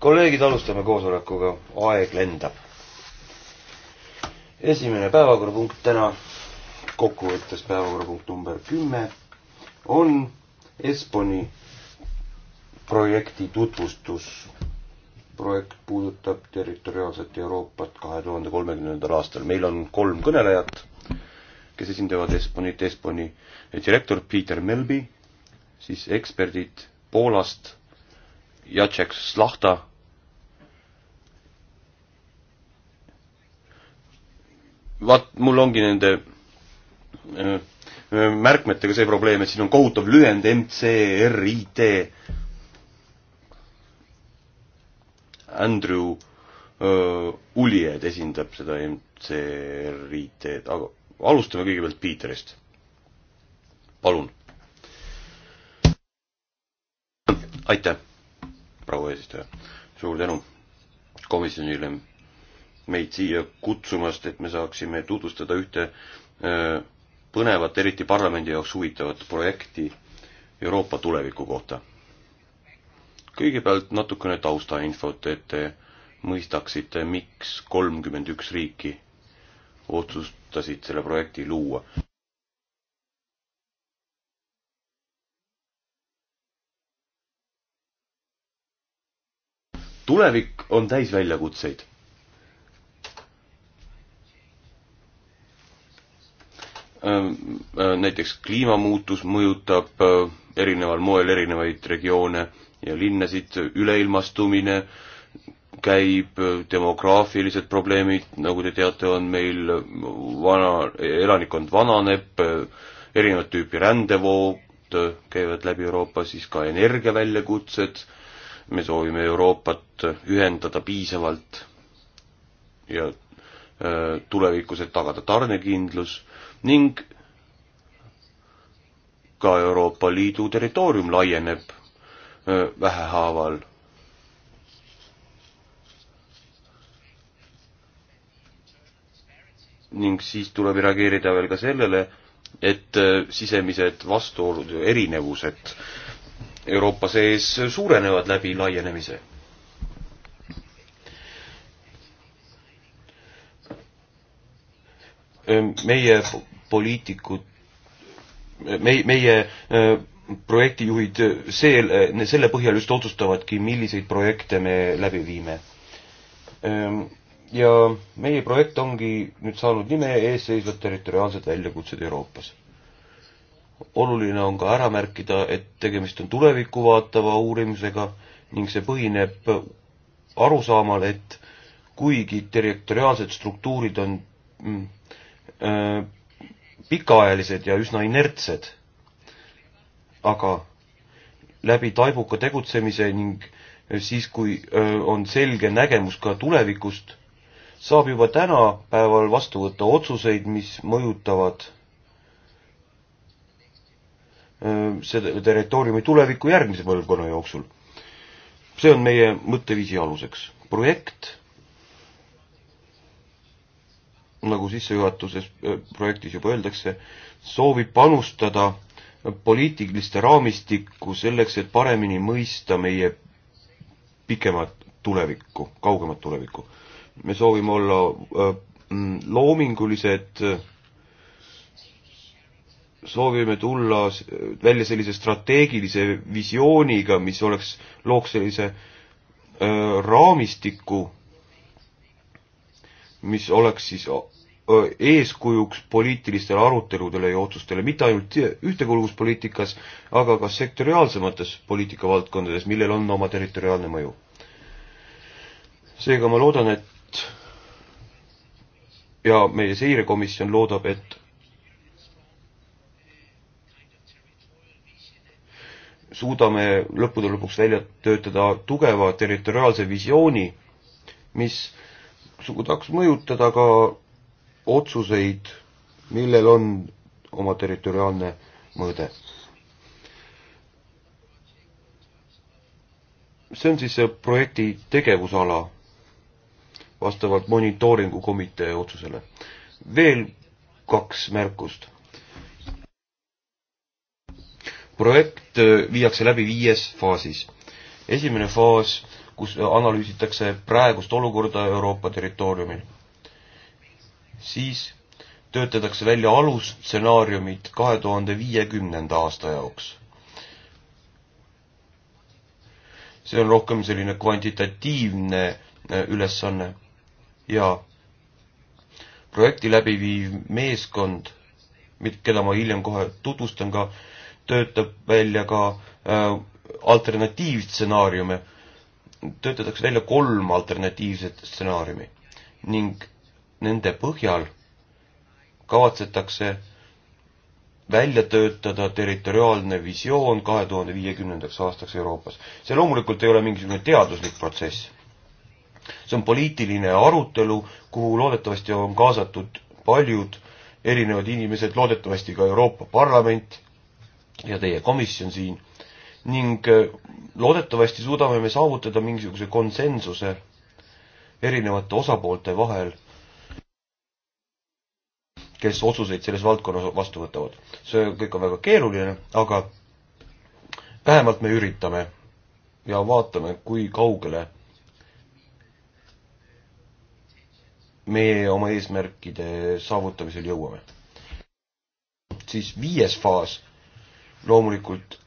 kolleegid, alustame koosolekuga, aeg lendab. esimene päevakorrapunkt täna, kokkuvõttes päevakorrapunkt number kümme, on Esponi projekti tutvustus. projekt puudutab territoriaalset Euroopat kahe tuhande kolmekümnendal aastal. meil on kolm kõnelejat, kes esindavad Esponit, Esponi direktor Peter Melby siis eksperdid Poolast, Jacek Slahta, vaat mul ongi nende äh, märkmetega see probleem, et siin on kohutav lühend MCRIT. Andrew öö, äh, Uljed esindab seda MCRIT-d, aga alustame kõigepealt Piiterist. palun aitäh, proua eesistuja. suur tänu komisjonile meid siia kutsumast, et me saaksime tutvustada ühte äh, põnevat, eriti parlamendi jaoks huvitavat projekti Euroopa tuleviku kohta. kõigepealt natukene taustainfot, et te mõistaksite, miks kolmkümmend üks riiki otsustasid selle projekti luua. tulevik on täis väljakutseid. Ähm, äh, näiteks kliimamuutus mõjutab äh, erineval moel erinevaid regioone ja linnasid, üleilmastumine käib, äh, demograafilised probleemid, nagu te teate, on meil vana, elanikkond vananeb, erinevat tüüpi rändevood käivad läbi Euroopa, siis ka energiaväljakutsed me soovime Euroopat ühendada piisavalt ja äh, tulevikus, et tagada tarnekindlus ning ka Euroopa Liidu territoorium laieneb äh, vähehaaval. ning siis tuleb reageerida veel ka sellele, et äh, sisemised vastuolud ja erinevused Euroopa sees suurenevad läbi laienemise. meie poliitikud, meie, meie projektijuhid see, selle põhjal just otsustavadki, milliseid projekte me läbi viime. E, ja meie projekt ongi nüüd saanud nime Eesseisvad territoriaalsed väljakutsed Euroopas oluline on ka ära märkida, et tegemist on tulevikku vaatava uurimisega ning see põhineb arusaamal, et kuigi territoriaalsed struktuurid on mm, öö, äh, pikaajalised ja üsna inertsed, aga läbi taibuka tegutsemise ning siis, kui öö, äh, on selge nägemus ka tulevikust, saab juba tänapäeval vastu võtta otsuseid, mis mõjutavad Äh, selle territooriumi tulevikku järgmise põlvkonna jooksul. see on meie mõtteviisi aluseks. projekt, nagu sissejuhatuses äh, projektis juba öeldakse, soovib panustada poliitiliste raamistikku selleks, et paremini mõista meie pikemat tulevikku, kaugemat tulevikku. me soovime olla äh, loomingulised soovime tulla välja sellise strateegilise visiooniga, mis oleks, looks sellise öö, raamistiku, mis oleks siis öö, eeskujuks poliitilistele aruteludele ja otsustele, mitte ainult ühtekuuluvuspoliitikas, aga ka sektoriaalsemates poliitikavaldkondades, millel on oma territoriaalne mõju. seega ma loodan, et ja meie seirekomisjon loodab, et suudame lõppude lõpuks välja töötada tugeva territoriaalse visiooni, mis suudaks mõjutada ka otsuseid, millel on oma territoriaalne mõõde. see on siis see projekti tegevusala vastavalt monitooringukomitee otsusele. veel kaks märkust projekt äh, viiakse läbi viies faasis. esimene faas, kus analüüsitakse praegust olukorda Euroopa territooriumil. siis töötatakse välja alusstsenaariumid kahe tuhande viiekümnenda aasta jaoks. see on rohkem selline kvantitatiivne äh, ülesanne ja projekti läbi viiv meeskond, keda ma hiljem kohe tutvustan ka, töötab välja ka äh, alternatiivstsenaariume. töötatakse välja kolm alternatiivset stsenaariumi ning nende põhjal kavatsetakse välja töötada territoriaalne visioon kahe tuhande viiekümnendaks aastaks Euroopas. see loomulikult ei ole mingisugune teaduslik protsess. see on poliitiline arutelu, kuhu loodetavasti on kaasatud paljud erinevad inimesed, loodetavasti ka Euroopa Parlament ja teie komisjon siin ning äh, loodetavasti suudame me saavutada mingisuguse konsensuse erinevate osapoolte vahel, kes otsuseid selles valdkonnas vastu võtavad. see kõik on väga keeruline, aga vähemalt me üritame ja vaatame, kui kaugele meie oma eesmärkide saavutamisel jõuame. siis viies faas loomulikult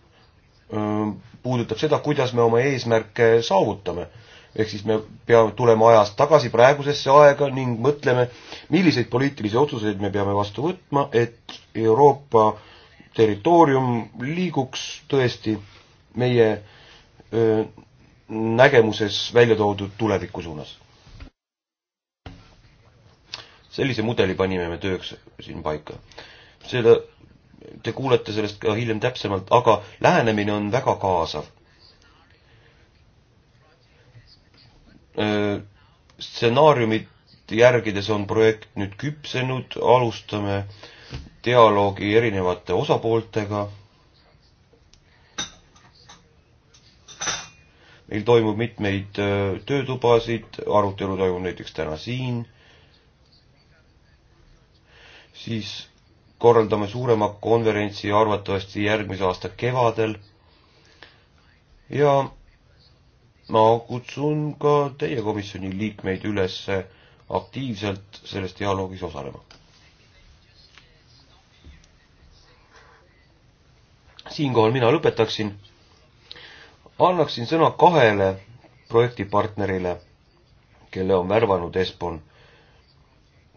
puudutab seda, kuidas me oma eesmärke saavutame. ehk siis me peame tulema ajas tagasi praegusesse aega ning mõtleme, milliseid poliitilisi otsuseid me peame vastu võtma, et Euroopa territoorium liiguks tõesti meie öö, nägemuses välja toodud tuleviku suunas. sellise mudeli panime me tööks siin paika. seda te kuulete sellest ka hiljem täpsemalt, aga lähenemine on väga kaasav. stsenaariumit järgides on projekt nüüd küpsenud, alustame dialoogi erinevate osapooltega. meil toimub mitmeid töötubasid, arutelu toimub näiteks täna siin, siis korraldame suurema konverentsi arvatavasti järgmise aasta kevadel. ja ma kutsun ka teie komisjoni liikmeid üles aktiivselt selles dialoogis osalema. siinkohal mina lõpetaksin. annaksin sõna kahele projektipartnerile, kelle on värvanud Espon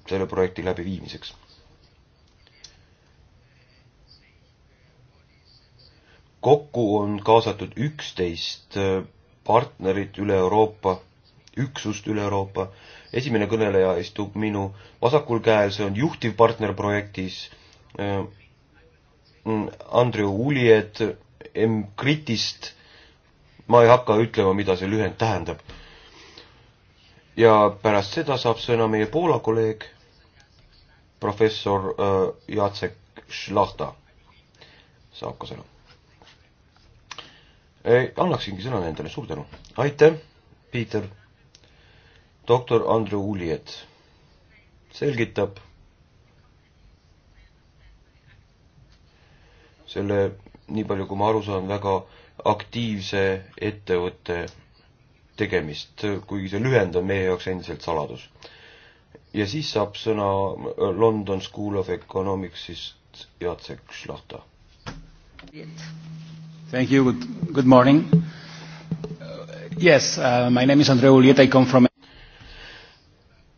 selle projekti läbiviimiseks kokku on kaasatud üksteist äh, partnerit üle Euroopa, üksust üle Euroopa. esimene kõneleja istub minu vasakul käel, see on juhtivpartner projektis. Äh, mm, Andrei Uljed M-Kritist. ma ei hakka ütlema, mida see lühend tähendab. ja pärast seda saab sõna meie Poola kolleeg, professor äh, Jacek Šlahta saab ka sõna Eh, annaksingi sõna nendele, suur tänu. aitäh, Piiter. doktor Andrew Uliet selgitab selle, nii palju kui ma aru saan, väga aktiivse ettevõtte tegemist, kuigi see lühend on meie jaoks endiselt saladus. ja siis saab sõna London School of Economicsist Jacek Šlahta. Thank you. Good, good morning. Uh, yes, uh, my name is Andrei Uliet, I come from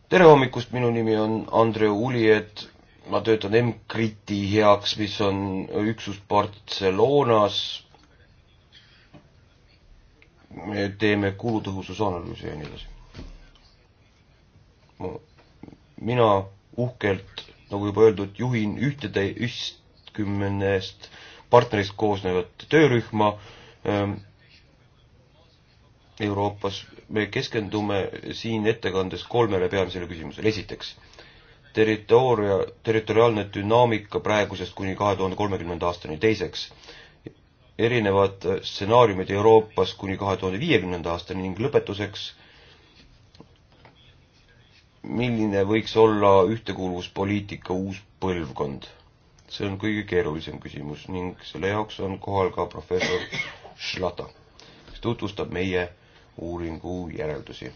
tere hommikust, minu nimi on Andrei Uliet, ma töötan M-Kriti heaks, mis on üksus Barcelonas. me teeme kulutõhususe analüüsi ja nii edasi. mina uhkelt, nagu juba öeldud, juhin ühtede, ühtkümnest partnerist koosnevat töörühma ähm, Euroopas. me keskendume siin ettekandes kolmele peamisele küsimusele. esiteks, territooria, territoriaalne dünaamika praegusest kuni kahe tuhande kolmekümnenda aastani. teiseks, erinevad stsenaariumid Euroopas kuni kahe tuhande viiekümnenda aastani ning lõpetuseks, milline võiks olla ühtekuuluvuspoliitika uus põlvkond see on kõige keerulisem küsimus ning selle jaoks on kohal ka professor Schlata, kes tutvustab meie uuringu järeldusi.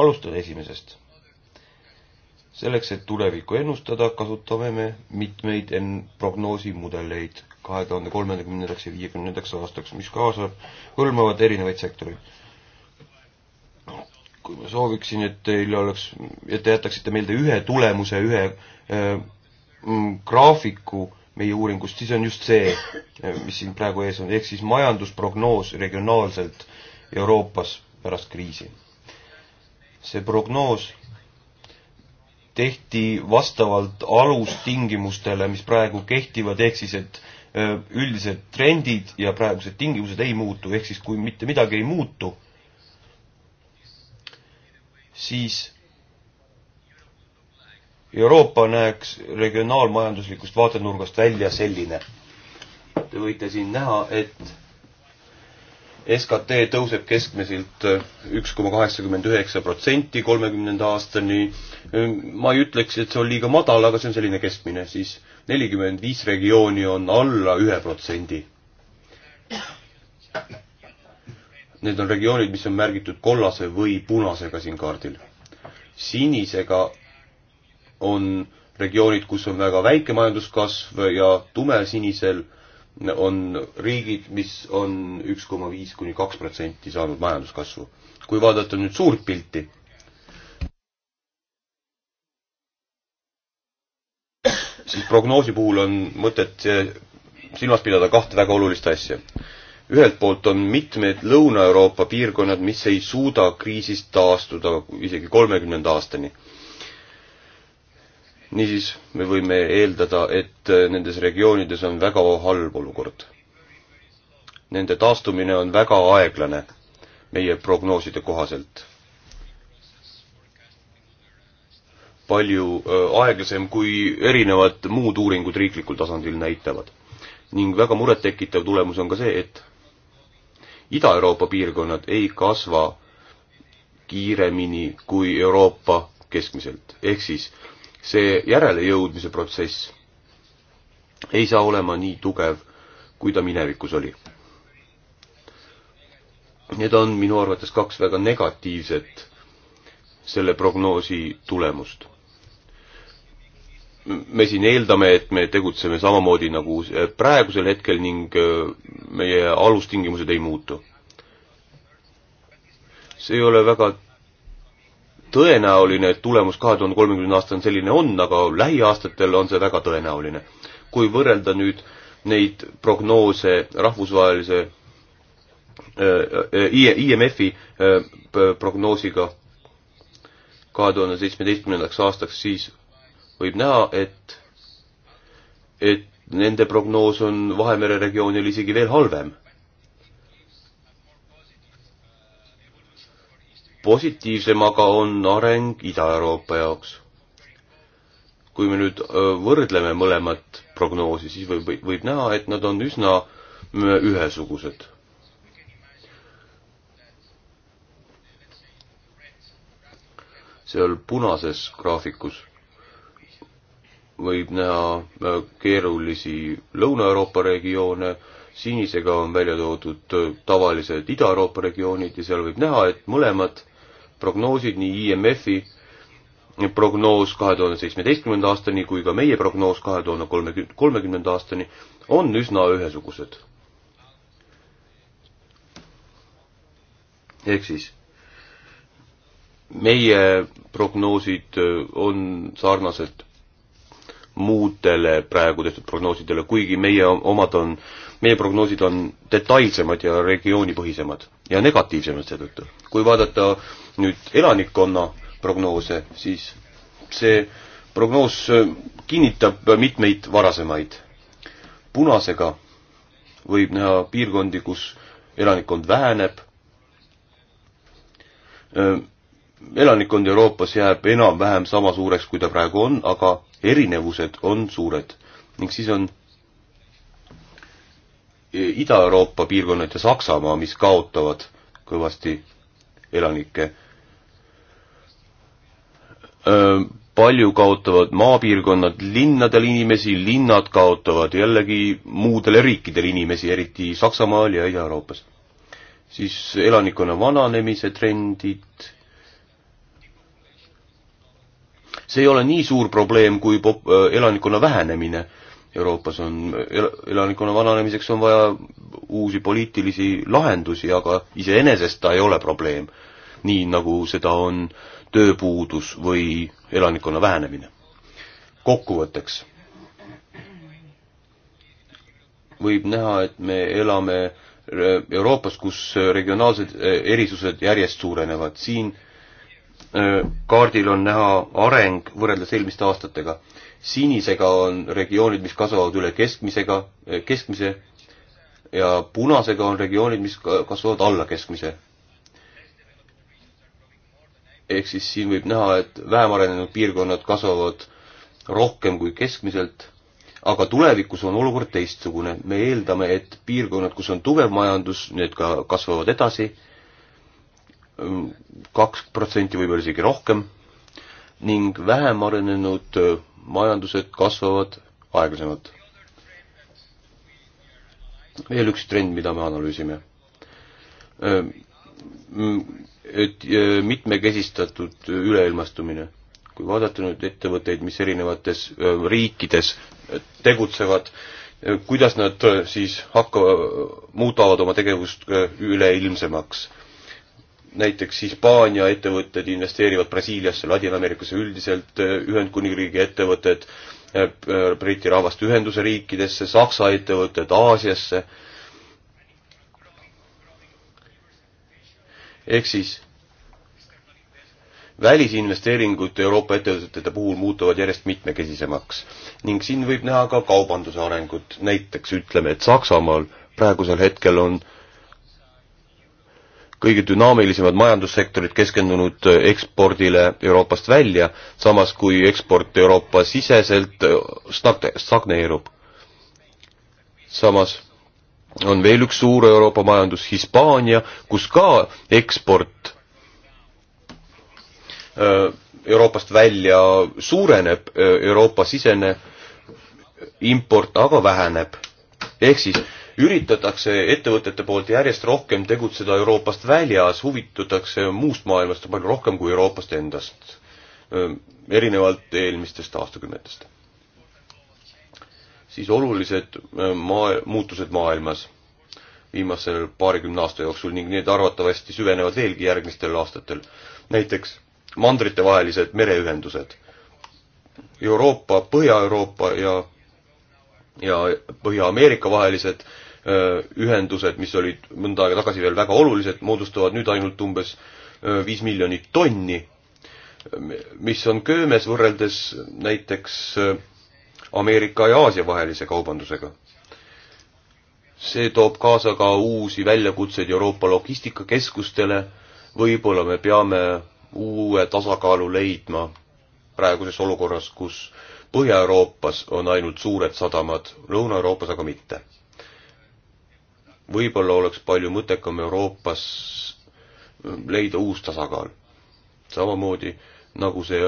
alustan esimesest. selleks, et tulevikku ennustada, kasutame me mitmeid en-, prognoosimudeleid kahe tuhande kolmekümnendaks ja viiekümnendaks aastaks, mis kaasa hõlmavad erinevaid sektoreid kui ma sooviksin, et teil oleks, et te jätaksite meelde ühe tulemuse, ühe äh, mm, graafiku meie uuringust, siis on just see, äh, mis siin praegu ees on, ehk siis majandusprognoos regionaalselt Euroopas pärast kriisi. see prognoos tehti vastavalt alustingimustele, mis praegu kehtivad, ehk siis et äh, üldised trendid ja praegused tingimused ei muutu, ehk siis kui mitte midagi ei muutu, siis Euroopa näeks regionaalmajanduslikust vaatenurgast välja selline. Te võite siin näha, et SKT tõuseb keskmiselt üks koma kaheksakümmend üheksa protsenti kolmekümnenda aastani. ma ei ütleks, et see on liiga madal, aga see on selline keskmine, siis nelikümmend viis regiooni on alla ühe protsendi. Need on regioonid, mis on märgitud kollase või punasega siin kaardil. sinisega on regioonid, kus on väga väike majanduskasv ja tumesinisel on riigid, mis on üks koma viis kuni kaks protsenti saanud majanduskasvu. kui vaadata nüüd suurt pilti, siis prognoosi puhul on mõtet silmas pidada kahte väga olulist asja ühelt poolt on mitmed Lõuna-Euroopa piirkonnad, mis ei suuda kriisist taastuda isegi kolmekümnenda aastani. niisiis, me võime eeldada, et nendes regioonides on väga halb olukord. Nende taastumine on väga aeglane meie prognooside kohaselt. palju aeglasem, kui erinevad muud uuringud riiklikul tasandil näitavad ning väga murettekitav tulemus on ka see, et Ida-Euroopa piirkonnad ei kasva kiiremini kui Euroopa keskmiselt. ehk siis see järelejõudmise protsess ei saa olema nii tugev, kui ta minevikus oli. Need on minu arvates kaks väga negatiivset selle prognoosi tulemust me siin eeldame, et me tegutseme samamoodi nagu praegusel hetkel ning äh, meie alustingimused ei muutu. see ei ole väga tõenäoline, et tulemus kahe tuhande kolmekümne aastani selline on, aga lähiaastatel on see väga tõenäoline. kui võrrelda nüüd neid prognoose rahvusvahelise äh, äh, IMF-i prognoosiga kahe tuhande seitsmeteistkümnendaks aastaks, siis võib näha, et, et nende prognoos on Vahemere regioonil isegi veel halvem. positiivsem aga on areng Ida-Euroopa jaoks. kui me nüüd võrdleme mõlemat prognoosi, siis võib, võib näha, et nad on üsna ühesugused. seal punases graafikus võib näha äh, keerulisi Lõuna-Euroopa regioone, sinisega on välja toodud äh, tavalised Ida-Euroopa regioonid ja seal võib näha, et mõlemad prognoosid, nii IMF-i prognoos kahe tuhande seitsmeteistkümnenda aastani kui ka meie prognoos kahe tuhande kolmekümne, kolmekümnenda aastani, on üsna ühesugused. ehk siis meie prognoosid äh, on sarnased muutele praegu tehtud prognoosidele, kuigi meie omad on, meie prognoosid on detailsemad ja regioonipõhisemad ja negatiivsemad seetõttu. kui vaadata nüüd elanikkonna prognoose, siis see prognoos kinnitab mitmeid varasemaid. punasega võib näha piirkondi, kus elanikkond väheneb, elanikkond Euroopas jääb enam-vähem sama suureks, kui ta praegu on, aga erinevused on suured. ning siis on Ida-Euroopa piirkonnad ja Saksamaa, mis kaotavad kõvasti elanikke. palju kaotavad maapiirkonnad linnadel inimesi, linnad kaotavad jällegi muudele riikidele inimesi, eriti Saksamaal ja Ida-Euroopas. siis elanikkonna vananemise trendid see ei ole nii suur probleem, kui pop-, äh, elanikkonna vähenemine Euroopas on el,, elanikkonna vananemiseks on vaja uusi poliitilisi lahendusi, aga iseenesest ta ei ole probleem. nii, nagu seda on tööpuudus või elanikkonna vähenemine. kokkuvõtteks võib näha, et me elame äh, Euroopas, kus regionaalsed äh, erisused järjest suurenevad. siin kaardil on näha areng võrreldes eelmiste aastatega. sinisega on regioonid, mis kasvavad üle keskmisega, keskmise ja punasega on regioonid, mis kasvavad alla keskmise. ehk siis siin võib näha, et vähem arenenud piirkonnad kasvavad rohkem kui keskmiselt, aga tulevikus on olukord teistsugune. me eeldame, et piirkonnad, kus on tugev majandus, need ka kasvavad edasi kaks protsenti, võib-olla isegi rohkem, ning vähem arenenud äh, majandused kasvavad aeglasemalt. veel üks trend, mida me analüüsime. Äh, et äh, mitmekesistatud üleilmastumine. kui vaadata nüüd ettevõtteid, mis erinevates riikides tegutsevad, kuidas nad siis hakka-, muudavad oma tegevust üleilmsemaks näiteks Hispaania ettevõtted investeerivad Brasiiliasse, Ladina-Ameerikasse üldiselt, äh, Ühendkuningriigi ettevõtted äh, äh, Briti rahvaste ühenduse riikidesse, Saksa ettevõtted Aasiasse. ehk siis välisinvesteeringud Euroopa ettevõtete puhul muutuvad järjest mitmekesisemaks ning siin võib näha ka kaubanduse arengut, näiteks ütleme, et Saksamaal praegusel hetkel on äh, kõige dünaamilisemad majandussektorid keskendunud äh, ekspordile Euroopast välja, samas kui eksport Euroopa siseselt äh, stagneerub. samas on veel üks suur Euroopa majandus, Hispaania, kus ka eksport äh, Euroopast välja suureneb, Euroopa sisene import aga väheneb. ehk siis üritatakse ettevõtete poolt järjest rohkem tegutseda Euroopast väljas, huvitutakse muust maailmast palju rohkem kui Euroopast endast, erinevalt eelmistest aastakümnetest. siis olulised maa-, muutused maailmas viimase paarikümne aasta jooksul ning need arvatavasti süvenevad veelgi järgmistel aastatel. näiteks mandritevahelised mereühendused. Euroopa, Põhja-Euroopa ja ja Põhja-Ameerika vahelised ühendused, mis olid mõnda aega tagasi veel väga olulised, moodustavad nüüd ainult umbes viis miljonit tonni, mis on köömes võrreldes näiteks Ameerika ja Aasia vahelise kaubandusega. see toob kaasa ka uusi väljakutseid Euroopa logistikakeskustele, võib-olla me peame uue tasakaalu leidma praeguses olukorras, kus Põhja-Euroopas on ainult suured sadamad, Lõuna-Euroopas aga mitte võib-olla oleks palju mõttekam Euroopas leida uus tasakaal. samamoodi nagu see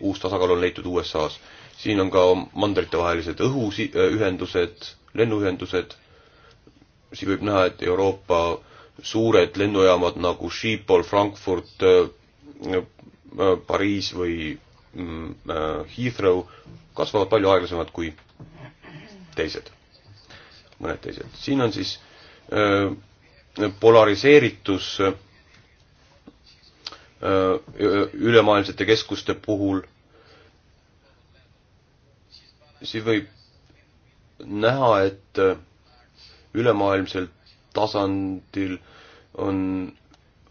uus tasakaal on leitud USA-s. siin on ka mandritevahelised õhuühendused, lennuühendused, siis võib näha, et Euroopa suured lennujaamad nagu Schiphol, Frankfurt, äh, äh, Pariis või mm, äh, Heathrow kasvavad palju aeglasemalt kui teised, mõned teised. siin on siis Äh, polariseeritus äh, ülemaailmsete keskuste puhul, siis võib näha, et äh, ülemaailmsel tasandil on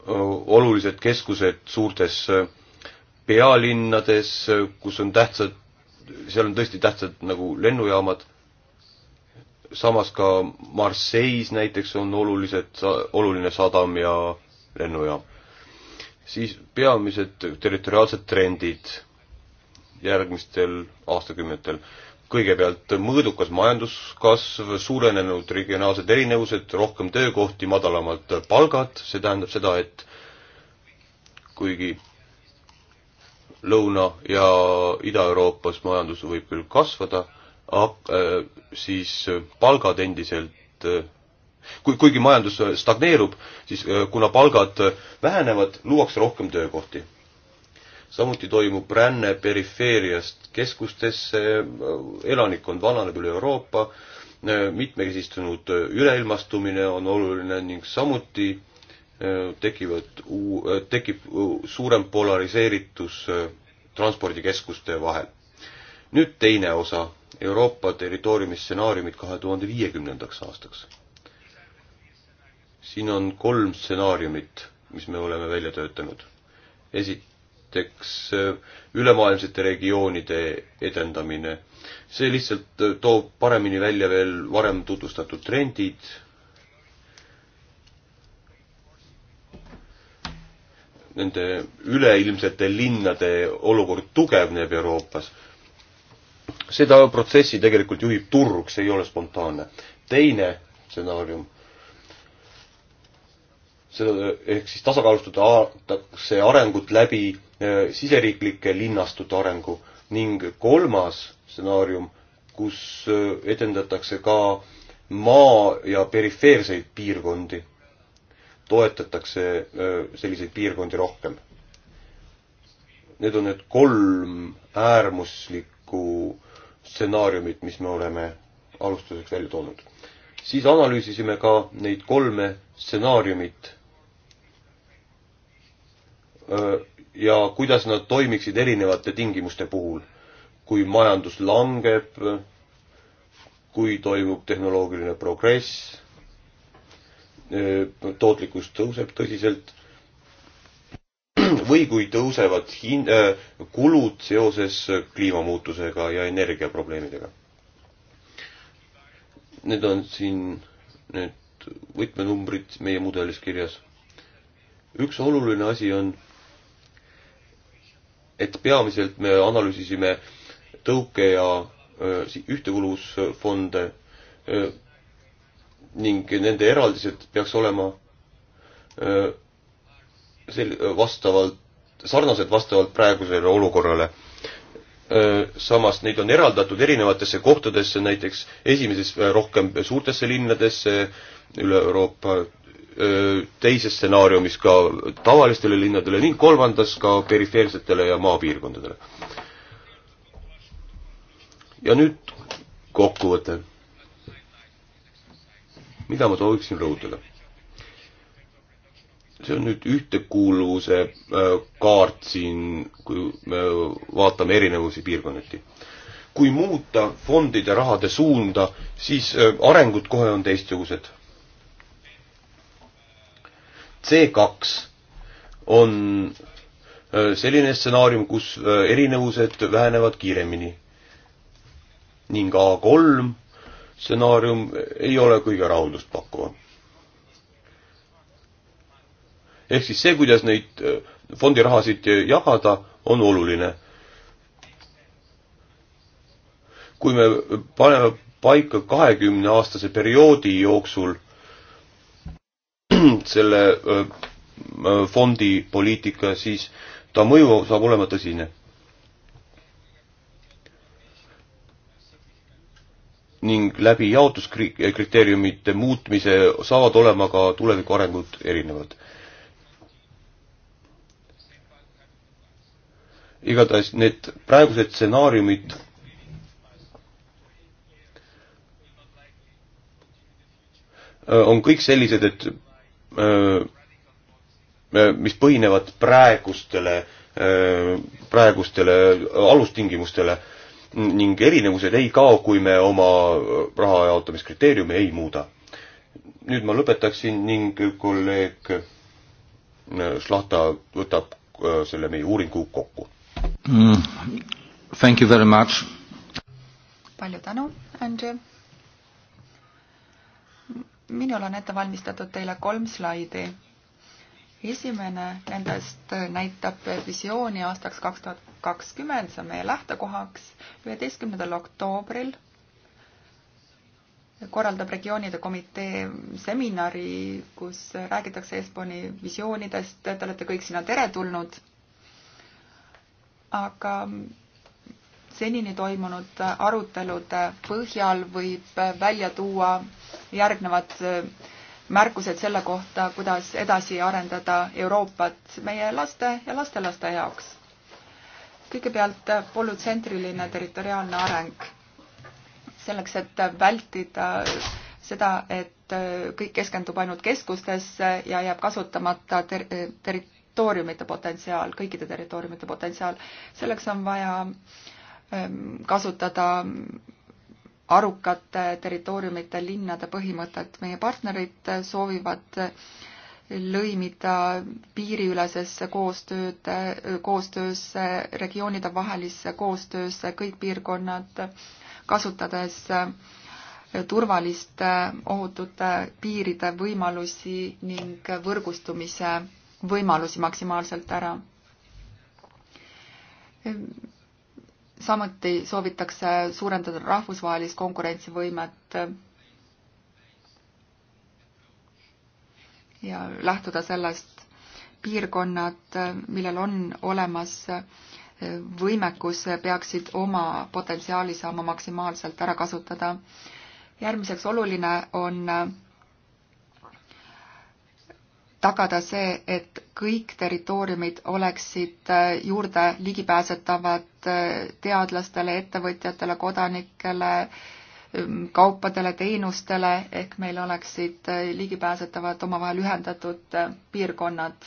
olulised keskused suurtes pealinnades, kus on tähtsad, seal on tõesti tähtsad nagu lennujaamad samas ka Marseille's näiteks on olulised, oluline sadam ja lennujaam. siis peamised territoriaalsed trendid järgmistel aastakümnetel. kõigepealt mõõdukas majanduskasv, suurenenud regionaalsed erinevused, rohkem töökohti, madalamad palgad, see tähendab seda, et kuigi Lõuna- ja Ida-Euroopas majandus võib küll kasvada Äh, siis äh, palgad endiselt äh, kui, kuigi majandus stagneerub, siis kuna palgad vähenevad, luuakse rohkem töökohti. samuti toimub ränne perifeeriast keskustesse, elanikkond vananeb üle Euroopa, mitmekesistunud üleilmastumine on oluline ning samuti tekivad, tekib suurem polariseeritus transpordikeskuste vahel. nüüd teine osa Euroopa territooriumi stsenaariumid kahe tuhande viiekümnendaks aastaks. siin on kolm stsenaariumit, mis me oleme välja töötanud. esiteks ülemaailmsete regioonide edendamine. see lihtsalt toob paremini välja veel varem tutvustatud trendid, nende üleilmsete linnade olukord tugevneb Euroopas seda protsessi tegelikult juhib turg, see ei ole spontaanne. teine stsenaarium, seda, ehk siis tasakaalustatakse arengut läbi eh, siseriiklike linnastute arengu ning kolmas stsenaarium, kus eh, edendatakse ka maa- ja perifeerseid piirkondi, toetatakse eh, selliseid piirkondi rohkem. Need on need kolm äärmuslikku stsenaariumid, mis me oleme alustuseks välja toonud. siis analüüsisime ka neid kolme stsenaariumit ja kuidas nad toimiksid erinevate tingimuste puhul. kui majandus langeb, kui toimub tehnoloogiline progress, tootlikkus tõuseb tõsiselt või kui tõusevad hin-, äh, kulud seoses kliimamuutusega ja energiaprobleemidega. Need on siin need võtmenumbrid meie mudelis kirjas. üks oluline asi on, et peamiselt me analüüsisime tõuke ja äh, ühtekuuluvusfonde äh, ning nende eraldised peaks olema öö, sel-, vastavalt, sarnased vastavalt praegusele olukorrale. Samas neid on eraldatud erinevatesse kohtadesse, näiteks esimeses rohkem suurtesse linnadesse üle Euroopa, teises stsenaariumis ka tavalistele linnadele ning kolmandas ka perifeersetele ja maapiirkondadele. ja nüüd kokkuvõte. mida ma sooviksin rõhutada? see on nüüd ühtekuuluvuse äh, kaart siin, kui me vaatame erinevusi piirkonniti. kui muuta fondide rahade suunda, siis äh, arengud kohe on teistsugused. C kaks on äh, selline stsenaarium, kus erinevused vähenevad kiiremini. ning A kolm stsenaarium ei ole kõige rahulduspakkuvam ehk siis see, kuidas neid äh, fondirahasid äh, jagada, on oluline. kui me äh, paneme paika kahekümne aastase perioodi jooksul selle fondi poliitika, siis ta mõju saab olema tõsine ning läbi jaotuskriteeriumite muutmise saavad olema ka tuleviku arengud erinevad. igatahes need praegused stsenaariumid on kõik sellised, et mis põhinevad praegustele, praegustele alustingimustele ning erinevused ei kao, kui me oma raha jaotamiskriteeriumi ei muuda. nüüd ma lõpetaksin ning kolleeg Šlahta võtab selle meie uuringu kokku mm,. Thank you very much. palju tänu, Andrew. minul on ette valmistatud teile kolm slaidi. esimene nendest näitab visiooni aastaks kaks tuhat kakskümmend, see on meie lähtekohaks. üheteistkümnendal oktoobril korraldab regioonide komitee seminari, kus räägitakse Esponi visioonidest, te olete kõik sinna teretulnud aga senini toimunud arutelude põhjal võib välja tuua järgnevad märkused selle kohta, kuidas edasi arendada Euroopat meie laste ja lastelaste jaoks. kõigepealt polütsentriline territoriaalne areng. selleks, et vältida seda, et kõik keskendub ainult keskustesse ja jääb kasutamata ter-, ter-, territooriumite potentsiaal, kõikide territooriumite potentsiaal. selleks on vaja ähm, kasutada arukate territooriumite, linnade põhimõtet. meie partnerid soovivad lõimida piiriülesesse koostööd, koostöösse, regioonide vahelisse koostöösse kõik piirkonnad, kasutades äh, turvaliste, ohutute piiride võimalusi ning võrgustumise võimalusi maksimaalselt ära. samuti soovitakse suurendada rahvusvahelist konkurentsivõimet ja lähtuda sellest piirkonnad, millel on olemas võimekus, peaksid oma potentsiaali saama maksimaalselt ära kasutada. järgmiseks oluline on tagada see, et kõik territooriumid oleksid äh, juurde ligipääsetavad äh, teadlastele, ettevõtjatele, kodanikele, ähm, kaupadele, teenustele, ehk meil oleksid äh, ligipääsetavad omavahel ühendatud piirkonnad.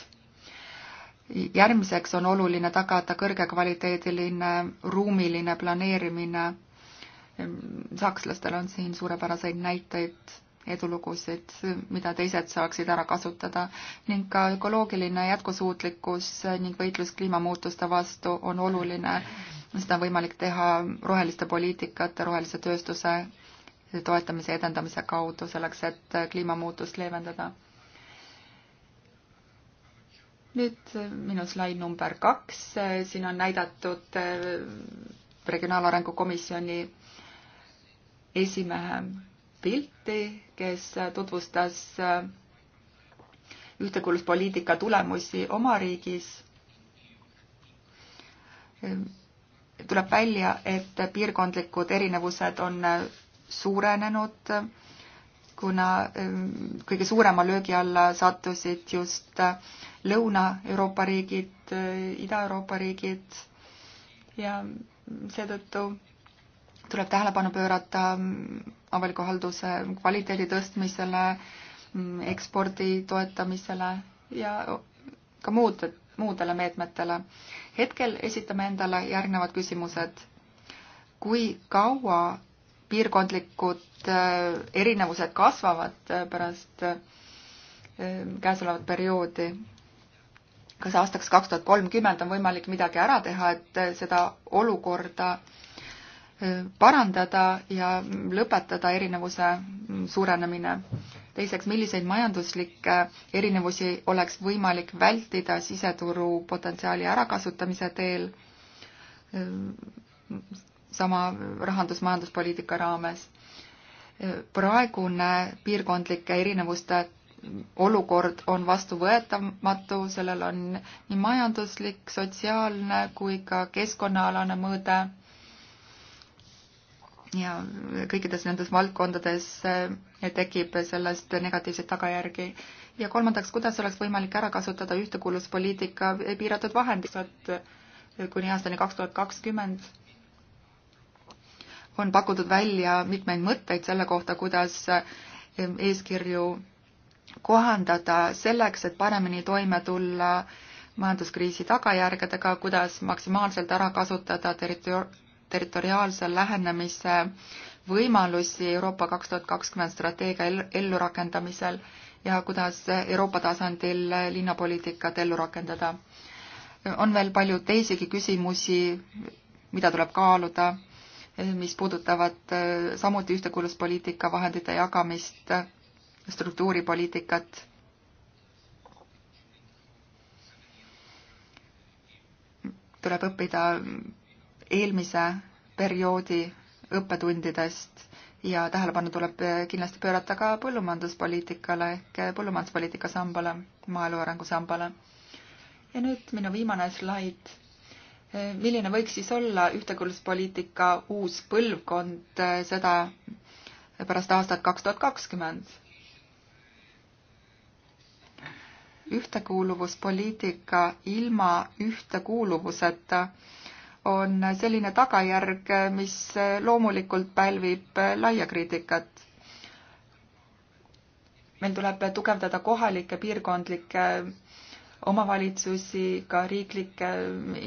järgmiseks on oluline tagada kõrgekvaliteediline ruumiline planeerimine. Ähm, sakslastel on siin suurepäraseid näiteid edulugusid, mida teised saaksid ära kasutada ning ka ökoloogiline jätkusuutlikkus ning võitlus kliimamuutuste vastu on oluline. seda on võimalik teha roheliste poliitikate, rohelise tööstuse toetamise ja edendamise kaudu selleks, et kliimamuutust leevendada. nüüd minu slaid number kaks, siin on näidatud eh, regionaalarengu komisjoni esimehe Pilti, kes tutvustas äh, ühtekuuluspoliitika tulemusi oma riigis. Äh, tuleb välja, et piirkondlikud erinevused on äh, suurenenud, kuna kõige suurema löögi alla sattusid just Lõuna-Euroopa riigid, Ida-Euroopa riigid ja seetõttu tuleb tähelepanu pöörata mm, avaliku halduse kvaliteedi tõstmisele, mm, ekspordi toetamisele ja ka muud, muudele meetmetele. hetkel esitame endale järgnevad küsimused. kui kaua piirkondlikud äh, erinevused kasvavad äh, pärast äh, käesolevat perioodi? kas aastaks kaks tuhat kolmkümmend on võimalik midagi ära teha, et seda olukorda Äh, parandada ja lõpetada erinevuse suurenemine. teiseks, milliseid majanduslikke erinevusi oleks võimalik vältida siseturu potentsiaali ärakasutamise teel, äh, sama rahandus-majanduspoliitika raames. Äh, praegune piirkondlike erinevuste olukord on vastuvõetamatu, sellel on nii majanduslik, sotsiaalne kui ka keskkonnaalane mõõde ja kõikides nendes valdkondades eh, tekib sellest negatiivseid tagajärgi. ja kolmandaks, kuidas oleks võimalik ära kasutada ühtekuuluvuspoliitika piiratud vahendid eh, kuni aastani kaks tuhat kakskümmend? on pakutud välja mitmeid mõtteid selle kohta, kuidas eh, eeskirju kohandada selleks, et paremini toime tulla majanduskriisi tagajärgedega, kuidas maksimaalselt ära kasutada territoor-, territoriaalse lähenemise võimalusi Euroopa kaks tuhat kakskümmend strateegia ellurakendamisel ja kuidas Euroopa tasandil linnapoliitikat ellu rakendada. on veel palju teisigi küsimusi, mida tuleb kaaluda, mis puudutavad eh, samuti ühtekuuluvuspoliitika vahendite jagamist, struktuuripoliitikat tuleb õppida eelmise perioodi õppetundidest ja tähelepanu tuleb kindlasti pöörata ka põllumajanduspoliitikale ehk põllumajanduspoliitika sambale, maaelu arengu sambale. ja nüüd minu viimane slaid. milline võiks siis olla ühtekuuluvuspoliitika uus põlvkond, seda pärast aastat kaks tuhat kakskümmend? ühtekuuluvuspoliitika ilma ühtekuuluvuseta on selline tagajärg, mis loomulikult pälvib laia kriitikat. meil tuleb tugevdada kohalikke piirkondlikke omavalitsusi, ka riiklikke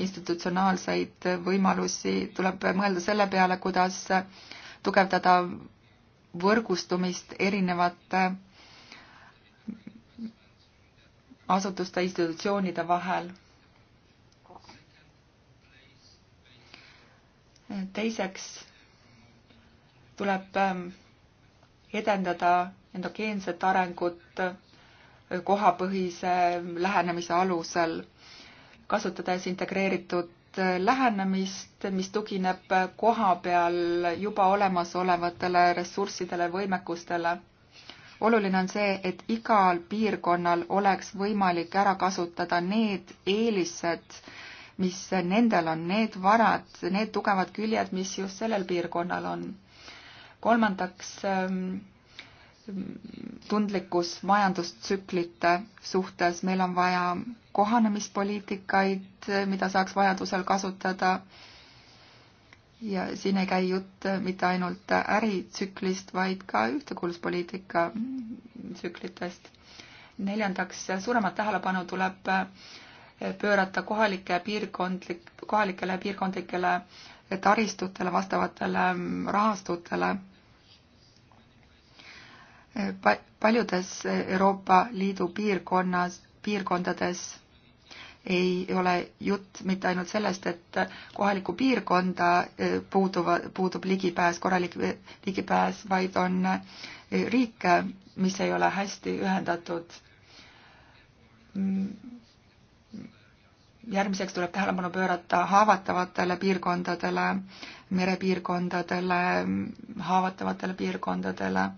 institutsionaalseid võimalusi, tuleb mõelda selle peale, kuidas tugevdada võrgustumist erinevate asutuste, institutsioonide vahel teiseks tuleb ähm, edendada endogeenset arengut äh, kohapõhise ähm, lähenemise alusel, kasutades integreeritud äh, lähenemist, mis tugineb äh, koha peal juba olemasolevatele ressurssidele, võimekustele. oluline on see, et igal piirkonnal oleks võimalik ära kasutada need eelised, mis nendel on, need varad, need tugevad küljed, mis just sellel piirkonnal on. kolmandaks, ähm, tundlikkus majandustsüklite suhtes, meil on vaja kohanemispoliitikaid, mida saaks vajadusel kasutada ja siin ei käi jutt mitte ainult äritsüklist, vaid ka ühtekuuluspoliitika tsüklitest. neljandaks, suuremat tähelepanu tuleb pöörata kohalike piirkondlik, kohalikele piirkondlikele taristutele, vastavatele mm, rahastutele. Pa-, paljudes Euroopa Liidu piirkonnas, piirkondades ei ole jutt mitte ainult sellest, et kohalikku piirkonda eh, puuduva, puudub ligipääs, korralik eh, ligipääs, vaid on eh, riike, mis ei ole hästi ühendatud mm, järgmiseks tuleb tähelepanu pöörata haavatavatele piirkondadele, merepiirkondadele, haavatavatele piirkondadele.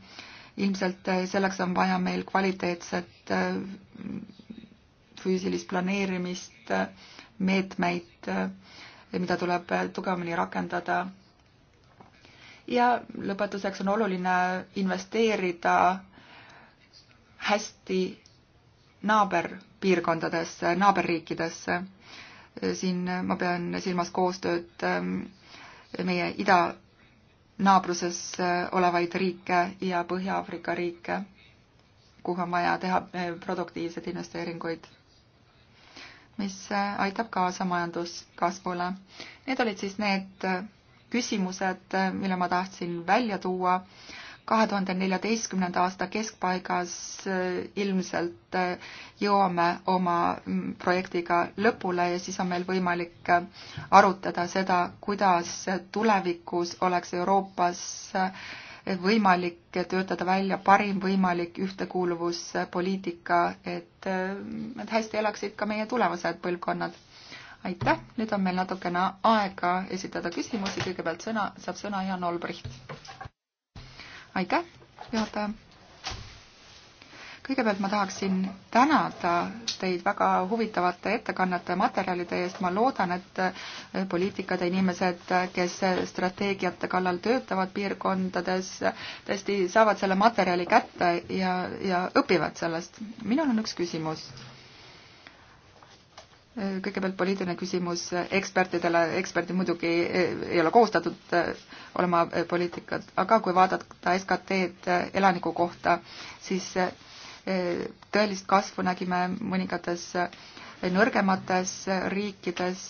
ilmselt selleks on vaja meil kvaliteetset äh, füüsilist planeerimist, meetmeid, äh, mida tuleb tugevamini rakendada. ja lõpetuseks on oluline investeerida hästi naaberpiirkondadesse, naaberriikidesse Äh, siin äh, ma pean silmas koostööd ähm, meie idanaabruses äh, olevaid riike ja Põhja-Aafrika riike, kuhu on vaja teha produktiivseid investeeringuid, mis aitab kaasa majanduskasvule. Need olid siis need küsimused, mille ma tahtsin välja tuua kahe tuhande neljateistkümnenda aasta keskpaigas äh, ilmselt äh, jõuame oma mm, projektiga lõpule ja siis on meil võimalik äh, arutada seda, kuidas tulevikus oleks Euroopas võimalik töötada välja parim võimalik ühtekuuluvuspoliitika, et, et hästi elaksid ka meie tulevased põlvkonnad. aitäh, nüüd on meil natukene aega esitada küsimusi, kõigepealt sõna, saab sõna Jan Olbricht aitäh, juhataja. kõigepealt ma tahaksin tänada teid väga huvitavate ettekannete ja materjalide eest. ma loodan, et eh, poliitikad ja inimesed, kes strateegiate kallal töötavad piirkondades, tõesti saavad selle materjali kätte ja, ja õpivad sellest. minul on üks küsimus kõigepealt poliitiline küsimus ekspertidele, eksperdid muidugi ei ole kohustatud eh, olema eh, poliitikud, aga kui vaadata SKT-d eh, elaniku kohta, siis tõelist kasvu nägime mõningates nõrgemates riikides,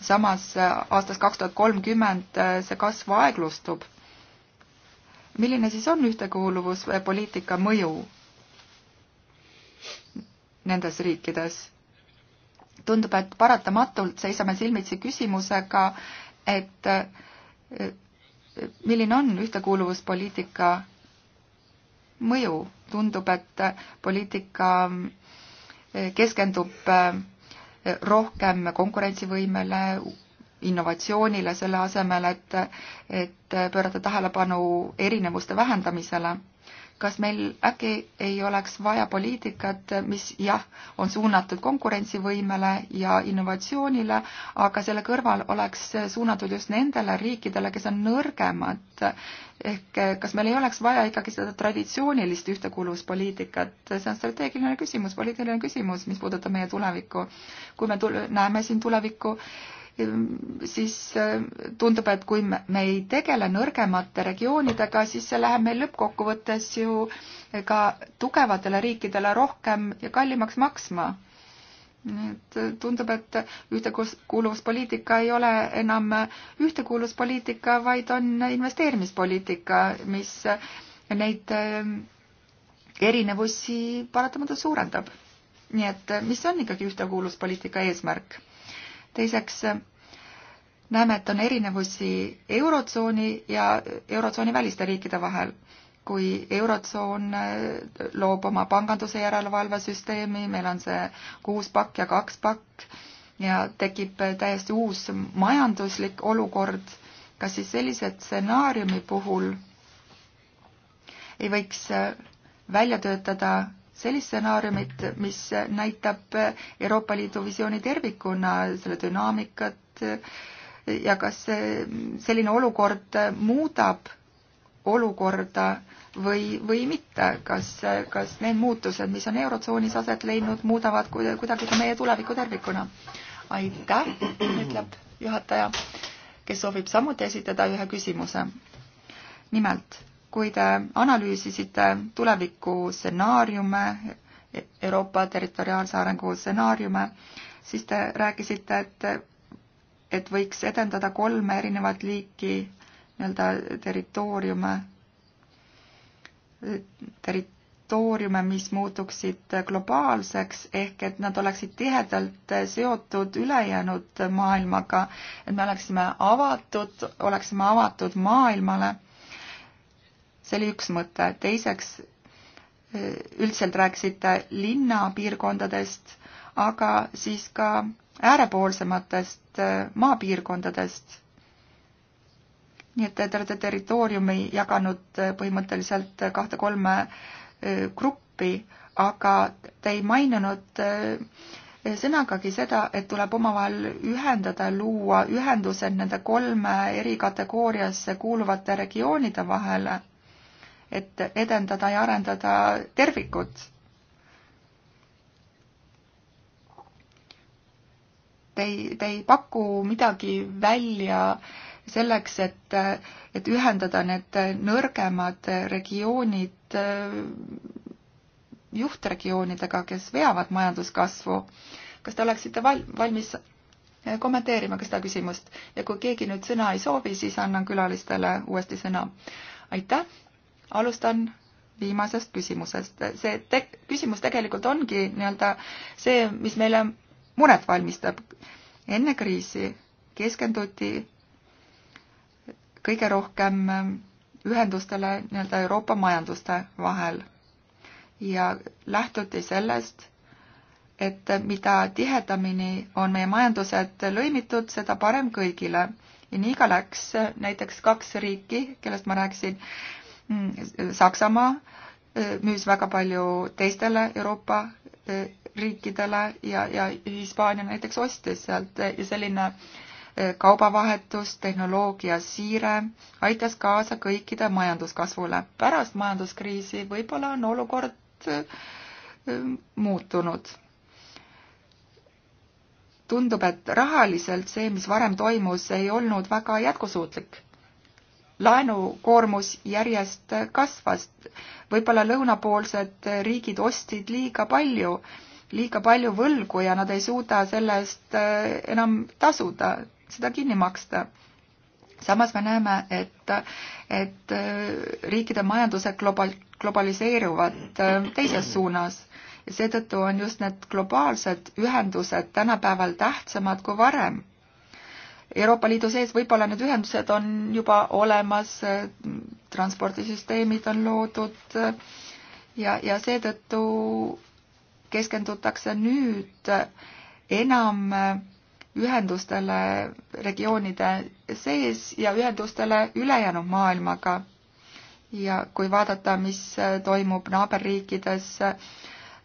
samas aastast kaks tuhat kolmkümmend see kasv aeglustub. milline siis on ühtekuuluvuspoliitika mõju nendes riikides? tundub, et paratamatult seisame silmitsi küsimusega, et milline on ühtekuuluvuspoliitika mõju. tundub, et poliitika keskendub rohkem konkurentsivõimele, innovatsioonile, selle asemel, et, et pöörata tähelepanu erinevuste vähendamisele kas meil äkki ei oleks vaja poliitikat, mis jah, on suunatud konkurentsivõimele ja innovatsioonile, aga selle kõrval oleks suunatud just nendele riikidele, kes on nõrgemad. ehk kas meil ei oleks vaja ikkagi seda traditsioonilist ühtekuuluvuspoliitikat, see on strateegiline küsimus, poliitiline küsimus, mis puudutab meie tulevikku. kui me tul-, näeme siin tulevikku, Ehm, siis ehm, tundub, et kui me ei tegele nõrgemate regioonidega, siis see läheb meil lõppkokkuvõttes ju ka tugevatele riikidele rohkem ja kallimaks maksma. et tundub, et ühtekuuluvuspoliitika ei ole enam ühtekuuluvuspoliitika, vaid on investeerimispoliitika, mis neid ehm, erinevusi paratamatult suurendab. nii et mis on ikkagi ühtekuuluvuspoliitika eesmärk? teiseks äh, näeme, et on erinevusi Eurotsooni ja Eurotsooni väliste riikide vahel. kui Eurotsoon äh, loob oma panganduse järelevalvesüsteemi, meil on see kuus pakk ja kaks pakk ja tekib äh, täiesti uus majanduslik olukord, kas siis sellise stsenaariumi puhul ei võiks välja töötada sellist stsenaariumit, mis näitab Euroopa Liidu visiooni tervikuna, selle dünaamikat ja kas selline olukord muudab olukorda või, või mitte, kas, kas need muutused, mis on Eurotsoonis aset leidnud, muudavad kuidagi ka meie tulevikku tervikuna? aitäh, ütleb juhataja, kes soovib samuti esitada ühe küsimuse. nimelt kui te analüüsisite tulevikustsenaariume, Euroopa territoriaalse arengu stsenaariume, siis te rääkisite, et, et võiks edendada kolme erinevat liiki nii-öelda territooriume, territooriume, mis muutuksid globaalseks, ehk et nad oleksid tihedalt seotud ülejäänud maailmaga, et me oleksime avatud, oleksime avatud maailmale see oli üks mõte. teiseks, eh, üldiselt rääkisite linnapiirkondadest, aga siis ka äärepoolsematest eh, maapiirkondadest. nii et te olete territooriumi jaganud eh, põhimõtteliselt kahte-kolme gruppi, aga te ei maininud sõnagagi seda, et tuleb omavahel ühendada, luua ühendused nende kolme eri kategooriasse kuuluvate regioonide vahele et edendada ja arendada tervikut. Te ei, te ei paku midagi välja selleks, et, et ühendada need nõrgemad regioonid juhtregioonidega, kes veavad majanduskasvu. kas te oleksite val-, valmis kommenteerima ka seda küsimust ja kui keegi nüüd sõna ei soovi, siis annan külalistele uuesti sõna. aitäh! alustan viimasest küsimusest. see te-, küsimus tegelikult ongi nii-öelda see, mis meile muret valmistab. enne kriisi keskenduti kõige rohkem ühendustele nii-öelda Euroopa majanduste vahel ja lähtuti sellest, et mida tihedamini on meie majandused lõimitud, seda parem kõigile. ja nii ka läks, näiteks kaks riiki, kellest ma rääkisin, Mm, Saksamaa e, müüs väga palju teistele Euroopa e, riikidele ja, ja Hispaania näiteks ostis sealt e, ja selline kaubavahetus, tehnoloogia siire aitas kaasa kõikide majanduskasvule. pärast majanduskriisi võib-olla on olukord muutunud. tundub, et rahaliselt see, mis varem toimus, ei olnud väga jätkusuutlik laenukoormus järjest kasvas. võib-olla lõunapoolsed riigid ostsid liiga palju, liiga palju võlgu ja nad ei suuda selle eest äh, enam tasuda, seda kinni maksta. samas me näeme, et, et äh, riikide majandused global-, globaliseeruvad äh, teises suunas ja seetõttu on just need globaalsed ühendused tänapäeval tähtsamad kui varem Euroopa Liidu sees võib-olla need ühendused on juba olemas, transpordisüsteemid on loodud ja, ja seetõttu keskendutakse nüüd enam ühendustele regioonide sees ja ühendustele ülejäänud maailmaga. ja kui vaadata, mis toimub naaberriikides,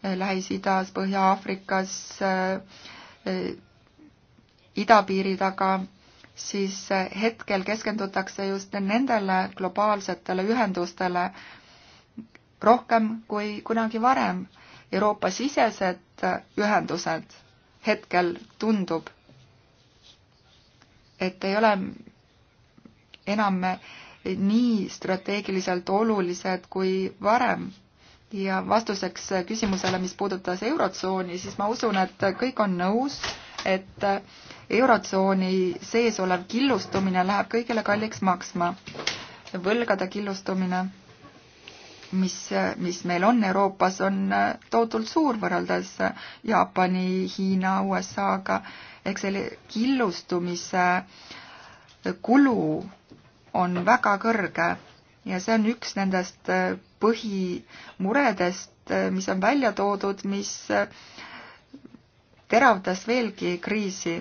Lähis-Idas, Põhja-Aafrikas, idapiiri taga siis hetkel keskendutakse just nendele globaalsetele ühendustele rohkem kui kunagi varem. Euroopa-sisesed ühendused hetkel tundub, et ei ole enam nii strateegiliselt olulised kui varem ja vastuseks küsimusele, mis puudutas Eurotsooni, siis ma usun, et kõik on nõus, et eurotsooni sees olev killustumine läheb kõigile kalliks maksma. võlgade killustumine, mis, mis meil on Euroopas, on tohutult suur võrreldes Jaapani, Hiina, USA-ga. eks selle killustumise kulu on väga kõrge ja see on üks nendest põhimuredest, mis on välja toodud, mis teravdas veelgi kriisi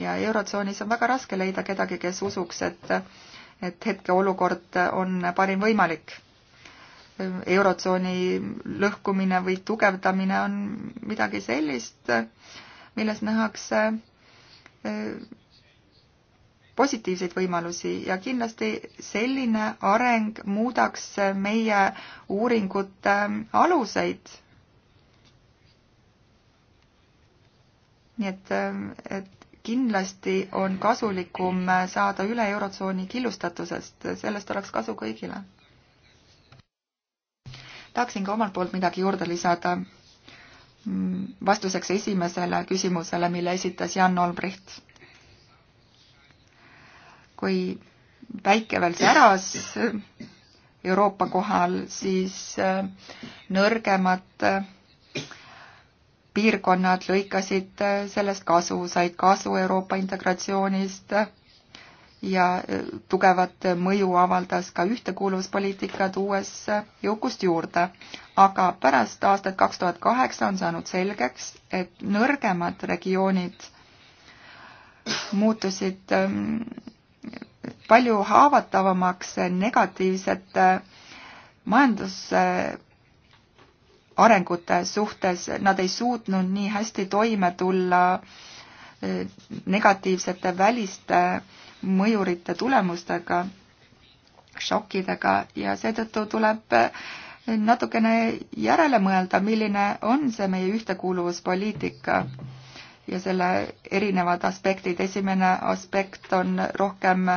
ja Eurotsoonis on väga raske leida kedagi, kes usuks, et, et hetkeolukord on parim võimalik. Eurotsooni lõhkumine või tugevdamine on midagi sellist, milles nähakse e, positiivseid võimalusi ja kindlasti selline areng muudaks meie uuringute aluseid. nii et, e, et kindlasti on kasulikum saada üle Eurotsooni killustatusest, sellest oleks kasu kõigile. tahaksin ka omalt poolt midagi juurde lisada mm, vastuseks esimesele küsimusele, mille esitas Jan Olbricht. kui päike veel säras Euroopa kohal, siis äh, nõrgemad äh, piirkonnad lõikasid äh, sellest kasu, said kasu Euroopa integratsioonist ja äh, tugevat mõju avaldas ka ühtekuuluvuspoliitika, tuues jõukust juurde. aga pärast aastat kaks tuhat kaheksa on saanud selgeks, et nõrgemad regioonid muutusid ähm, palju haavatavamaks negatiivsete äh, majandus arengute suhtes, nad ei suutnud nii hästi toime tulla eh, negatiivsete väliste mõjurite tulemustega, šokkidega ja seetõttu tuleb eh, natukene järele mõelda, milline on see meie ühtekuuluvuspoliitika ja selle erinevad aspektid. esimene aspekt on rohkem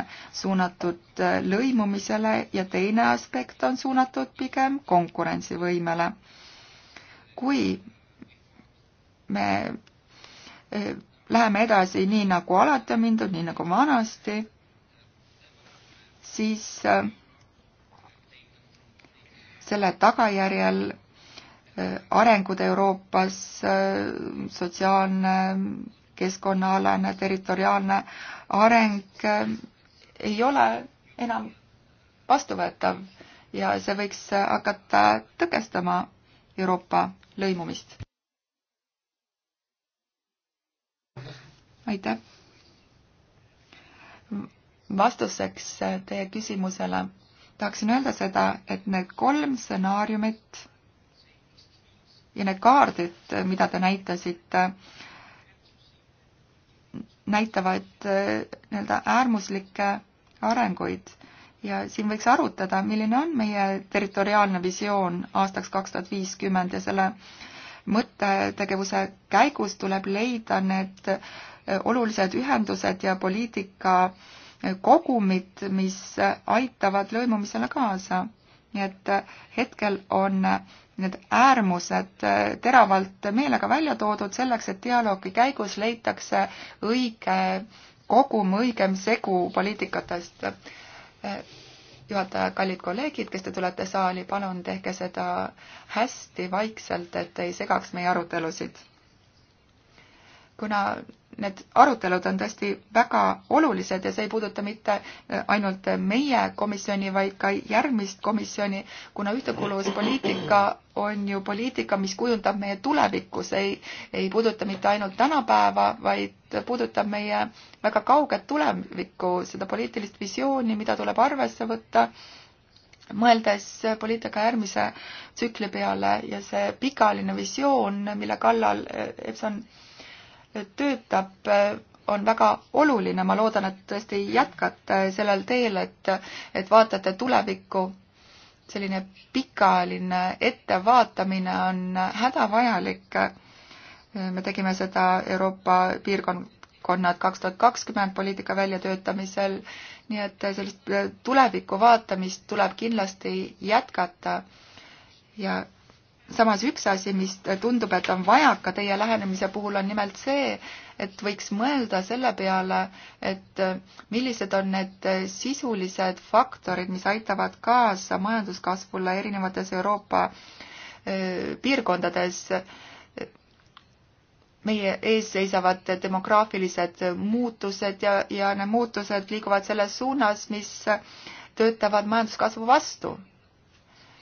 suunatud eh, lõimumisele ja teine aspekt on suunatud pigem konkurentsivõimele kui me eh, läheme edasi nii, nagu alati on mindud, nii nagu vanasti, siis eh, selle tagajärjel eh, arengud Euroopas, sotsiaalne, keskkonnaalane, territoriaalne areng ei ole enam vastuvõetav ja see võiks hakata tõkestama Euroopa lõimumist. aitäh. vastuseks teie küsimusele tahaksin öelda seda, et need kolm stsenaariumit ja need kaardid, mida te näitasite, näitavad eh, nii-öelda äärmuslikke arenguid ja siin võiks arutada, milline on meie territoriaalne visioon aastaks kaks tuhat viiskümmend ja selle mõttetegevuse käigus tuleb leida need olulised ühendused ja poliitika kogumid, mis aitavad lõimumisele kaasa. nii et hetkel on need äärmused teravalt meelega välja toodud selleks, et dialoogi käigus leitakse õige kogum, õigem segu poliitikatest juhataja, kallid kolleegid, kes te tulete saali, palun tehke seda hästi vaikselt, et ei segaks meie arutelusid kuna need arutelud on tõesti väga olulised ja see ei puuduta mitte äh, ainult meie komisjoni, vaid ka järgmist komisjoni, kuna ühtekuuluvuspoliitika on ju poliitika, mis kujundab meie tulevikku, see ei, ei puuduta mitte ainult tänapäeva, vaid puudutab meie väga kauget tulevikku, seda poliitilist visiooni, mida tuleb arvesse võtta, mõeldes poliitika järgmise tsükli peale ja see pikaajaline visioon, mille kallal äh, EPSA on töötab, äh, on väga oluline, ma loodan, et tõesti jätkate sellel teel, et, et vaatate tulevikku. selline pikaajaline ettevaatamine on hädavajalik. me tegime seda Euroopa piirkonnad kaks tuhat kakskümmend poliitika väljatöötamisel, nii et sellist tuleviku vaatamist tuleb kindlasti jätkata ja samas üks asi, mis tundub, et on vajaka teie lähenemise puhul, on nimelt see, et võiks mõelda selle peale, et äh, millised on need äh, sisulised faktorid, mis aitavad kaasa majanduskasvule erinevates Euroopa äh, piirkondades. meie ees seisavad demograafilised muutused ja, ja need muutused liiguvad selles suunas, mis töötavad majanduskasvu vastu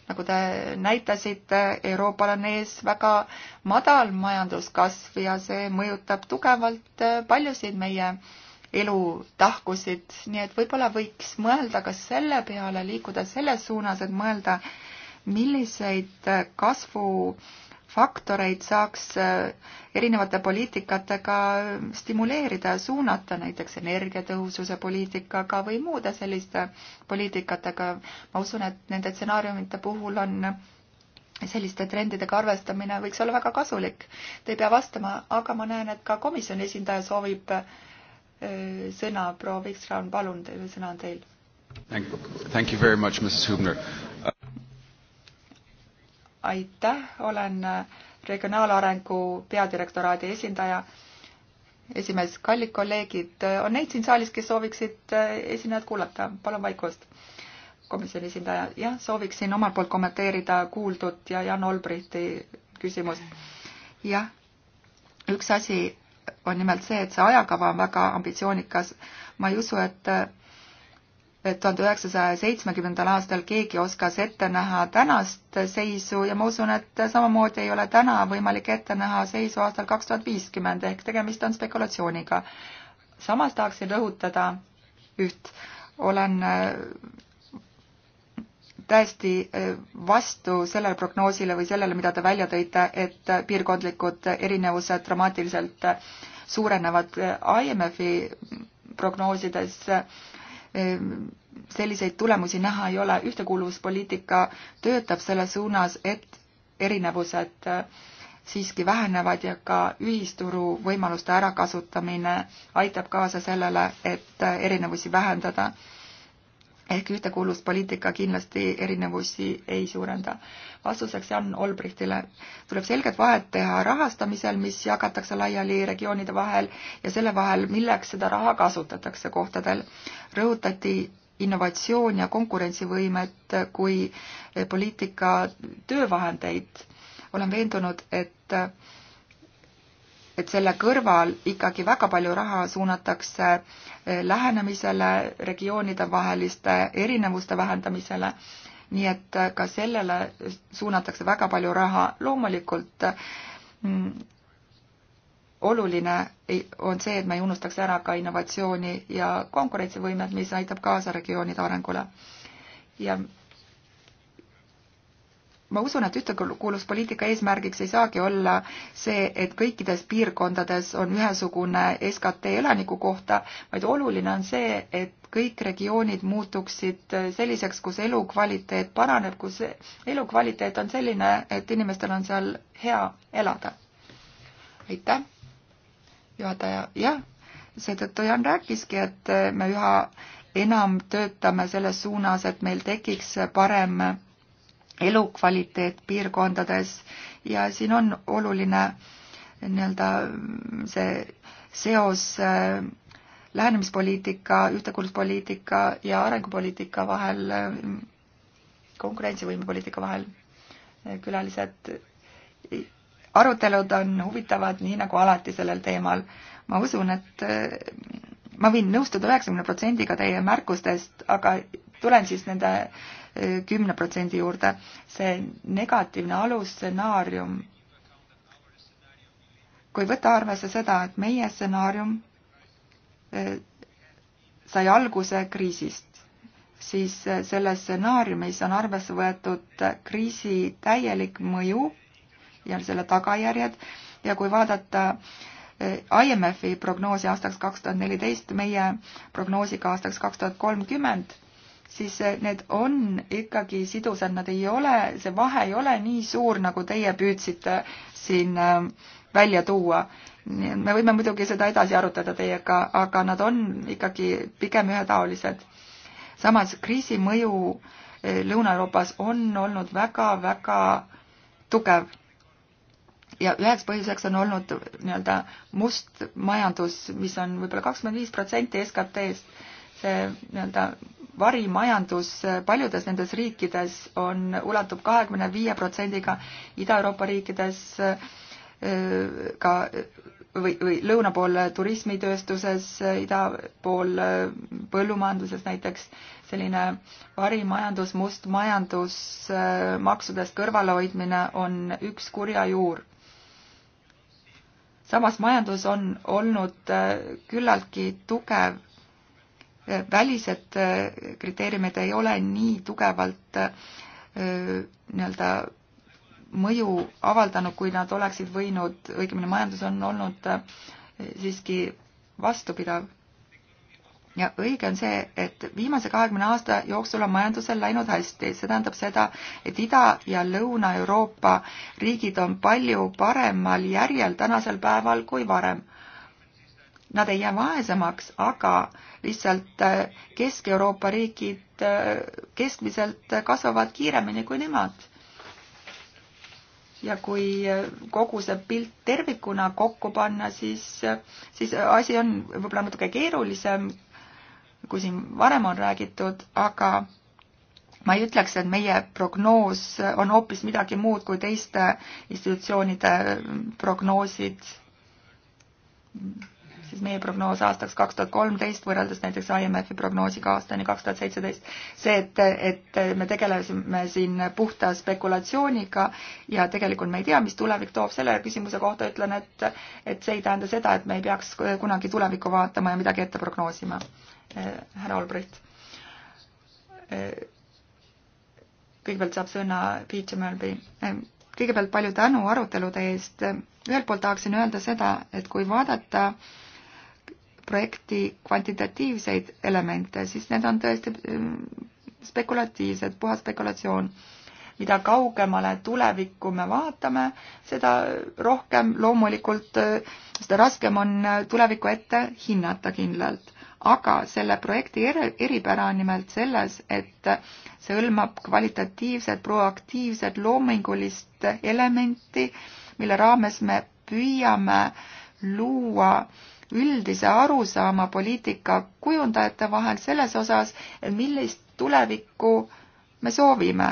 nagu te näitasite, Euroopal on ees väga madal majanduskasv ja see mõjutab tugevalt äh, paljusid meie elutahkusid, nii et võib-olla võiks mõelda ka selle peale, liikuda selles suunas, et mõelda, milliseid äh, kasvu faktoreid saaks äh, erinevate poliitikatega stimuleerida ja suunata, näiteks energiatõhususe poliitikaga või muude selliste poliitikatega. ma usun, et nende stsenaariumite puhul on selliste trendidega arvestamine võiks olla väga kasulik. Te ei pea vastama, aga ma näen, et ka komisjoni esindaja soovib öö, äh, sõna. proua Vikstrand, palun, sõna on teil. Thank you very much, Mrs Hübner aitäh, olen äh, regionaalarengu peadirektoraadi esindaja. esimees, kallid kolleegid, äh, on neid siin saalis, kes sooviksid äh, esinejat kuulata, palun vaikust. komisjoni esindaja, jah, sooviksin omalt poolt kommenteerida kuuldut ja Jan Olbrichti küsimust. jah, üks asi on nimelt see, et see ajakava on väga ambitsioonikas. ma ei usu, et et tuhande üheksasaja seitsmekümnendal aastal keegi oskas ette näha tänast seisu ja ma usun, et samamoodi ei ole täna võimalik ette näha seisu aastal kaks tuhat viiskümmend ehk tegemist on spekulatsiooniga. samas tahaksin rõhutada üht, olen äh, täiesti äh, vastu sellele prognoosile või sellele, mida te välja tõite, et piirkondlikud erinevused dramaatiliselt suurenevad IMF-i prognoosides äh, Ehm, selliseid tulemusi näha ei ole. ühtekuuluvuspoliitika töötab selles suunas, et erinevused äh, siiski vähenevad ja ka ühisturu võimaluste ärakasutamine aitab kaasa sellele, et äh, erinevusi vähendada ehk ühtekuuluvuspoliitika kindlasti erinevusi ei suurenda. vastuseks Jan Olbrichtile tuleb selget vahet teha rahastamisel, mis jagatakse laiali regioonide vahel ja selle vahel, milleks seda raha kasutatakse kohtadel. rõhutati innovatsioon ja konkurentsivõimet kui poliitika töövahendeid. olen veendunud, et et selle kõrval ikkagi väga palju raha suunatakse eh, lähenemisele, regioonidevaheliste erinevuste vähendamisele nii et eh, ka sellele suunatakse väga palju raha. loomulikult mm, oluline on see, et me ei unustaks ära ka innovatsiooni ja konkurentsivõimet, mis aitab kaasa regioonide arengule. ja ma usun, et ühtekuuluvuspoliitika eesmärgiks ei saagi olla see, et kõikides piirkondades on ühesugune SKT elaniku kohta, vaid oluline on see, et kõik regioonid muutuksid selliseks, kus elukvaliteet paraneb, kus elukvaliteet on selline, et inimestel on seal hea elada. aitäh, juhataja, jah, seetõttu Jan rääkiski, et me üha enam töötame selles suunas, et meil tekiks parem elukvaliteet piirkondades ja siin on oluline nii-öelda see seos äh, lähenemispoliitika, ühtekuuluvuspoliitika ja arengupoliitika vahel, äh, konkurentsivõimepoliitika vahel. Äh, külalised, arutelud on huvitavad, nii nagu alati sellel teemal. ma usun, et ma võin nõustuda üheksakümne protsendiga teie märkustest, aga tulen siis nende kümne protsendi juurde. see negatiivne alusstsenaarium, kui võtta arvesse seda, et meie stsenaarium eh, sai alguse kriisist, siis eh, selles stsenaariumis on arvesse võetud kriisi täielik mõju ja selle tagajärjed ja kui vaadata eh, IMF-i prognoosi aastaks kaks tuhat neliteist meie prognoosiga aastaks kaks tuhat kolmkümmend, siis need on ikkagi sidusad, nad ei ole, see vahe ei ole nii suur, nagu teie püüdsite siin äh, välja tuua. me võime muidugi seda edasi arutada teiega, aga nad on ikkagi pigem ühetaolised. samas kriisi mõju äh, Lõuna-Euroopas on olnud väga-väga tugev ja üheks põhjuseks on olnud nii-öelda must majandus, mis on võib-olla kakskümmend viis protsenti SKT-st. see nii-öelda varimajandus paljudes nendes riikides on, ulatub kahekümne viie protsendiga, Ida-Euroopa riikides eh, ka eh, või, või lõuna pool turismitööstuses, ida pool eh, põllumajanduses näiteks, selline varimajandus, must majandus, maksudest kõrvalehoidmine on üks kurja juur samas majandus on olnud küllaltki tugev välised äh, kriteeriumid ei ole nii tugevalt äh, nii-öelda mõju avaldanud, kui nad oleksid võinud, õigemini majandus on olnud äh, siiski vastupidav. ja õige on see, et viimase kahekümne aasta jooksul on majandusel läinud hästi, see tähendab seda, et Ida- ja Lõuna-Euroopa riigid on palju paremal järjel tänasel päeval kui varem nad ei jää vaesemaks, aga lihtsalt äh, Kesk-Euroopa riigid äh, keskmiselt kasvavad kiiremini kui nemad. ja kui äh, kogu see pilt tervikuna kokku panna, siis, siis asi on võib-olla natuke keerulisem, kui siin varem on räägitud, aga ma ei ütleks, et meie prognoos on hoopis midagi muud kui teiste institutsioonide prognoosid siis meie prognoos aastaks kaks tuhat kolmteist võrreldes näiteks IMF-i prognoosiga aastani kaks tuhat seitseteist. see, et, et me tegelesime siin puhta spekulatsiooniga ja tegelikult me ei tea, mis tulevik toob, selle küsimuse kohta ütlen, et, et see ei tähenda seda, et me ei peaks kunagi tulevikku vaatama ja midagi ette prognoosima. Eh, härra Olbrecht. Eh, kõigepealt saab sõna Peter Mölby eh, kõigepealt palju tänu arutelude eest. ühelt poolt tahaksin öelda seda, et kui vaadata äh, projekti kvantitatiivseid elemente, siis need on tõesti mm, spekulatiivsed, puhas spekulatsioon. mida kaugemale tulevikku me vaatame, seda rohkem loomulikult, seda raskem on tulevikku ette hinnata kindlalt. aga selle projekti eripära on nimelt selles, et see hõlmab kvalitatiivset, proaktiivset, loomingulist elementi, mille raames me püüame luua äh, üldise arusaama poliitika kujundajate vahel selles osas, et millist tulevikku me soovime.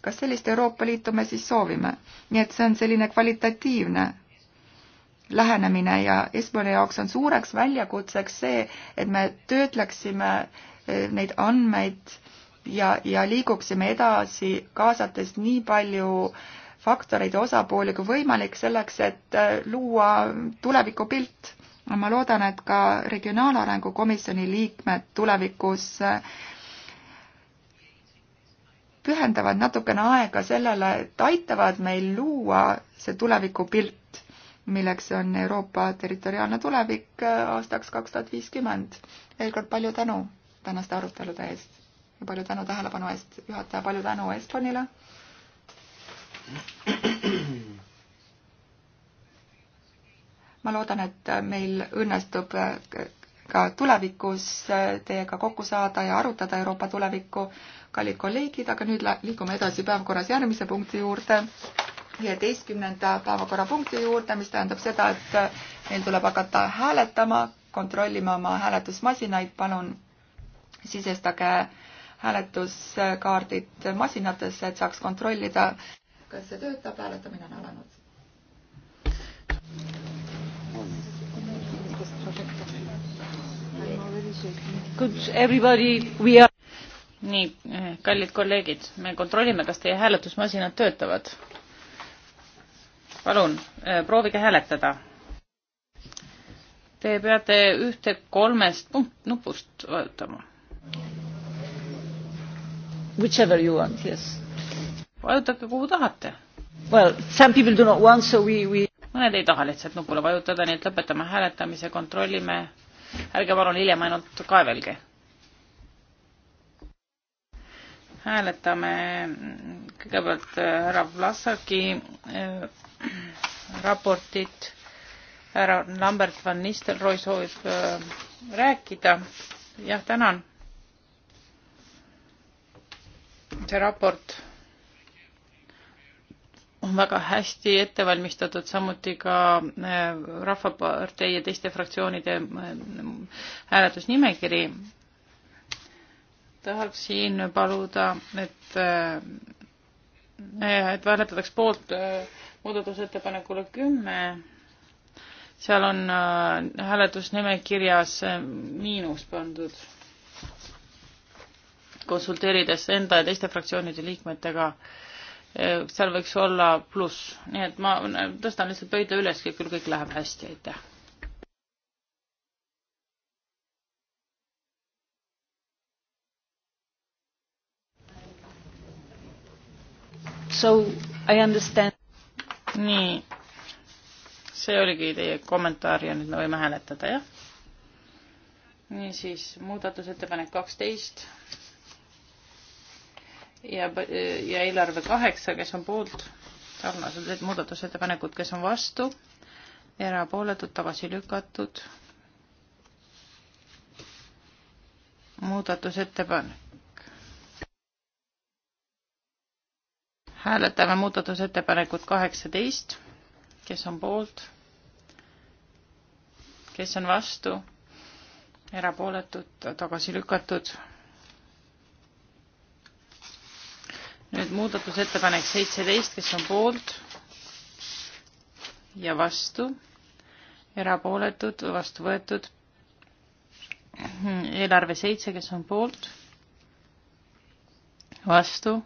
kas sellist Euroopa Liitu me siis soovime? nii et see on selline kvalitatiivne lähenemine ja Esponia jaoks on suureks väljakutseks see, et me töötleksime eh, neid andmeid ja, ja liiguksime edasi, kaasates nii palju faktoreid ja osapooli kui võimalik selleks, et eh, luua tulevikupilt ma loodan, et ka Regionaalarengu Komisjoni liikmed tulevikus eh, pühendavad natukene aega sellele, et aitavad meil luua see tulevikupilt, milleks on Euroopa territoriaalne tulevik eh, aastaks kaks tuhat viiskümmend. veel kord palju tänu tänaste arutelude eest ja palju tänu tähelepanu eest, juhataja, palju tänu Estfonile. ma loodan, et meil õnnestub ka tulevikus teiega kokku saada ja arutada Euroopa tulevikku, kallid kolleegid, aga nüüd liigume edasi päevakorras järgmise punkti juurde, viieteistkümnenda päevakorrapunkti juurde, mis tähendab seda, et meil tuleb hakata hääletama, kontrollima oma hääletusmasinaid, palun sisestage hääletuskaardid masinatesse, et saaks kontrollida, kas see töötab, hääletamine on alanud Are... nii, eh, kallid kolleegid, me kontrollime, kas teie hääletusmasinad töötavad. palun, eh, proovige hääletada. Te peate ühte kolmest punkt, nupust vajutama. Whichever you want, yes. vajutage, kuhu tahate. Well, some people do not want, so we, we mõned ei taha lihtsalt nupule vajutada, nii et lõpetame hääletamise, kontrollime ärge palun hiljem ainult kaevelge. hääletame kõigepealt äh, härra Vlasaki äh, raportit. härra Lambert van Nistelrooy soovib äh, rääkida. jah, tänan. see raport on väga hästi ette valmistatud, samuti ka äh, Rahvapartei ja teiste fraktsioonide äh, hääletusnimekiri. tahaksin paluda, et, äh, et hääletataks poolt muudatusettepanekule kümme. seal on hääletusnimekirjas miinus pandud. konsulteerides enda ja teiste fraktsioonide liikmetega äh, Äh, seal võiks olla pluss, nii et ma äh, tõstan lihtsalt pöidla üles, küll kõik läheb hästi, aitäh. So I understand. nii, see oligi teie kommentaar ja nüüd me võime hääletada, jah? niisiis, muudatusettepanek kaksteist ja, ja eelarve kaheksa, kes on poolt, sarnased need muudatusettepanekud, kes on vastu, erapooletud, tagasi lükatud. muudatusettepanek. hääletame muudatusettepanekut kaheksateist, kes on poolt, kes on vastu, erapooletud, tagasi lükatud nüüd muudatusettepanek seitseteist, kes on poolt ja vastu, erapooletud, vastu võetud. eelarve seitse, kes on poolt, vastu,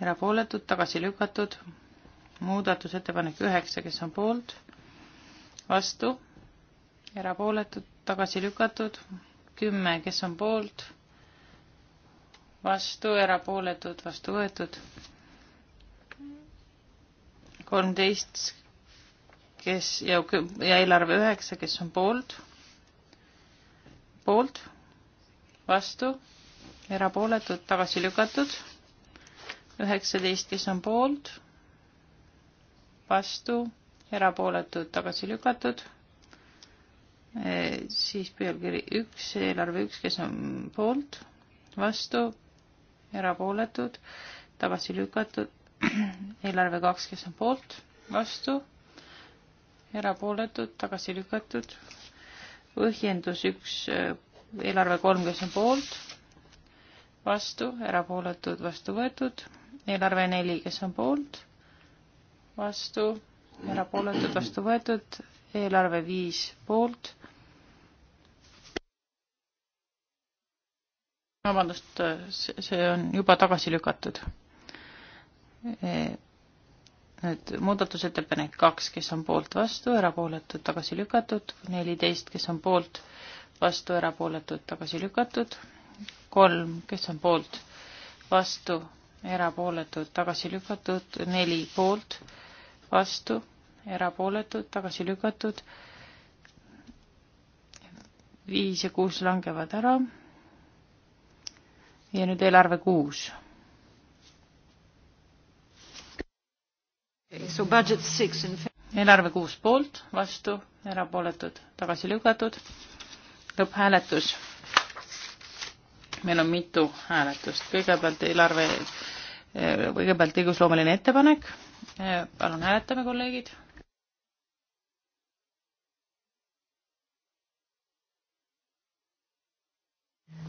erapooletud, tagasi lükatud. muudatusettepanek üheksa, kes on poolt, vastu, erapooletud, tagasi lükatud. kümme, kes on poolt vastu, erapooletud, vastu võetud. kolmteist, kes ja, ja eelarve üheksa, kes on poolt, poolt, vastu, erapooletud, tagasi lükatud. üheksateist, kes on poolt, vastu, erapooletud, tagasi lükatud eh, siis pealkiri üks, eelarve üks, kes on poolt, vastu, erapooletud, tagasi lükatud, eelarve kaks, kes on poolt, vastu, erapooletud, tagasi lükatud, põhjendus üks, eelarve kolm, kes on poolt, vastu, erapooletud, vastu võetud, eelarve neli, kes on poolt, vastu, erapooletud, vastu võetud, eelarve viis poolt vabandust, see on juba tagasi lükatud. E, nüüd muudatusettepanek kaks, kes on poolt, vastu, erapooletud, tagasi lükatud, neliteist, kes on poolt, vastu, erapooletud, tagasi lükatud, kolm, kes on poolt, vastu, erapooletud, tagasi lükatud, neli poolt, vastu, erapooletud, tagasi lükatud, viis ja kuus langevad ära ja nüüd eelarve kuus. eelarve kuus poolt, vastu, erapooletud, tagasi lükatud. lõpphääletus. meil on mitu hääletust, kõigepealt eelarve, eh, kõigepealt õigusloomeline ettepanek. Eh, palun hääletame, kolleegid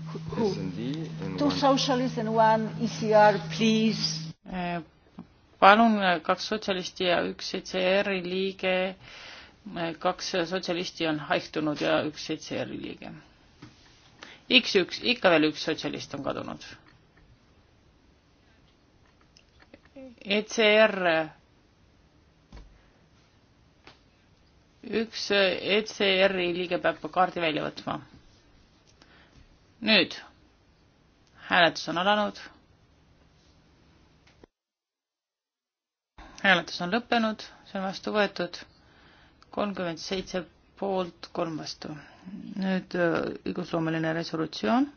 S&D Two socialists and one ECR, please. Eh, palun eh, kaks sotsialisti ja üks ECR-i liige. Eh, kaks sotsialisti on haihtunud ja üks ECR-i liige. X üks, ikka veel üks sotsialist on kadunud. ECR üks ECR-i liige peab kaardi välja võtma. nüüd hääletus on alanud. hääletus on lõppenud, see on vastu võetud. kolmkümmend seitse poolt, kolm vastu. nüüd äh, õigusloomeline resolutsioon.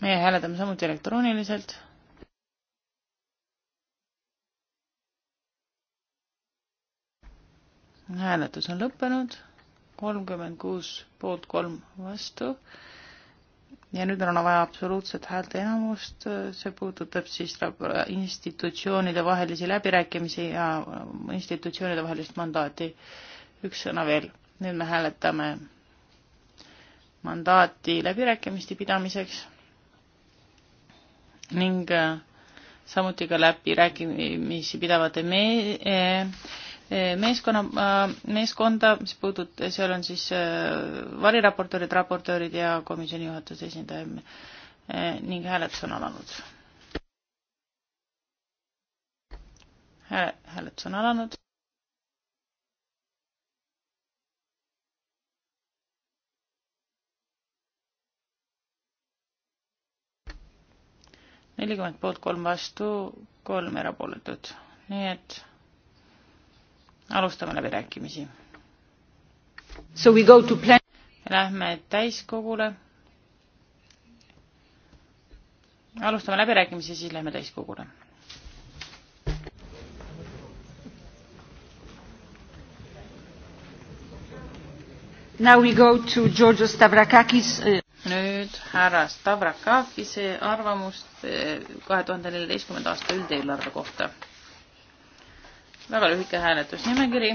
meie hääletame samuti elektrooniliselt hääletus on lõppenud, kolmkümmend kuus poolt kolm vastu. ja nüüd meil on vaja absoluutset häälteenamust, see puudutab siis institutsioonide vahelisi läbirääkimisi ja institutsioonide vahelist mandaati. üks sõna veel, nüüd me hääletame mandaati läbirääkimiste pidamiseks ning samuti ka läbirääkimisi pidavate me- e meeskonna, meeskonda, mis puudut-, seal on siis äh, variraportöörid, raportöörid ja komisjoni juhatuse esindaja äh, ning hääletus on alanud. hääletus on alanud. nelikümmend poolt, kolm vastu, kolm erapooletut, nii et alustame läbirääkimisi. Lähme täiskogule. alustame läbirääkimisi, siis lähme täiskogule. Now we go to Georgios Stavrakakis. Uh, nüüd härra Stavrakakise arvamust eh, kahe tuhande neljateistkümnenda aasta üldeelarve kohta väga lühike hääletusnimekiri.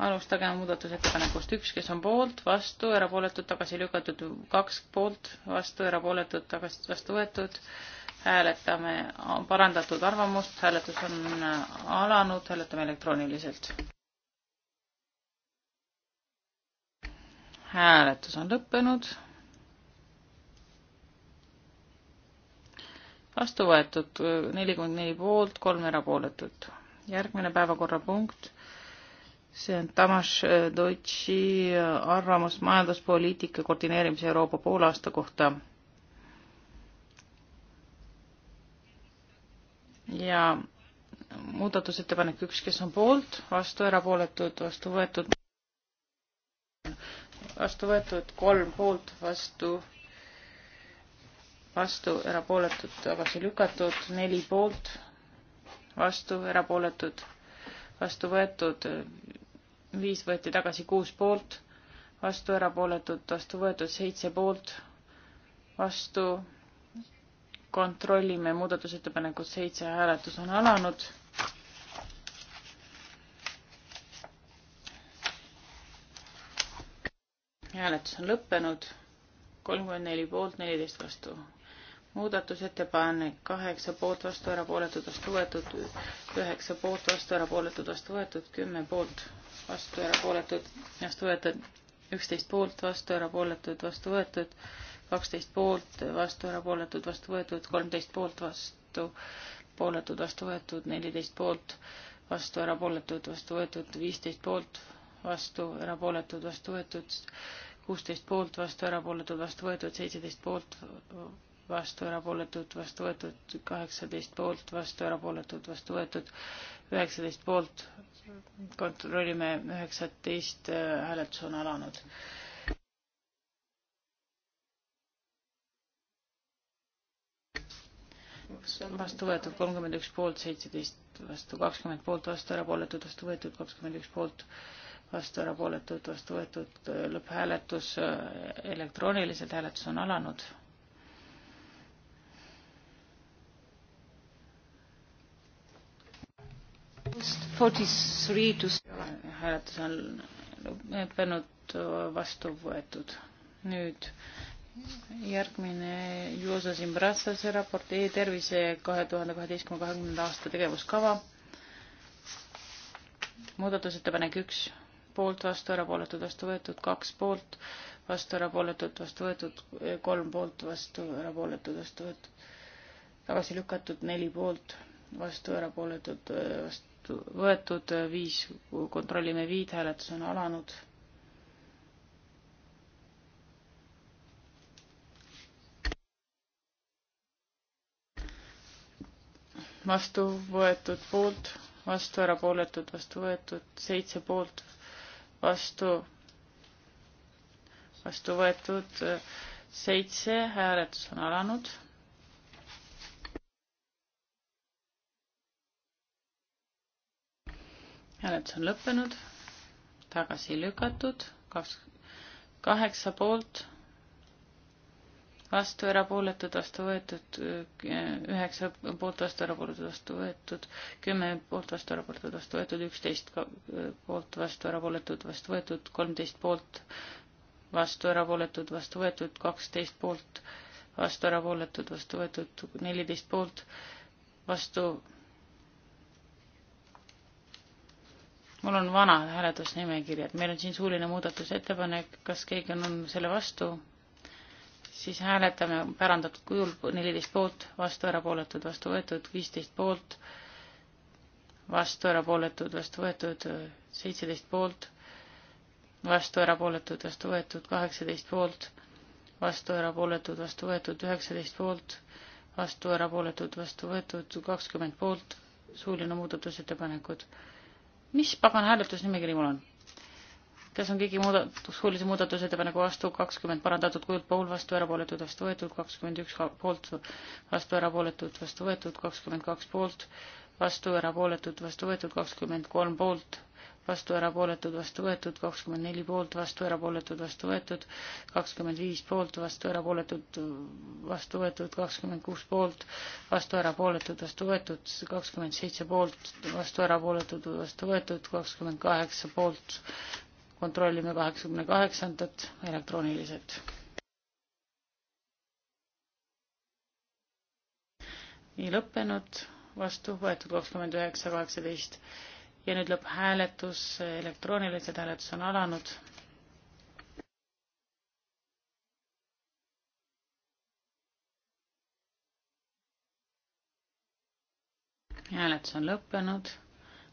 alustage muudatusettepanekust üks, kes on poolt, vastu, erapooletud, tagasi lükatud, kaks poolt, vastu, erapooletud, tagasi, vastu võetud. hääletame parandatud arvamust, hääletus on alanud, hääletame elektrooniliselt. hääletus on lõppenud vastu võetud nelikümmend neli poolt, kolm erapooletut järgmine päevakorrapunkt, see on Tamas äh, Deutschi äh, arvamus majanduspoliitika koordineerimise Euroopa poolaasta kohta. ja muudatusettepanek üks, kes on poolt, vastu erapooletud, vastu võetud, vastu võetud, kolm poolt, vastu vastu, erapooletud tagasi lükatud, neli poolt, vastu, erapooletud, vastu võetud, viis võeti tagasi, kuus poolt, vastu, erapooletud, vastu võetud, seitse poolt, vastu, kontrollime muudatusettepanekut seitse, hääletus on alanud. hääletus on lõppenud, kolmkümmend neli poolt, neliteist vastu muudatusettepanek kaheksa poolt vastu, erapooletud vastu võetud, üheksa poolt vastu, erapooletud vastu võetud, kümme poolt vastu, erapooletud vastu võetud, üksteist poolt vastu, erapooletud vastu võetud, kaksteist poolt vastu, erapooletud vastu võetud, kolmteist poolt vastu, pooletud vastu võetud, neliteist poolt vastu, erapooletud vastu võetud, viisteist poolt vastu, erapooletud vastu võetud, kuusteist poolt vastu, erapooletud vastu võetud, seitseteist poolt vastu erapooletud, vastu võetud, kaheksateist poolt, vastu erapooletud, vastu võetud, üheksateist poolt. kontrollime üheksateist, äh, hääletus on alanud. vastu võetud kolmkümmend üks poolt, seitseteist vastu kakskümmend poolt, vastu erapooletud, vastu võetud kakskümmend üks poolt vastu erapooletud, vastu võetud äh, lõpphääletus, äh, elektrooniliselt hääletus on alanud. hääletus on lõppenud, vastu võetud. nüüd järgmine Juosa Simbratsase raport E-tervise kahe tuhande kaheteistkümne kahekümnenda aasta tegevuskava. muudatusettepanek üks, poolt, vastu, erapooletud, vastu võetud, kaks poolt, vastu, erapooletud, vastu võetud, kolm poolt, vastu, erapooletud, vastu võetud, tagasi lükatud, neli poolt, vastu, erapooletud, vastu vastu võetud, viis kontrollime viid, hääletus on alanud. vastu võetud poolt, vastu erapooletud, vastu võetud, seitse poolt, vastu, vastu võetud seitse, hääletus on alanud hääletus on lõppenud, tagasi lükatud, kaks, kaheksa poolt, vastu erapooletud, vastu võetud, üheksa poolt vastu erapooletud, vastu võetud, kümme poolt vastu erapooletud, vastu võetud, üksteist poolt vastu erapooletud, vastu võetud, kolmteist poolt vastu erapooletud, vastu võetud, kaksteist poolt vastu erapooletud, vastu võetud, neliteist poolt vastu mul on vanad hääletusnimekirjad, meil on siin suuline muudatusettepanek, kas keegi on selle vastu? siis hääletame pärandatud kujul neliteist poolt, vastu erapooletud, vastu võetud, viisteist poolt, vastu erapooletud, vastu võetud, seitseteist poolt, vastu erapooletud, vastu võetud, kaheksateist poolt, vastu erapooletud, vastu võetud, üheksateist poolt, vastu erapooletud, vastu võetud, kakskümmend poolt, suuline muudatusettepanekud mis pagan hääletusnimekiri mul on? kas on keegi muudatus, suulise muudatusettepaneku vastu kakskümmend parandatud kujult pool vastu erapooletud vastu võetud, kakskümmend üks poolt vastu erapooletud vastu võetud, kakskümmend kaks poolt vastu erapooletud vastu võetud, kakskümmend kolm poolt vastu erapooletud, vastu võetud, kakskümmend neli poolt, vastu erapooletud, vastu võetud, kakskümmend viis poolt, vastu erapooletud, vastu võetud, kakskümmend kuus poolt, vastu erapooletud, vastu võetud, kakskümmend seitse poolt, vastu erapooletud, vastu võetud, kakskümmend kaheksa poolt, kontrollime kaheksakümne kaheksandat elektrooniliselt. nii lõppenud, vastu võetud kakskümmend üheksa, kaheksateist ja nüüd lõpphääletus, elektroonilised hääletus on alanud. hääletus on lõppenud,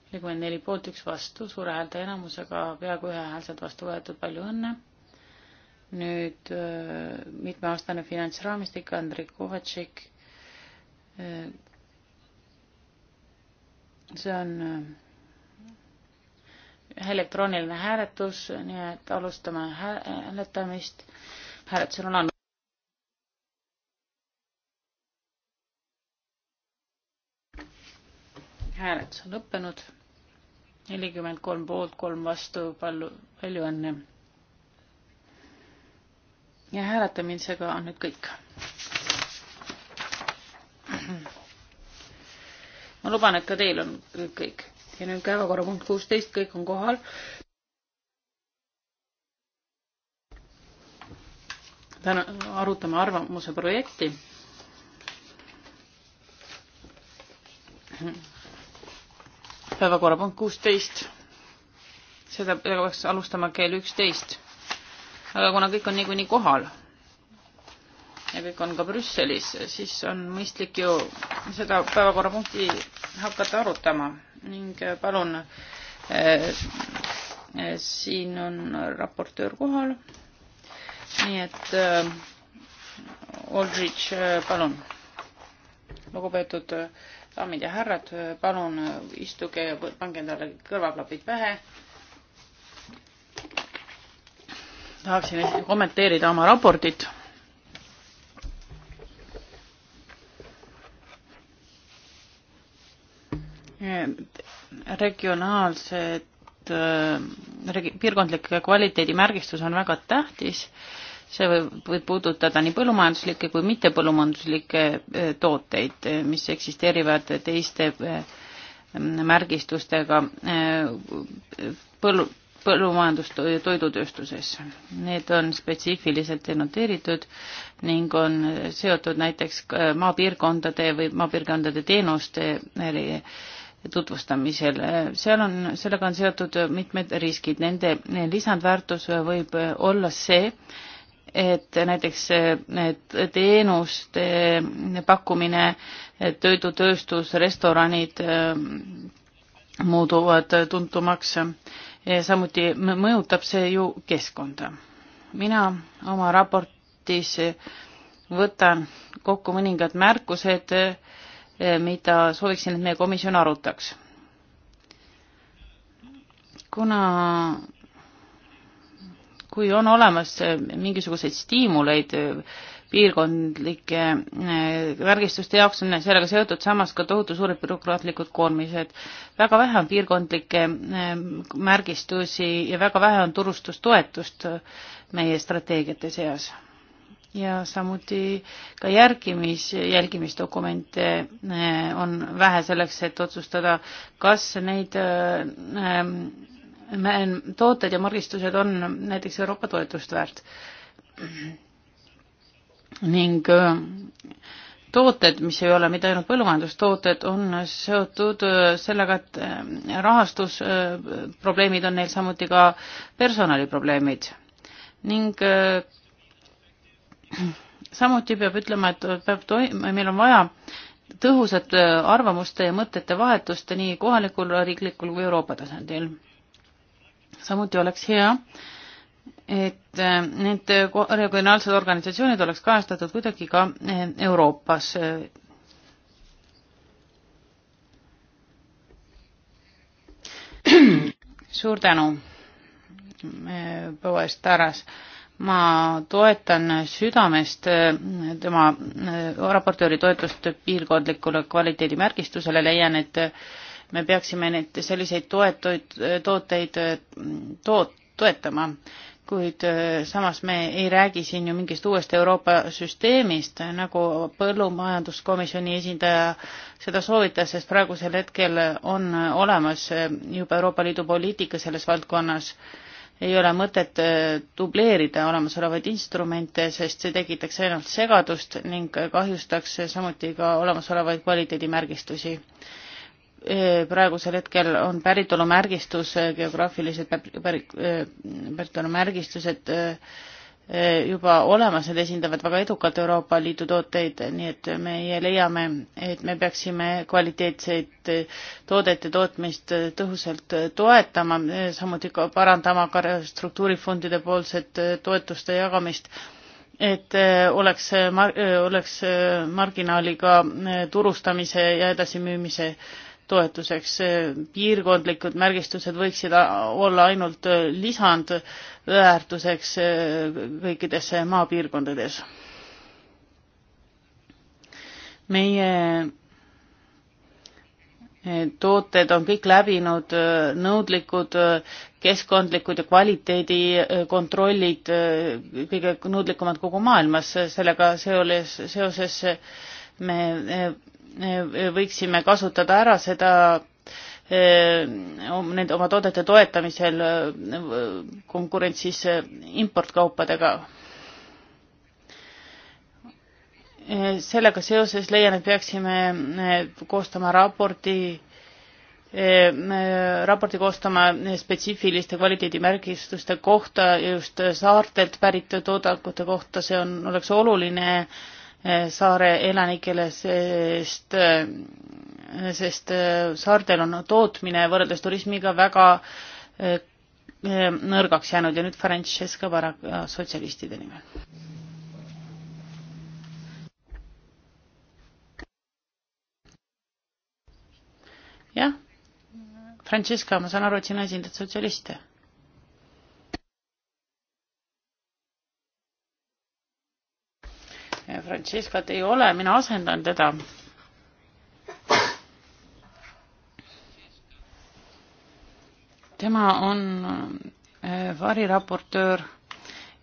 nelikümmend neli poolt, üks vastu, suure häälte enamusega peaaegu ühehäälselt vastu võetud, palju õnne. nüüd äh, mitmeaastane finantsraamistik, Andrei Kovatšik. Äh, see on äh, elektrooniline hääletus, nii et alustame hääletamist. hääletusel on andnud. hääletus on lõppenud. nelikümmend kolm poolt, kolm vastu, palju, palju õnne. ja hääletamisega on nüüd kõik. ma luban, et ka teil on kõik ja nüüd päevakorrapunkt kuusteist, kõik on kohal. täna arutame arvamuse projekti. päevakorrapunkt kuusteist, seda peaks alustama kell üksteist. aga kuna kõik on niikuinii kohal ja kõik on ka Brüsselis, siis on mõistlik ju seda päevakorrapunkti hakata arutama ning äh, palun äh, äh, siin on raportöör kohal. nii et äh, Aldrich äh,, palun. lugupeetud daamid ja härrad, palun istuge ja pange endale kõrvaklapid pähe. tahaksin kommenteerida oma raportit regionaalsed, äh, piirkondlike kvaliteedimärgistus on väga tähtis, see võib, võib puudutada nii põllumajanduslikke kui mittepõllumajanduslikke äh, tooteid, äh, mis eksisteerivad teiste märgistustega põllu, põllumajandustoidutööstuses. Need on spetsiifiliselt denoteeritud ning on seotud näiteks maapiirkondade või maapiirkondade teenuste tutvustamisel. seal on, sellega on seotud mitmed riskid, nende lisandväärtus võib olla see, et näiteks need teenuste pakkumine, toidutööstus, restoranid ähm, muutuvad tuntumaks. samuti mõjutab see ju keskkonda. mina oma raportis võtan kokku mõningad märkused, mida sooviksin, et meie komisjon arutaks. kuna, kui on olemas mingisuguseid stiimuleid piirkondlike eh, värgistuste jaoks on sellega seotud samas ka tohutu suured bürokraatlikud koormised. väga vähe on piirkondlikke eh, märgistusi ja väga vähe on turustustoetust eh, meie strateegiate seas ja samuti ka järgimis, jälgimisdokumente eh, on vähe selleks, et otsustada, kas neid eh, eh, tooted ja margistused on näiteks Euroopa toetust väärt. ning tooted, mis ei ole mitte ainult põllumajandustooted, on seotud sellega, et rahastusprobleemid on neil samuti ka personaliprobleemid ning samuti peab ütlema, et peab toim-, meil on vaja tõhusat äh, arvamuste ja mõtete vahetust nii kohalikul, riiklikul kui Euroopa tasandil. samuti oleks hea, et äh, need regionaalsed organisatsioonid oleks kajastatud kuidagi ka äh, Euroopas. suur tänu, proua Estaras ma toetan südamest äh, tema äh, raportööri toetust piirkondlikule kvaliteedimärgistusele, leian, et äh, me peaksime neid selliseid toetuid, tooteid toot-, toetama, kuid samas me ei räägi siin ju mingist uuest Euroopa süsteemist, nagu põllumajanduskomisjoni esindaja seda soovitas, sest praegusel hetkel on olemas juba Euroopa Liidu poliitika selles valdkonnas ei ole mõtet äh, dubleerida olemasolevaid instrumente, sest see tekitaks ainult segadust ning kahjustaks samuti ka olemasolevaid kvaliteedimärgistusi. Äh, praegusel hetkel on päritolumärgistus, äh, geograafilised päritolumärgistused pärit, pärit, pärit, Eh, juba olemas, nad esindavad väga edukalt Euroopa Liidu tooteid, nii et meie leiame, et me peaksime kvaliteetseid toodete tootmist tõhusalt toetama, samuti ka parandama ka struktuurifondide poolset toetuste jagamist, et oleks mar-, oleks marginaaliga turustamise ja edasimüümise toetuseks. piirkondlikud märgistused võiksid olla ainult äh, lisandväärtuseks äh, kõikides äh, maapiirkondades. meie tooted on kõik läbinud nõudlikud keskkondlikud ja kvaliteedikontrollid kõige nõudlikumad kogu maailmas, sellega seoses, seoses me võiksime kasutada ära seda eh, nende oma toodete toetamisel eh, konkurentsis eh, importkaupadega. sellega seoses leian, et peaksime koostama raporti, raporti koostama spetsiifiliste kvaliteedimärgistuste kohta just saartelt pärit toodangute kohta, see on, oleks oluline äh, saare elanikele, sest, sest saartel on tootmine võrreldes turismiga väga eh, nõrgaks jäänud ja nüüd Francesca Baraka eh, sotsialistide nimel. jah, Francesca, ma saan aru, et sina esindad sotsialiste Franciscat ei ole, mina asendan teda. tema on äh, variraportöör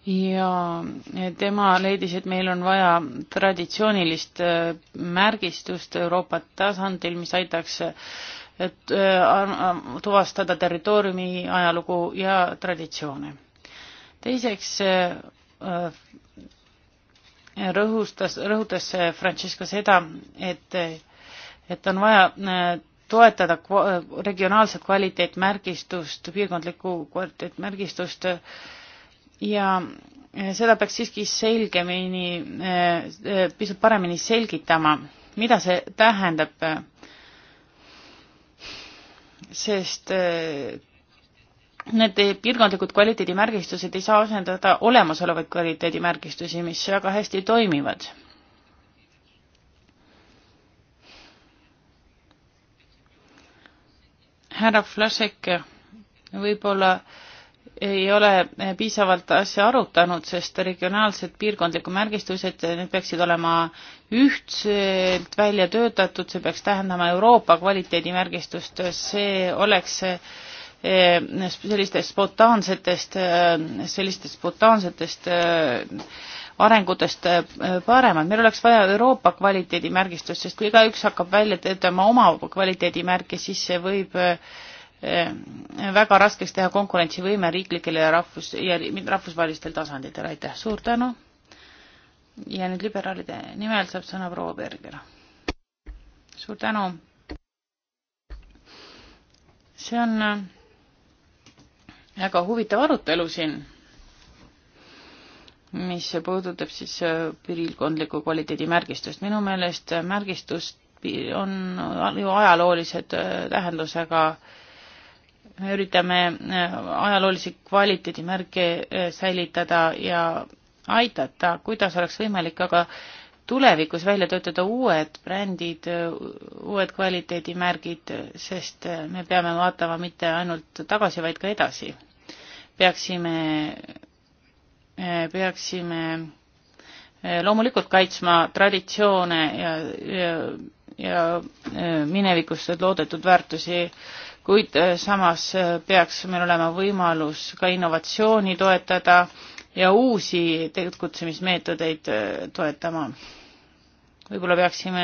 ja äh, tema leidis, et meil on vaja traditsioonilist äh, märgistust Euroopa tasandil, mis aitaks et tuvastada territooriumi ajalugu ja traditsioone. teiseks rõhustas, rõhutas äh, Francesco seda, et, et on vaja äh, toetada kva-, regionaalset kvaliteetmärgistust, piirkondlikku kvaliteetmärgistust ja äh, seda peaks siiski selgemini, pisut paremini selgitama, mida see tähendab. sest need piirkondlikud kvaliteedimärgistused ei saa asendada olemasolevaid kvaliteedimärgistusi, mis väga hästi toimivad. härra Flašek võib-olla ei ole piisavalt asja arutanud, sest regionaalsed piirkondlikud märgistused, need peaksid olema ühtselt välja töötatud, see peaks tähendama Euroopa kvaliteedimärgistust, see oleks Eh, sellistest spontaansetest, eh, sellistest spontaansetest eh, arengutest paremad, meil oleks vaja Euroopa kvaliteedimärgistust, sest kui igaüks hakkab välja töötama oma kvaliteedimärki, siis see võib väga raskeks teha konkurentsivõime riiklikel ja rahvus- ja rahvusvahelistel tasanditel, aitäh, suur tänu. ja nüüd liberaalide nimel saab sõna proua Berger. suur tänu. see on väga huvitav arutelu siin, mis puudutab siis äh, piirkondlikku kvaliteedimärgistust. minu meelest märgistus on ju ajaloolise äh, tähendusega me üritame äh, ajaloolisi kvaliteedimärke säilitada ja aidata, kuidas oleks võimalik aga tulevikus välja töötada uued brändid, uued kvaliteedimärgid, sest me peame vaatama mitte ainult tagasi, vaid ka edasi. peaksime, peaksime loomulikult kaitsma traditsioone ja, ja, ja minevikust loodetud väärtusi, kuid samas peaks meil olema võimalus ka innovatsiooni toetada ja uusi tegutsemismeetodeid äh, toetama. võib-olla peaksime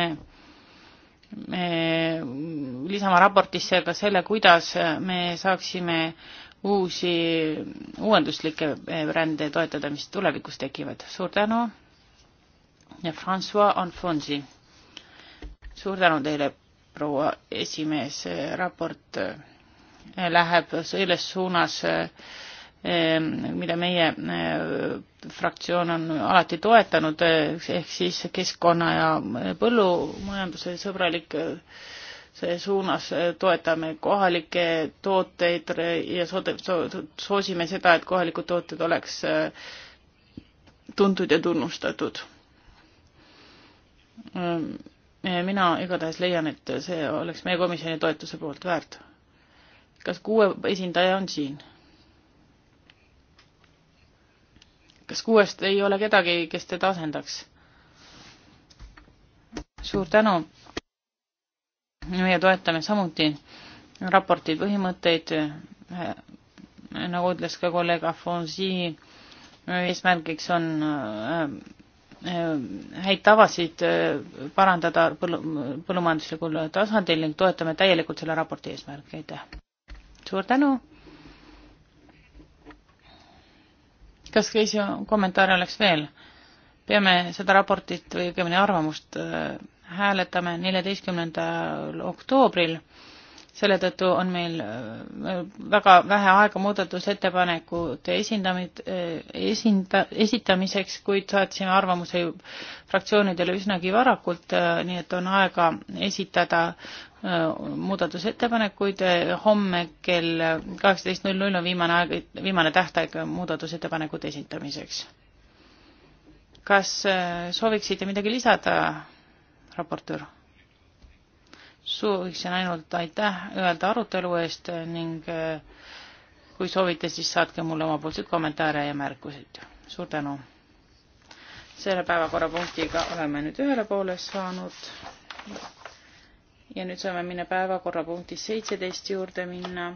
me äh, lisama raportisse ka selle, kuidas me saaksime uusi uuenduslikke brände äh, toetada, mis tulevikus tekivad. suur tänu ja Francois Alfonsi. suur tänu teile, proua esimees, raport läheb selles suunas äh, Ehm, mida meie eh, fraktsioon on alati toetanud, eh, ehk siis keskkonna ja eh, põllumajanduse sõbralik see suunas toetame kohalikke tooteid ja soosime seda, et kohalikud tooted oleks tuntud ja tunnustatud. Ehm, mina igatahes leian, et see oleks meie komisjoni toetuse poolt väärt. kas kuue esindaja on siin? kas kuuest ei ole kedagi, kes teda asendaks? suur tänu. meie toetame samuti raporti põhimõtteid, eh, nagu ütles ka kolleeg Afonsi, eesmärgiks on eh, eh, häid tavasid parandada põllu, põllumajanduslikul tasandil ning toetame täielikult selle raporti eesmärki, aitäh! suur tänu! kas Kreisi kommentaare oleks veel? peame seda raportit või õigemini arvamust äh, hääletame neljateistkümnendal oktoobril selle tõttu on meil äh, väga vähe aega muudatusettepanekute esindamid, äh, esinda-, esitamiseks, kuid saatsime arvamuse fraktsioonidele üsnagi varakult, äh, nii et on aega esitada muudatusettepanekuid, homme kell kaheksateist null null on viimane aeg, viimane tähtaeg muudatusettepanekute esitamiseks. kas sooviksite midagi lisada, raportöör? sooviksin ainult aitäh öelda arutelu eest ning eh, kui soovite, siis saatke mulle omapoolseid kommentaare ja märkuseid. suur tänu. selle päevakorrapunktiga oleme nüüd ühele poole saanud. ja nüüd saame minna päevakorrapunkti seitseteist juurde minna,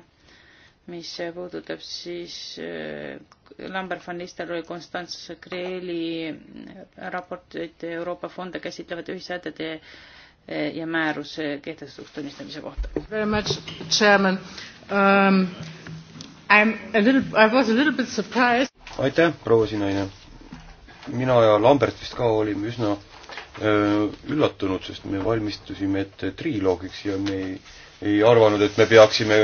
mis puudutab siis eh, Lambert van Nistelrooy, Konstantse Kreeli eh, raportit Euroopa fonde käsitlevate ühissätete Eh, ja määrus kehtetuks tunnistamise kohta. Very much, chairman um,. I am a little, I was a little bit surprised. aitäh, proua Sinaine. mina ja Lambert vist ka olime üsna öö, eh, üllatunud, sest me valmistusime ette triloogiks ja me ei, ei arvanud, et me peaksime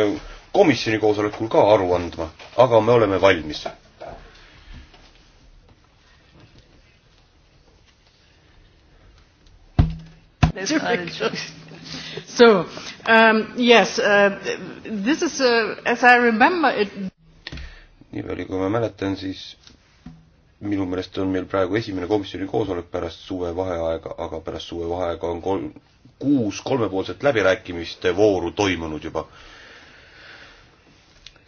komisjoni koosolekul ka aru andma, aga me oleme valmis That's difficult. So, um, yes, uh, this is, uh, as I remember it... nii palju, kui ma mäletan, siis minu meelest on meil praegu esimene komisjoni koosolek pärast suvevaheaega, aga pärast suvevaheaega on kolm, kuus kolmepoolset läbirääkimiste vooru toimunud juba.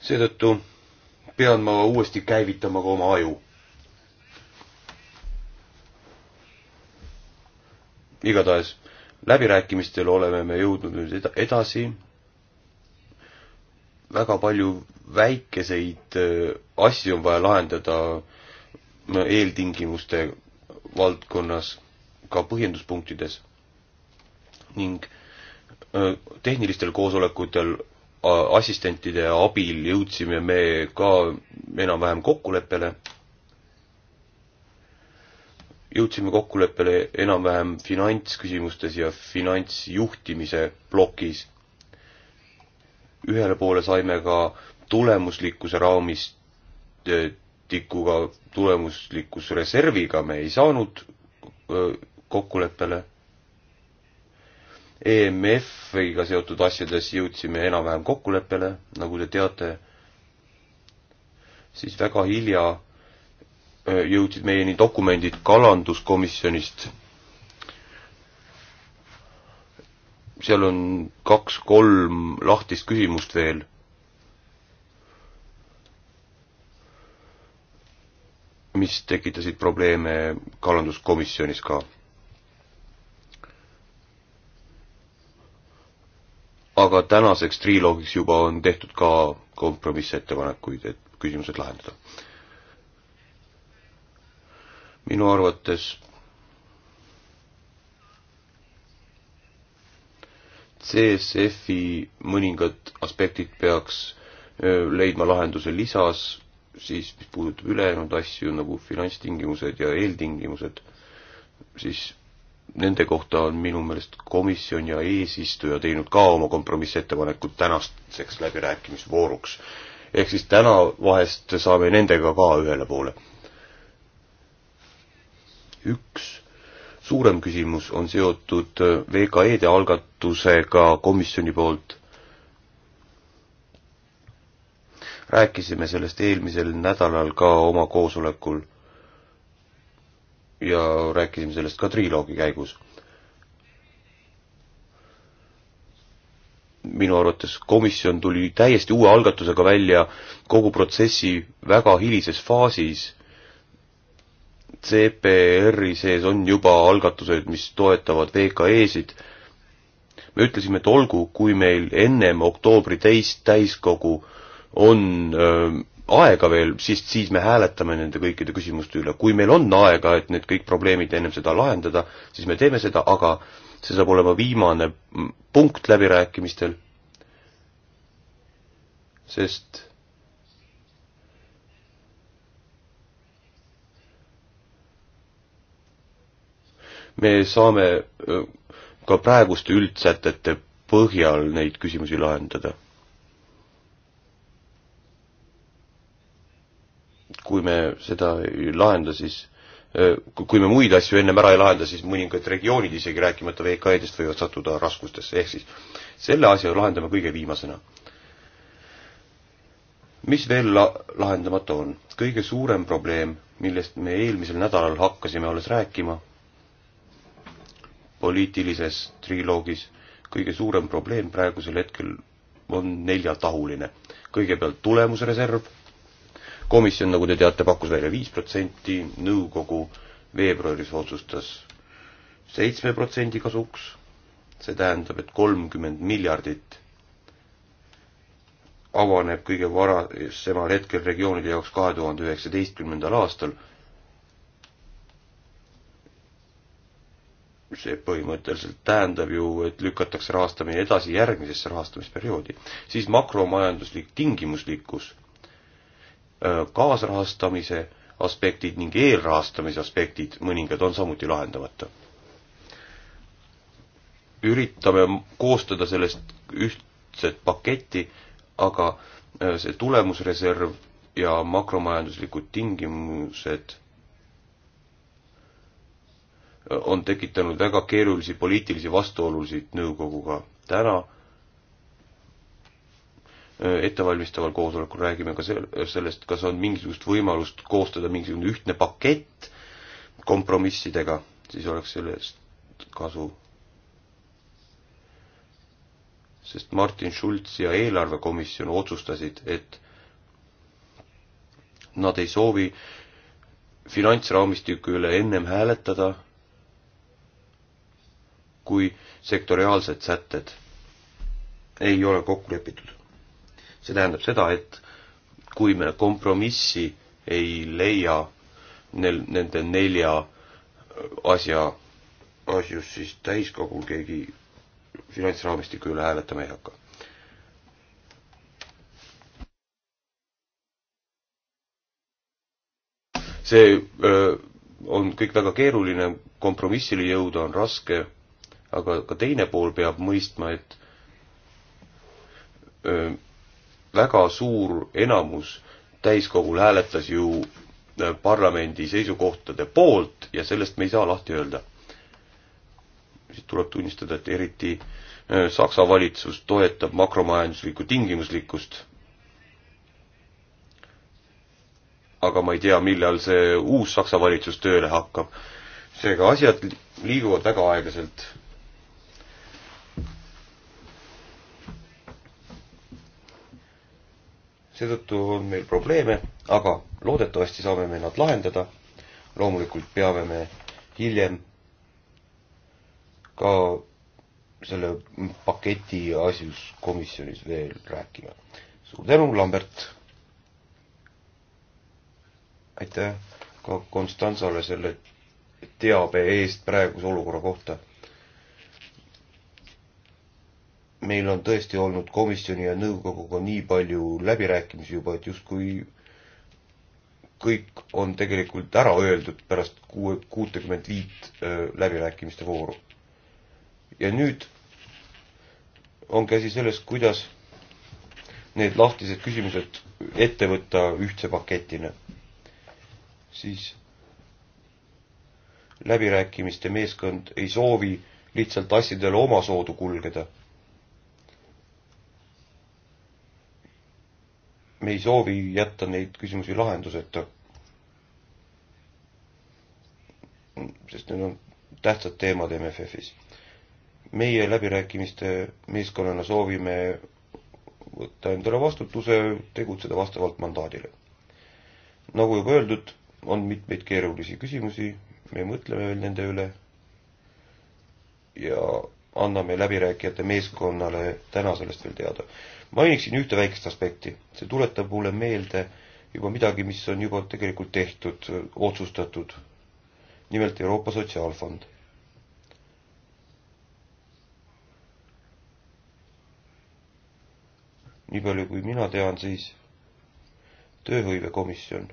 seetõttu pean ma uuesti käivitama ka oma aju. igatahes läbirääkimistel oleme me jõudnud nüüd edasi. väga palju väikeseid äh, asju on vaja lahendada eeltingimuste valdkonnas, ka põhjenduspunktides ning äh, tehnilistel koosolekutel äh, assistentide abil jõudsime me ka enam-vähem kokkuleppele jõudsime kokkuleppele enam-vähem finantsküsimustes ja finantsjuhtimise plokis. ühele poole saime ka tulemuslikkuse raamistikuga, e, tulemuslikkusreserviga me ei saanud e, kokkuleppele. EMF-iga seotud asjades jõudsime enam-vähem kokkuleppele, nagu te teate, siis väga hilja jõudsid meieni dokumendid kalanduskomisjonist. seal on kaks-kolm lahtist küsimust veel. mis tekitasid probleeme kalanduskomisjonis ka. aga tänaseks triloogiks juba on tehtud ka kompromissettepanekuid, et küsimused lahendada minu arvates CSF-i mõningad aspektid peaks leidma lahenduse lisas, siis mis puudutab ülejäänud asju nagu finantstingimused ja eeltingimused, siis nende kohta on minu meelest komisjon ja eesistuja teinud ka oma kompromissettepanekud tänaseks läbirääkimisvooruks. ehk siis täna vahest saame nendega ka ühele poole üks suurem küsimus on seotud VKE-de algatusega komisjoni poolt. rääkisime sellest eelmisel nädalal ka oma koosolekul ja rääkisime sellest ka triloogi käigus. minu arvates komisjon tuli täiesti uue algatusega välja kogu protsessi väga hilises faasis CPR-i sees on juba algatused, mis toetavad VKE-sid. me ütlesime, et olgu, kui meil ennem oktoobri teist täiskogu on öö, aega veel, siis, siis me hääletame nende kõikide küsimuste üle. kui meil on aega, et need kõik probleemid ennem seda lahendada, siis me teeme seda, aga see saab olema viimane punkt läbirääkimistel. sest me saame ka praeguste üldsätete põhjal neid küsimusi lahendada. kui me seda ei lahenda, siis kui me muid asju ennem ära ei lahenda, siis mõningad regioonid, isegi rääkimata VKE-dest, võivad sattuda raskustesse, ehk siis selle asja lahendame kõige viimasena. mis veel la-, lahendamata on? kõige suurem probleem, millest me eelmisel nädalal hakkasime alles rääkima poliitilises triloogis kõige suurem probleem praegusel hetkel on neljatahuline. kõigepealt tulemusreserv, komisjon, nagu te teate, pakkus välja viis protsenti, nõukogu veebruaris otsustas seitsme protsendi kasuks, see tähendab, et kolmkümmend miljardit avaneb kõige varasemal hetkel regioonide jaoks kahe tuhande üheksateistkümnendal aastal see põhimõtteliselt tähendab ju, et lükatakse rahastamine edasi järgmisesse rahastamisperioodi. siis makromajanduslik tingimuslikkus, kaasrahastamise aspektid ning eelrahastamise aspektid, mõningad on samuti lahendamata. üritame koostada sellest ühtset paketti, aga see tulemusreserv ja makromajanduslikud tingimused on tekitanud väga keerulisi poliitilisi vastuolusid nõukoguga. täna äh, ettevalmistaval koosolekul räägime ka sellest, kas on mingisugust võimalust koostada mingisugune ühtne pakett kompromissidega, siis oleks sellest kasu. sest Martin Schulz ja eelarvekomisjon otsustasid, et nad ei soovi finantsraamistiku üle ennem hääletada kui sektoriaalsed sätted ei ole kokku lepitud. see tähendab seda, et kui me kompromissi ei leia nel-, nende nelja asja, asjus, siis täiskogul keegi finantsraamistiku üle hääletama ei hakka. see öö, on kõik väga keeruline, kompromissile jõuda on raske aga ka teine pool peab mõistma, et öö, väga suur enamus täiskogul hääletas ju parlamendi seisukohtade poolt ja sellest me ei saa lahti öelda. siit tuleb tunnistada, et eriti Saksa valitsus toetab makromajanduslikku tingimuslikkust. aga ma ei tea, millal see uus Saksa valitsus tööle hakkab. seega asjad liiguvad väga aeglaselt seetõttu on meil probleeme, aga loodetavasti saame me nad lahendada. loomulikult peame me hiljem ka selle paketi asjus komisjonis veel rääkima. suur tänu, Lambert! aitäh ka Konstantsale selle teabe eest praeguse olukorra kohta meil on tõesti olnud komisjoni ja nõukoguga nii palju läbirääkimisi juba, et justkui kõik on tegelikult ära öeldud pärast kuue, kuutekümmet viit läbirääkimiste vooru. ja nüüd ongi asi selles, kuidas need lahtised küsimused ette võtta ühtse paketina. siis läbirääkimiste meeskond ei soovi lihtsalt asjadele omasoodu kulgeda me ei soovi jätta neid küsimusi lahenduseta. sest need on tähtsad teemad MFF-is. meie läbirääkimiste meeskonnana soovime võtta endale vastutuse, tegutseda vastavalt mandaadile. nagu juba öeldud, on mitmeid keerulisi küsimusi, me mõtleme veel nende üle ja anname läbirääkijate meeskonnale täna sellest veel teada mainiksin ühte väikest aspekti. see tuletab mulle meelde juba midagi, mis on juba tegelikult tehtud, otsustatud. nimelt Euroopa Sotsiaalfond. nii palju, kui mina tean, siis tööhõivekomisjon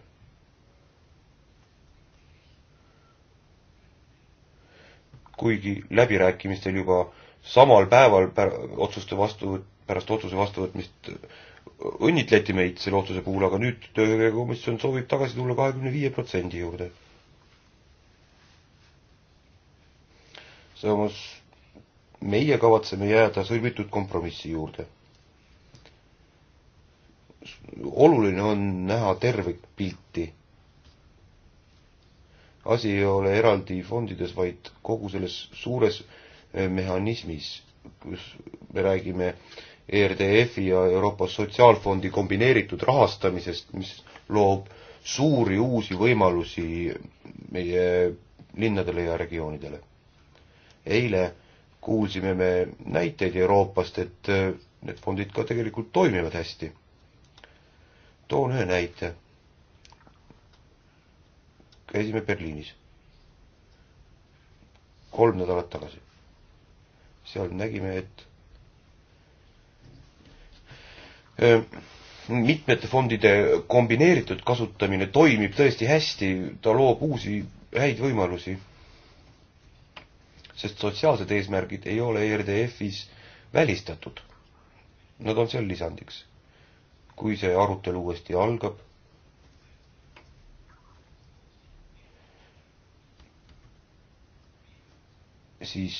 kuigi läbirääkimistel juba samal päeval otsuste vastuvõtt pärast otsuse vastuvõtmist õnnitleti meid selle otsuse puhul, aga nüüd töökomisjon soovib tagasi tulla kahekümne viie protsendi juurde. samas meie kavatseme jääda sõlmitud kompromissi juurde. oluline on näha tervikpilti. asi ei ole eraldi fondides, vaid kogu selles suures mehhanismis, kus me räägime äh, ERDF-i ja Euroopa Sotsiaalfondi kombineeritud rahastamisest, mis loob suuri uusi võimalusi meie linnadele ja regioonidele. eile kuulsime me näiteid Euroopast, et äh, need fondid ka tegelikult toimivad hästi. toon ühe näite. käisime Berliinis kolm nädalat tagasi. seal nägime, et mitmete fondide kombineeritud kasutamine toimib tõesti hästi, ta loob uusi häid võimalusi. sest sotsiaalsed eesmärgid ei ole ERDF-is välistatud. Nad on seal lisandiks. kui see arutelu uuesti algab, siis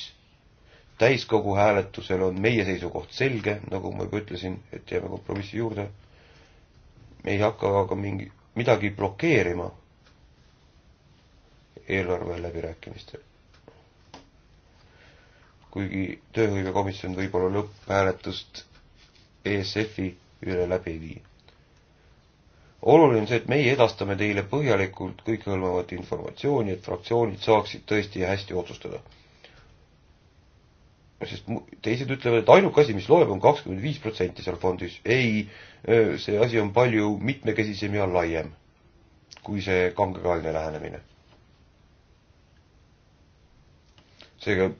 täiskogu hääletusel on meie seisukoht selge, nagu ma juba ütlesin, et jääme kompromissi juurde. me ei hakka aga mingi, midagi blokeerima eelarve läbirääkimistel. kuigi tööhõivekomisjon võib-olla lõpphääletust ESF-i üle läbi ei vii. oluline on see, et meie edastame teile põhjalikult kõikehõlmavat informatsiooni, et fraktsioonid saaksid tõesti hästi otsustada sest teised ütlevad, et ainuke asi, mis loeb, on kakskümmend viis protsenti seal fondis. ei, see asi on palju mitmekesisem ja laiem kui see kangekaelne lähenemine. seega,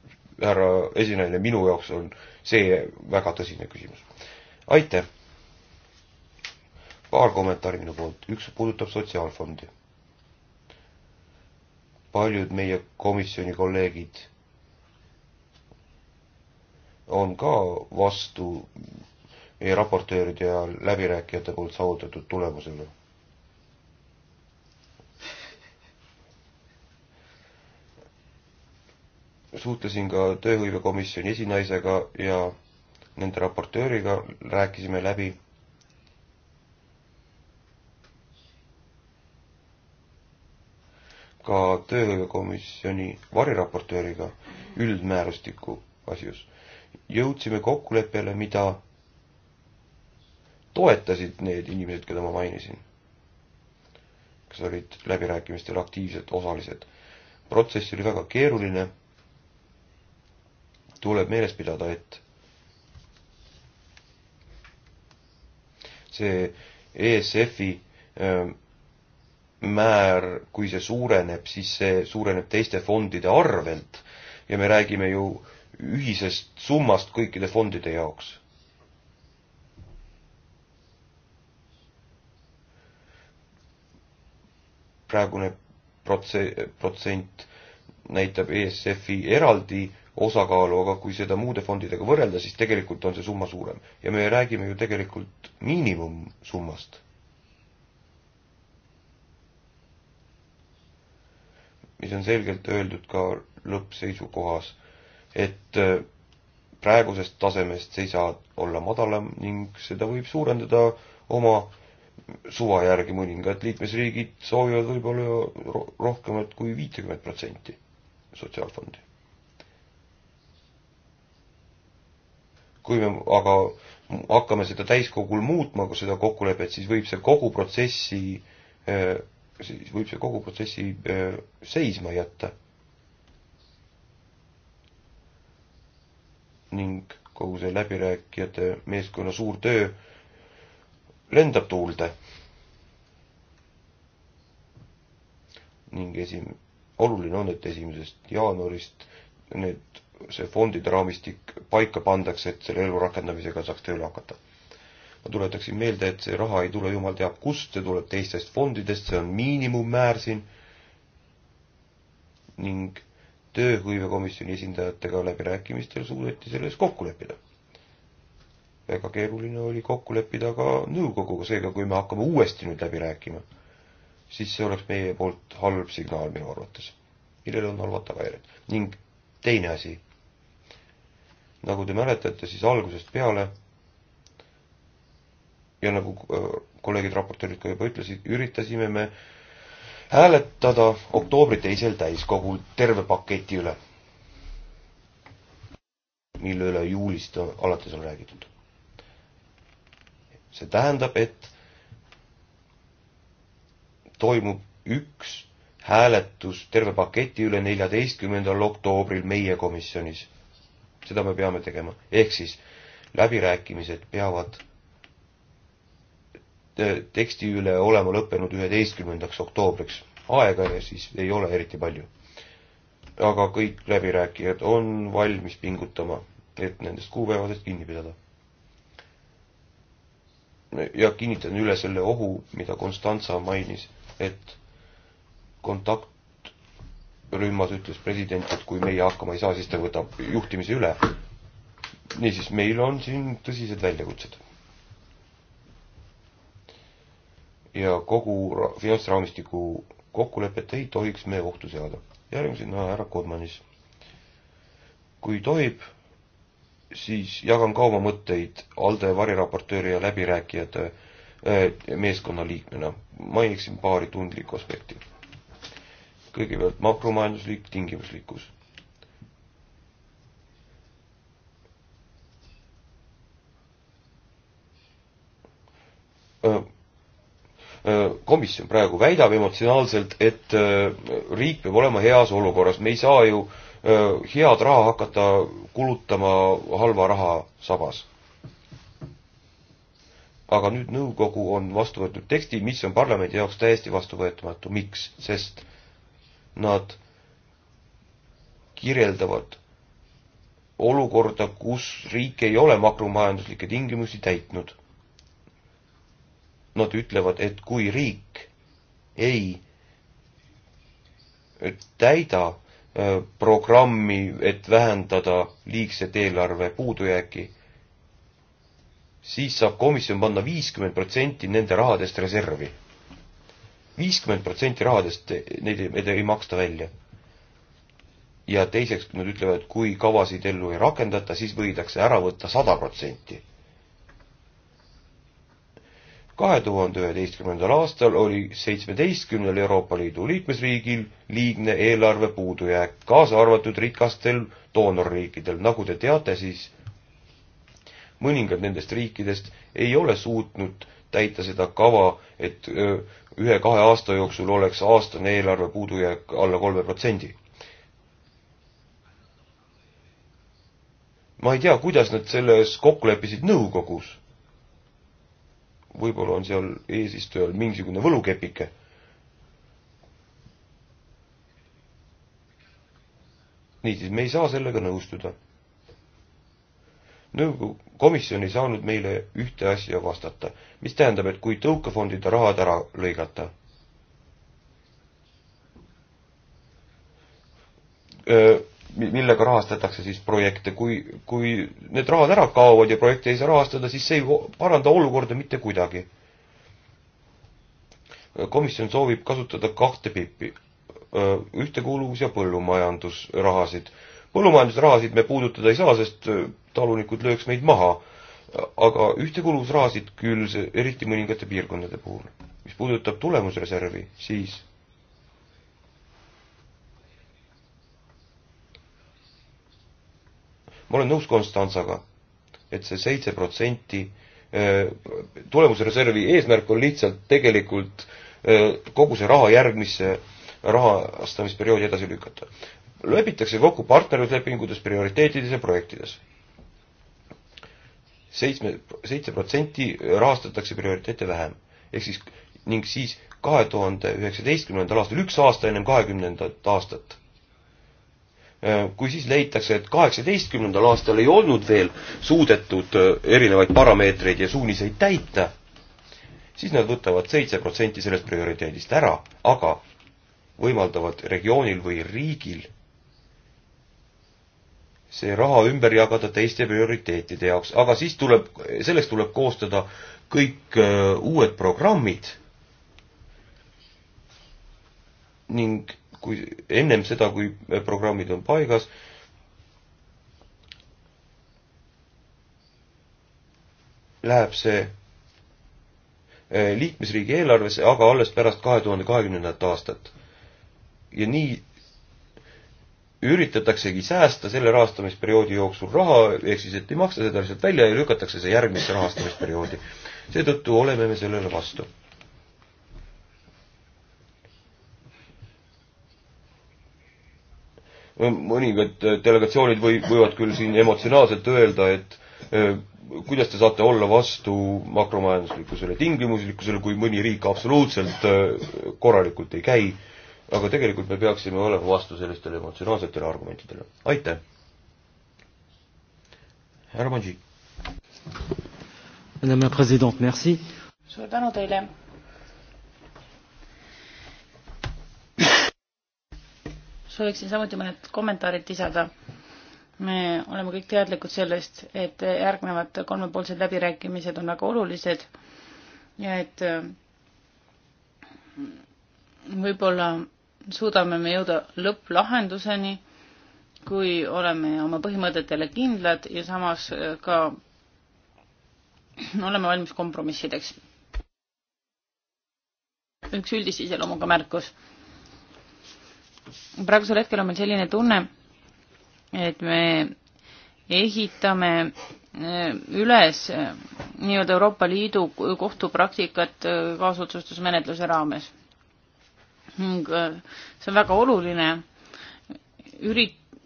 härra esinaine, minu jaoks on see väga tõsine küsimus. aitäh! paar kommentaari minu poolt, üks puudutab sotsiaalfondi. paljud meie komisjoni kolleegid on ka vastu meie raportööride ja läbirääkijate poolt saavutatud tulemusele. suhtlesin ka tööhõivekomisjoni esinaisega ja nende raportööriga rääkisime läbi ka tööhõivekomisjoni variraportööriga üldmäärustiku asjus jõudsime kokkuleppele, mida toetasid need inimesed, keda ma mainisin, kes olid läbirääkimistel aktiivsed osalised. protsess oli väga keeruline. tuleb meeles pidada, et see ESF-i ähm, määr, kui see suureneb, siis see suureneb teiste fondide arvelt ja me räägime ju ühisest summast kõikide fondide jaoks. praegune protse-, protsent näitab ESF-i eraldi osakaalu, aga kui seda muude fondidega võrrelda, siis tegelikult on see summa suurem. ja me räägime ju tegelikult miinimumsummast mis on selgelt öeldud ka lõppseisukohas et äh, praegusest tasemest see ei saa olla madalam ning seda võib suurendada oma suva järgi mõningad liikmesriigid soovivad võib-olla rohkemat kui viitekümmet protsenti sotsiaalfondi. kui me aga hakkame seda täiskogul muutma, kui seda kokkulepet, siis võib see kogu protsessi, äh, siis võib see kogu protsessi äh, seisma jätta ning kogu see läbirääkijate meeskonna suur töö lendab tuulde. ning esim-, oluline on, et esimesest jaanuarist need, see fondide raamistik paika pandakse, et selle elu rakendamisega saaks tööle hakata. ma tuletaksin meelde, et see raha ei tule jumal teab kust, see tuleb teistest fondidest, see on miinimummäär siin ning tööhõivekomisjoni esindajatega läbirääkimistel suudeti selles kokku leppida. väga keeruline oli kokku leppida ka nõukoguga, seega kui me hakkame uuesti nüüd läbi rääkima, siis see oleks meie poolt halb signaal minu arvates, millel on halvad tagajärjed. ning teine asi, nagu te mäletate, siis algusest peale ja nagu äh, kolleegid raportöörid ka juba ütlesid, üritasime me äh, hääletada oktoobri teisel täiskogul terve paketi üle, mille üle juulist alates on räägitud. see tähendab, et toimub üks hääletus terve paketi üle neljateistkümnendal oktoobril meie komisjonis. seda me peame tegema, ehk siis läbirääkimised peavad teksti üle olema lõppenud üheteistkümnendaks oktoobriks. aega ja siis ei ole eriti palju. aga kõik läbirääkijad on valmis pingutama, et nendest kuupäevadest kinni pidada. ja kinnitan üle selle ohu, mida Konstantsa mainis, et kontaktrühmas ütles president, et kui meie hakkama ei saa, siis ta võtab juhtimise üle. niisiis, meil on siin tõsised väljakutsed ja kogu finantsraamistiku kokkulepet ei tohiks me ohtu seada. järgmisena härra Kodmanis. kui tohib, siis jagan ka oma mõtteid ALDE variraportööri ja läbirääkijate äh, meeskonna liikmena. mainiksin paari tundlikku aspekti. kõigepealt makromajanduslik tingimuslikkus äh, Äh, komisjon praegu väidab emotsionaalselt, et äh, riik peab olema heas olukorras, me ei saa ju äh, head raha hakata kulutama halva raha sabas. aga nüüd nõukogu on vastu võtnud teksti, mis on parlamendi jaoks täiesti vastuvõetamatu, miks? sest nad kirjeldavad olukorda, kus riik ei ole makromajanduslike tingimusi täitnud nad ütlevad, et kui riik ei täida äh, programmi, et vähendada liigset eelarve puudujääki, siis saab komisjon panna viiskümmend protsenti nende rahadest reservi. viiskümmend protsenti rahadest neid ei, ei maksta välja. ja teiseks nad ütlevad, et kui kavasid ellu ei rakendata, siis võidakse ära võtta sada protsenti kahe tuhande üheteistkümnendal aastal oli seitsmeteistkümnel Euroopa Liidu liikmesriigil liigne eelarve puudujääk, kaasa arvatud rikastel doonorriikidel. nagu te teate, siis mõningad nendest riikidest ei ole suutnud täita seda kava, et ühe-kahe aasta jooksul oleks aastane eelarve puudujääk alla kolme protsendi. ma ei tea, kuidas nad selles kokku leppisid nõukogus võib-olla on seal eesistujal mingisugune võlukepike. niisiis, me ei saa sellega nõustuda. nõukogu komisjon ei saanud meile ühte asja vastata, mis tähendab, et kui tõukefondide rahad ära lõigata, öö, millega rahastatakse siis projekte, kui, kui need rahad ära kaovad ja projekte ei saa rahastada, siis see ei paranda olukorda mitte kuidagi. komisjon soovib kasutada kahte pippi, ühtekuuluvus- ja põllumajandusrahasid. põllumajandusrahasid me puudutada ei saa, sest talunikud lööks meid maha, aga ühtekuuluvusrahasid küll, eriti mõningate piirkondade puhul. mis puudutab tulemusreservi, siis ma olen nõus Konstantsaga, et see seitse protsenti äh, tulemusreservi eesmärk on lihtsalt tegelikult äh, kogu see raha järgmisse rahastamisperioodi edasi lükata. lepitakse kokku partnerluslepingutes, prioriteetides ja projektides. seitsme, seitse protsenti rahastatakse prioriteete vähem. ehk siis, ning siis kahe tuhande üheksateistkümnendal aastal, üks aasta ennem kahekümnendat aastat Äh, kui siis leitakse, et kaheksateistkümnendal aastal ei olnud veel suudetud äh, erinevaid parameetreid ja suuniseid täita, siis nad võtavad seitse protsenti sellest prioriteedist ära, aga võimaldavad regioonil või riigil see raha ümber jagada teiste prioriteetide jaoks, aga siis tuleb, selleks tuleb koostada kõik öö, äh, uued programmid ning kui ennem seda, kui programmid on paigas, läheb see eh, liikmesriigi eelarvesse, aga alles pärast kahe tuhande kahekümnendat aastat. ja nii üritataksegi säästa selle rahastamisperioodi jooksul raha, ehk siis, et ei maksta seda lihtsalt välja ja lükatakse see järgmisse rahastamisperioodi. seetõttu oleme me sellele vastu mõningad äh, delegatsioonid või, võivad küll siin emotsionaalselt öelda, et eh, kuidas te saate olla vastu makromajanduslikkusele, tingimuslikkusele, kui mõni riik absoluutselt eh, korralikult ei käi, aga tegelikult me peaksime olema vastu sellistele emotsionaalsetele argumentidele. aitäh! härra Manži. suur tänu teile! sooviksin samuti mõned kommentaarid lisada. me oleme kõik teadlikud sellest, et järgnevad kolmepoolsed läbirääkimised on väga olulised ja et äh, võib-olla suudame me jõuda lõpplahenduseni, kui oleme oma põhimõtetele kindlad ja samas äh, ka oleme valmis kompromissideks. üks üldise iseloomuga märkus praegusel hetkel on meil selline tunne, et me ehitame eh, üles eh, nii-öelda Euroopa Liidu kohtupraktikat eh, kaasotsustusmenetluse raames. see on väga oluline. ürit-,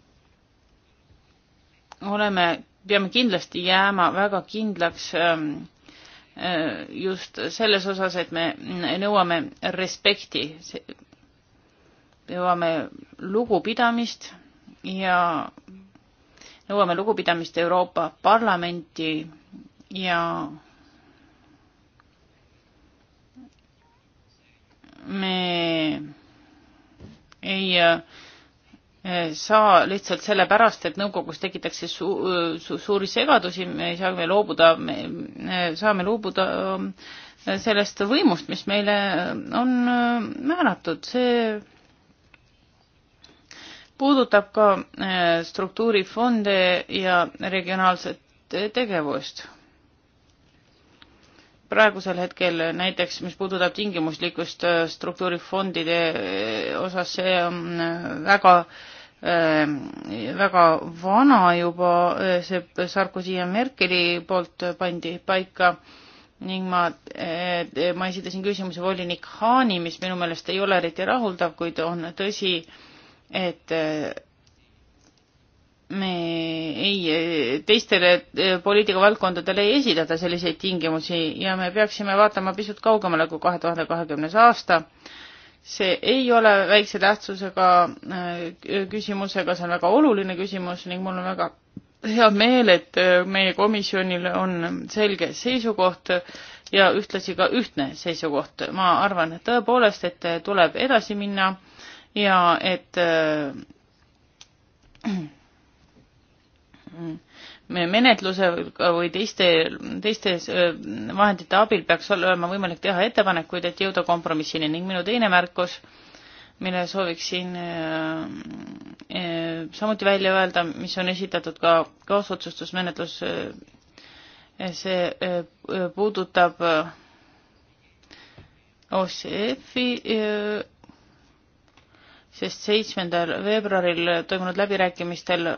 oleme, peame kindlasti jääma väga kindlaks ehm, just selles osas, et me nõuame respekti jõuame lugupidamist ja nõuame lugupidamist Euroopa Parlamenti ja me ei eh, saa lihtsalt sellepärast, et nõukogus tekitakse su, su, suuri segadusi, me ei saa me loobuda, me saame loobuda eh, sellest võimust, mis meile eh, on määratud, see puudutab ka äh, struktuurifonde ja regionaalset äh, tegevust. praegusel hetkel äh, näiteks, mis puudutab tingimuslikkust struktuurifondide osas, see on väga väga vana juba, see Sarkozy ja Merkeli poolt pandi paika ning ma, ma esitasin küsimuse volinik Haani, mis minu meelest ei ole eriti rahuldav, kuid on tõsi, et äh, me ei, äh, teistele äh, poliitikavaldkondadele ei esitata selliseid tingimusi ja me peaksime vaatama pisut kaugemale kui kahe tuhande kahekümnes aasta. see ei ole väikse tähtsusega küsimusega, see on väga oluline küsimus ning mul on väga hea meel, et meie komisjonil on selge seisukoht ja ühtlasi ka ühtne seisukoht. ma arvan tõepoolest, et tuleb edasi minna ja et äh, menetluse või teiste, teiste äh, vahendite abil peaks olema võimalik teha ettepanekuid, et jõuda kompromissini ning minu teine märkus, mille sooviksin äh, samuti välja öelda, mis on esitatud ka kaasotsustusmenetlus, see puudutab OCF-i sest seitsmendal veebruaril toimunud läbirääkimistel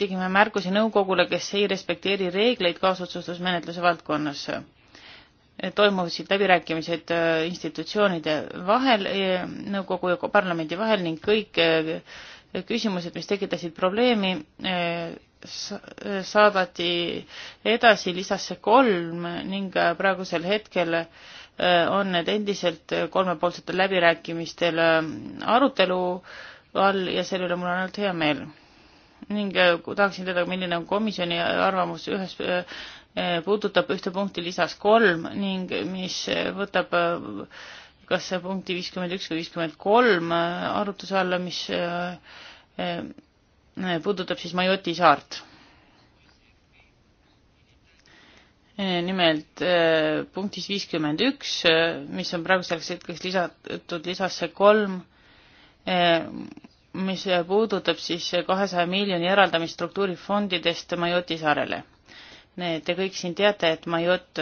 tegime märkusi nõukogule, kes ei respekteeri reegleid kaasotsustusmenetluse valdkonnas. toimusid läbirääkimised äh, institutsioonide vahel, äh, nõukogu ja parlamendi vahel ning kõik äh, küsimused, mis tekitasid probleemi, saadeti edasi lisasse kolm ning praegusel hetkel Äh, on need endiselt kolmepoolsetel läbirääkimistel äh, arutelu all ja selle üle mul on ainult hea meel. ning äh, tahaksin teada, milline on komisjoni arvamus ühes puudutab ühte punkti lisas kolm ning mis võtab kas punkti viiskümmend üks või viiskümmend kolm arutluse alla, mis puudutab siis Majoti saart nimelt äh, punktis viiskümmend üks, äh, mis on praeguseks hetkeks lisatud lisasse kolm, äh, mis puudutab siis kahesaja miljoni eraldamist struktuurifondidest Majoti saarele. Te kõik siin teate, et Majot,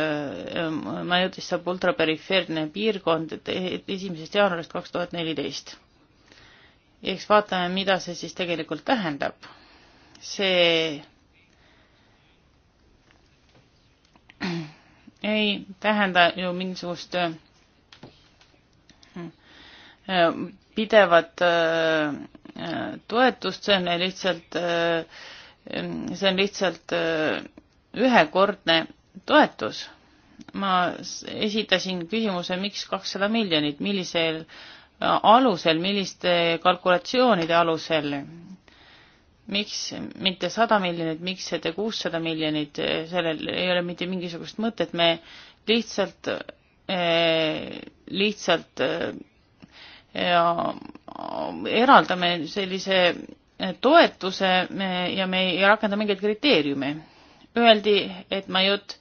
Majotist saab ultraperifeerne piirkond esimesest jaanuarist kaks tuhat neliteist. eks vaatame, mida see siis tegelikult tähendab. see ei tähenda ju mingisugust äh, äh, pidevat äh, toetust, see on lihtsalt, see on lihtsalt ühekordne toetus. ma esitasin küsimuse, miks kakssada miljonit, millisel alusel, milliste kalkulatsioonide alusel miks mitte sada miljonit, miks te kuussada miljonit, sellel ei ole mitte mingisugust mõtet, me lihtsalt, eh, lihtsalt eh, ja eraldame sellise toetuse ja me ei rakenda mingeid kriteeriume. Öeldi, et Majut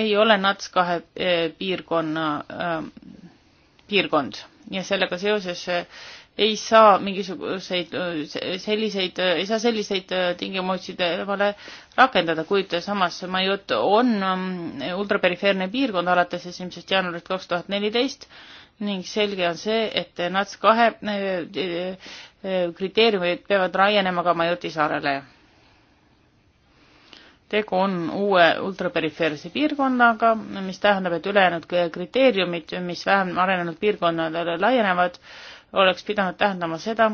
ei ole NATS kahe eh, piirkonna, piirkond ja sellega seoses ei saa mingisuguseid selliseid, ei saa selliseid tingimusi temale rakendada, kuid samas meie jutt on um, ultraperifeerne piirkond alates esimesest jaanuarist kaks tuhat neliteist ning selge on see, et NATS kahe äh, äh, kriteeriumid peavad laienema ka Majuti saarele. tegu on uue ultraperifeerse piirkonnaga, mis tähendab, et ülejäänud kriteeriumid, mis vähem arenenud piirkonnadele laienevad, oleks pidanud tähendama seda,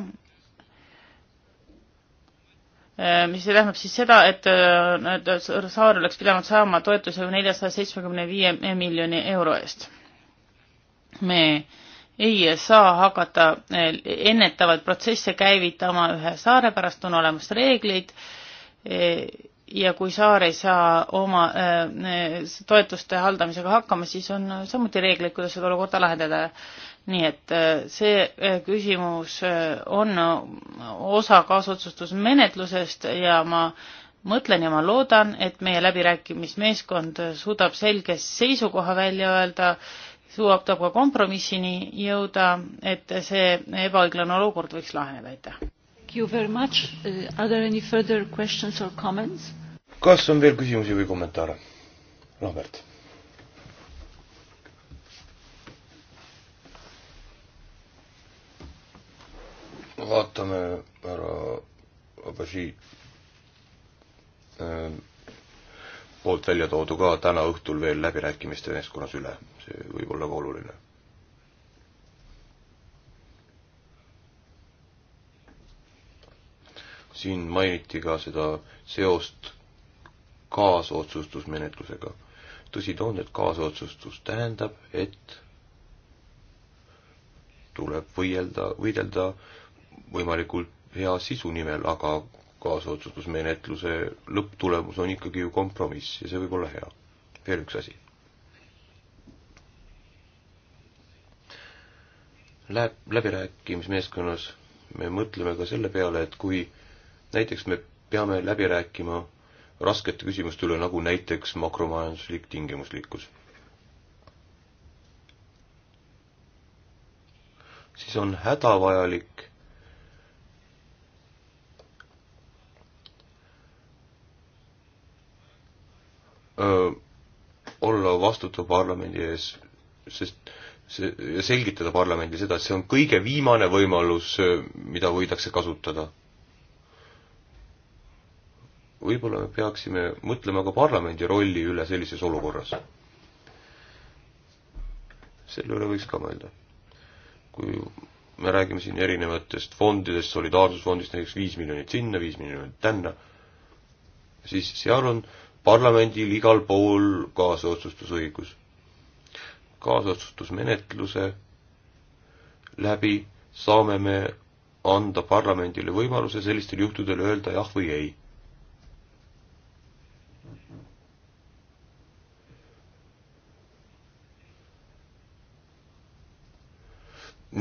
äh, mis see tähendab siis seda, et äh, Saar oleks pidanud saama toetuse neljasaja seitsmekümne viie miljoni euro eest. me ei saa hakata äh, ennetavaid protsesse käivitama ühe saare pärast, on olemas reeglid ja kui saar ei saa oma toetuste haldamisega hakkama, siis on samuti reeglid, kuidas seda olukorda lahendada nii et äh, see äh, küsimus äh, on osa kaasotsustusmenetlusest ja ma mõtlen ja ma loodan, et meie läbirääkimismeeskond suudab selge seisukoha välja öelda, suudab ka kompromissini jõuda, et see ebaõiglane olukord võiks laheneda, aitäh. Uh, kas on veel küsimusi või kommentaare? Robert vaatame härra Abashi ähm, poolt välja toodu ka täna õhtul veel läbirääkimiste meeskonnas üle, see võib olla ka oluline. siin mainiti ka seda seost kaasotsustusmenetlusega. tõsi ta on, et kaasotsustus tähendab, et tuleb võidelda, võidelda äh, võimalikult hea sisu nimel, aga kaasotsustusmenetluse lõpptulemus on ikkagi ju kompromiss ja see võib olla hea. veel üks asi. Läheb läbirääkimismeeskonnas me mõtleme ka selle peale, et kui näiteks me peame läbi rääkima raskete küsimuste üle, nagu näiteks makromajanduslik tingimuslikkus siis on hädavajalik öö, olla vastutav parlamendi ees, sest see, ja selgitada parlamendile seda, et see on kõige viimane võimalus, mida võidakse kasutada. võib-olla me peaksime mõtlema ka parlamendi rolli üle sellises olukorras. selle üle võiks ka mõelda. kui me räägime siin erinevatest fondidest, solidaarsusfondist näiteks viis miljonit sinna, viis miljonit tänna, siis seal on äh, parlamendil igal pool kaasotsustusõigus. kaasotsustusmenetluse läbi saame me anda parlamendile võimaluse sellistel juhtudel öelda jah või ei.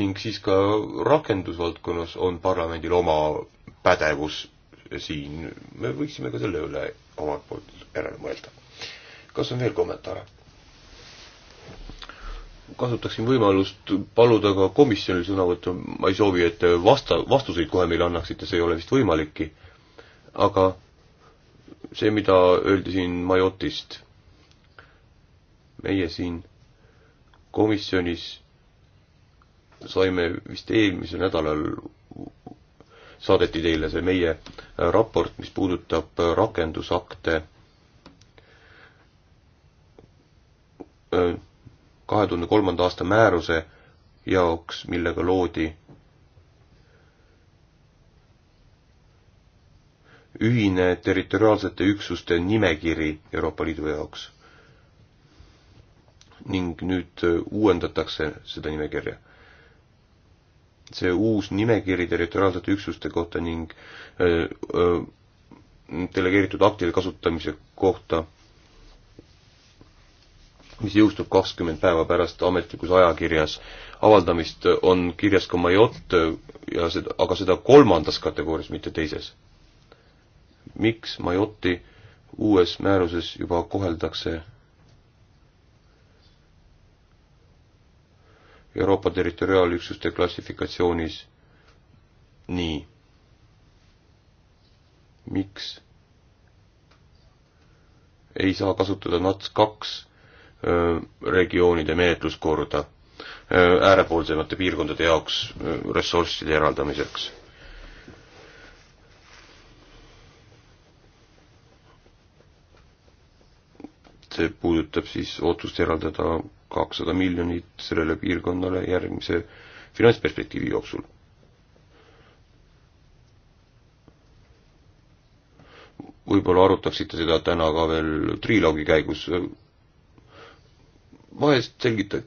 ning siis ka rakendusvaldkonnas on parlamendil oma pädevus siin me võiksime ka selle üle omalt poolt järele mõelda. kas on veel kommentaare? kasutaksin võimalust paluda ka komisjonil sõna võtta, ma ei soovi, et vasta, vastuseid kohe meile annaksite, see ei ole vist võimalikki. aga see, mida öeldi siin Majotist, meie siin komisjonis saime vist eelmisel nädalal saadeti teile see meie raport, mis puudutab rakendusakte kahe tuhande kolmanda aasta määruse jaoks, millega loodi ühine territoriaalsete üksuste nimekiri Euroopa Liidu jaoks. ning nüüd äh, uuendatakse seda nimekirja see uus nimekiri territoriaalsete üksuste kohta ning öö, öö, delegeeritud aktide kasutamise kohta, mis jõustub kakskümmend päeva pärast ametlikus ajakirjas avaldamist, on kirjas ka Majot ja seda, aga seda kolmandas kategoorias, mitte teises. miks Majoti uues määruses juba koheldakse Euroopa territoriaalüksuste klassifikatsioonis nii. miks ei saa kasutada NATS kaks regioonide menetluskorda äärepoolsemate piirkondade jaoks ressursside eraldamiseks? see puudutab siis otsust eraldada kakssada miljonit sellele piirkonnale järgmise finantsperspektiivi jooksul. võib-olla arutaksite seda täna ka veel triloogi käigus. vahest selgitate,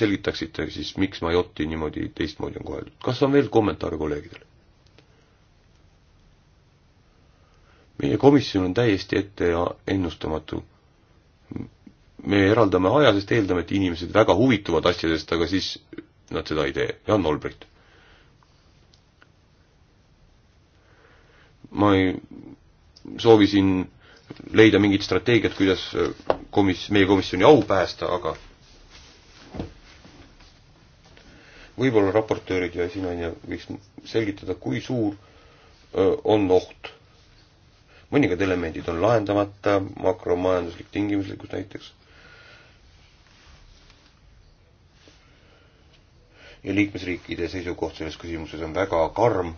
selgitaksite siis, miks Majotti niimoodi teistmoodi on koheldud. kas on veel kommentaare kolleegidele? meie komisjon on täiesti ette ja ennustamatu me eraldame aja, sest eeldame, et inimesed väga huvituvad asjadest, aga siis nad seda ei tee. Jan Olbrit. ma ei soovi siin leida mingit strateegiat, kuidas komis-, meie komisjoni au päästa, aga võib-olla raportöörid ja esinaine võiks selgitada, kui suur on oht. mõningad elemendid on lahendamata, makromajanduslik tingimuslikkus näiteks ja liikmesriikide seisukoht selles küsimuses on väga karm.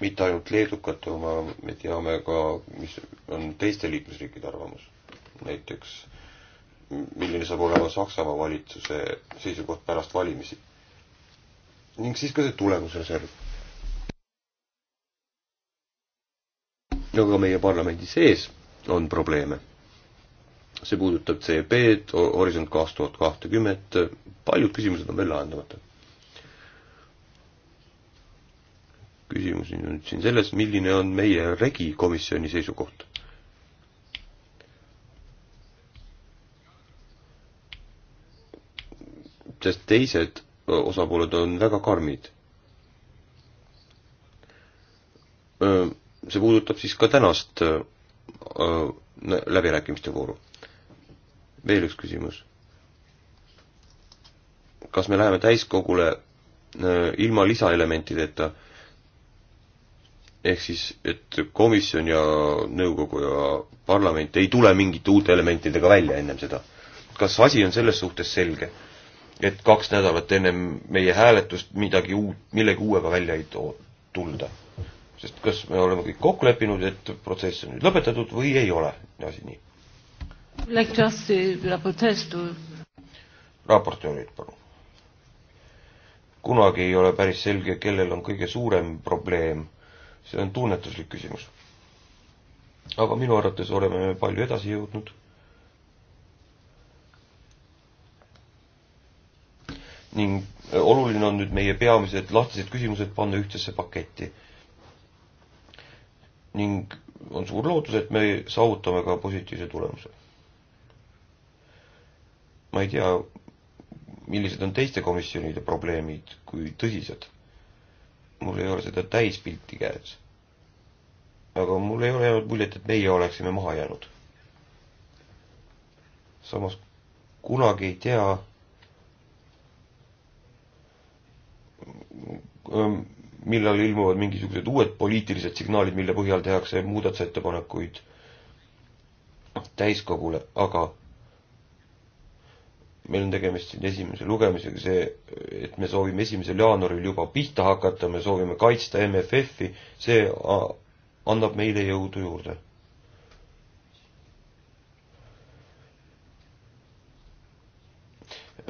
mitte ainult leedukat oma, me teame ka, mis on teiste liikmesriikide arvamus. näiteks milline saab olema Saksamaa valitsuse seisukoht pärast valimisi. ning siis ka see tulemusreserv. ja nagu ka meie parlamendi sees on probleeme see puudutab CEP-d, Horisont kaks tuhat kahtekümmet, paljud küsimused on veel lahendamata. küsimus on nüüd siin selles, milline on meie regi komisjoni seisukoht sest teised osapooled on väga karmid. see puudutab siis ka tänast läbirääkimiste vooru veel üks küsimus. kas me läheme täiskogule äh, ilma lisaelementideta? ehk siis, et komisjon ja nõukogu ja parlament ei tule mingite uute elementidega välja ennem seda. kas asi on selles suhtes selge, et kaks nädalat ennem meie hääletust midagi uut, millegi uuega välja ei too, tulda? sest kas me oleme kõik kokku leppinud, et protsess on nüüd lõpetatud või ei ole asi nii? raportöörid, palun. kunagi ei ole päris selge, kellel on kõige suurem probleem. see on tunnetuslik küsimus. aga minu arvates oleme me palju edasi jõudnud. ning oluline on nüüd meie peamised lahtised küsimused panna ühtsesse paketti. ning on suur lootus, et me saavutame ka positiivse tulemuse ma ei tea, millised on teiste komisjonide probleemid, kui tõsised. mul ei ole seda täispilti käes. aga mul ei ole jäänud muljet, et meie oleksime maha jäänud. samas kunagi ei tea, ähm, millal ilmuvad mingisugused uued poliitilised signaalid, mille põhjal tehakse muudatusettepanekuid täiskogule, aga meil on tegemist siin esimese lugemisega, see, et me soovime esimesel jaanuaril juba pihta hakata, me soovime kaitsta MFF-i, see annab meile jõudu juurde.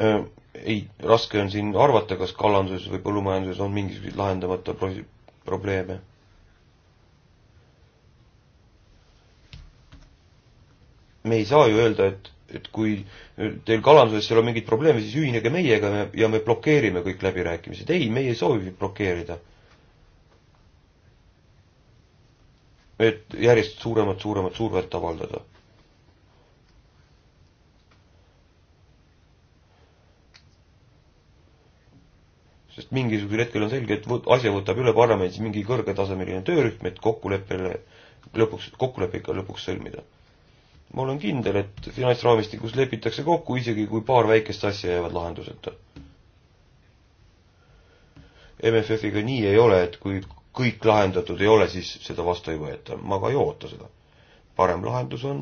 Äh, ei, raske on siin arvata, kas kalanduses või põllumajanduses on mingisuguseid lahendamata pro probleeme me ei saa ju öelda, et et kui eh, teil kalanduses ei ole mingeid probleeme, siis ühinege meiega me, ja me blokeerime kõik läbirääkimised. ei, meie ei soovi blokeerida. et järjest suuremat, suuremat survet avaldada. sest mingisugusel hetkel on selge, et võt, asja võtab üle parlamendis mingi kõrgetasemeline töörühm, et kokkuleppele lõpuks, kokkulepe ikka lõpuks sõlmida ma olen kindel, et finantsraamistikus lepitakse kokku, isegi kui paar väikest asja jäävad lahenduseta. MFF-iga nii ei ole, et kui kõik lahendatud ei ole, siis seda vastu ei võeta. ma ka ei oota seda. parem lahendus on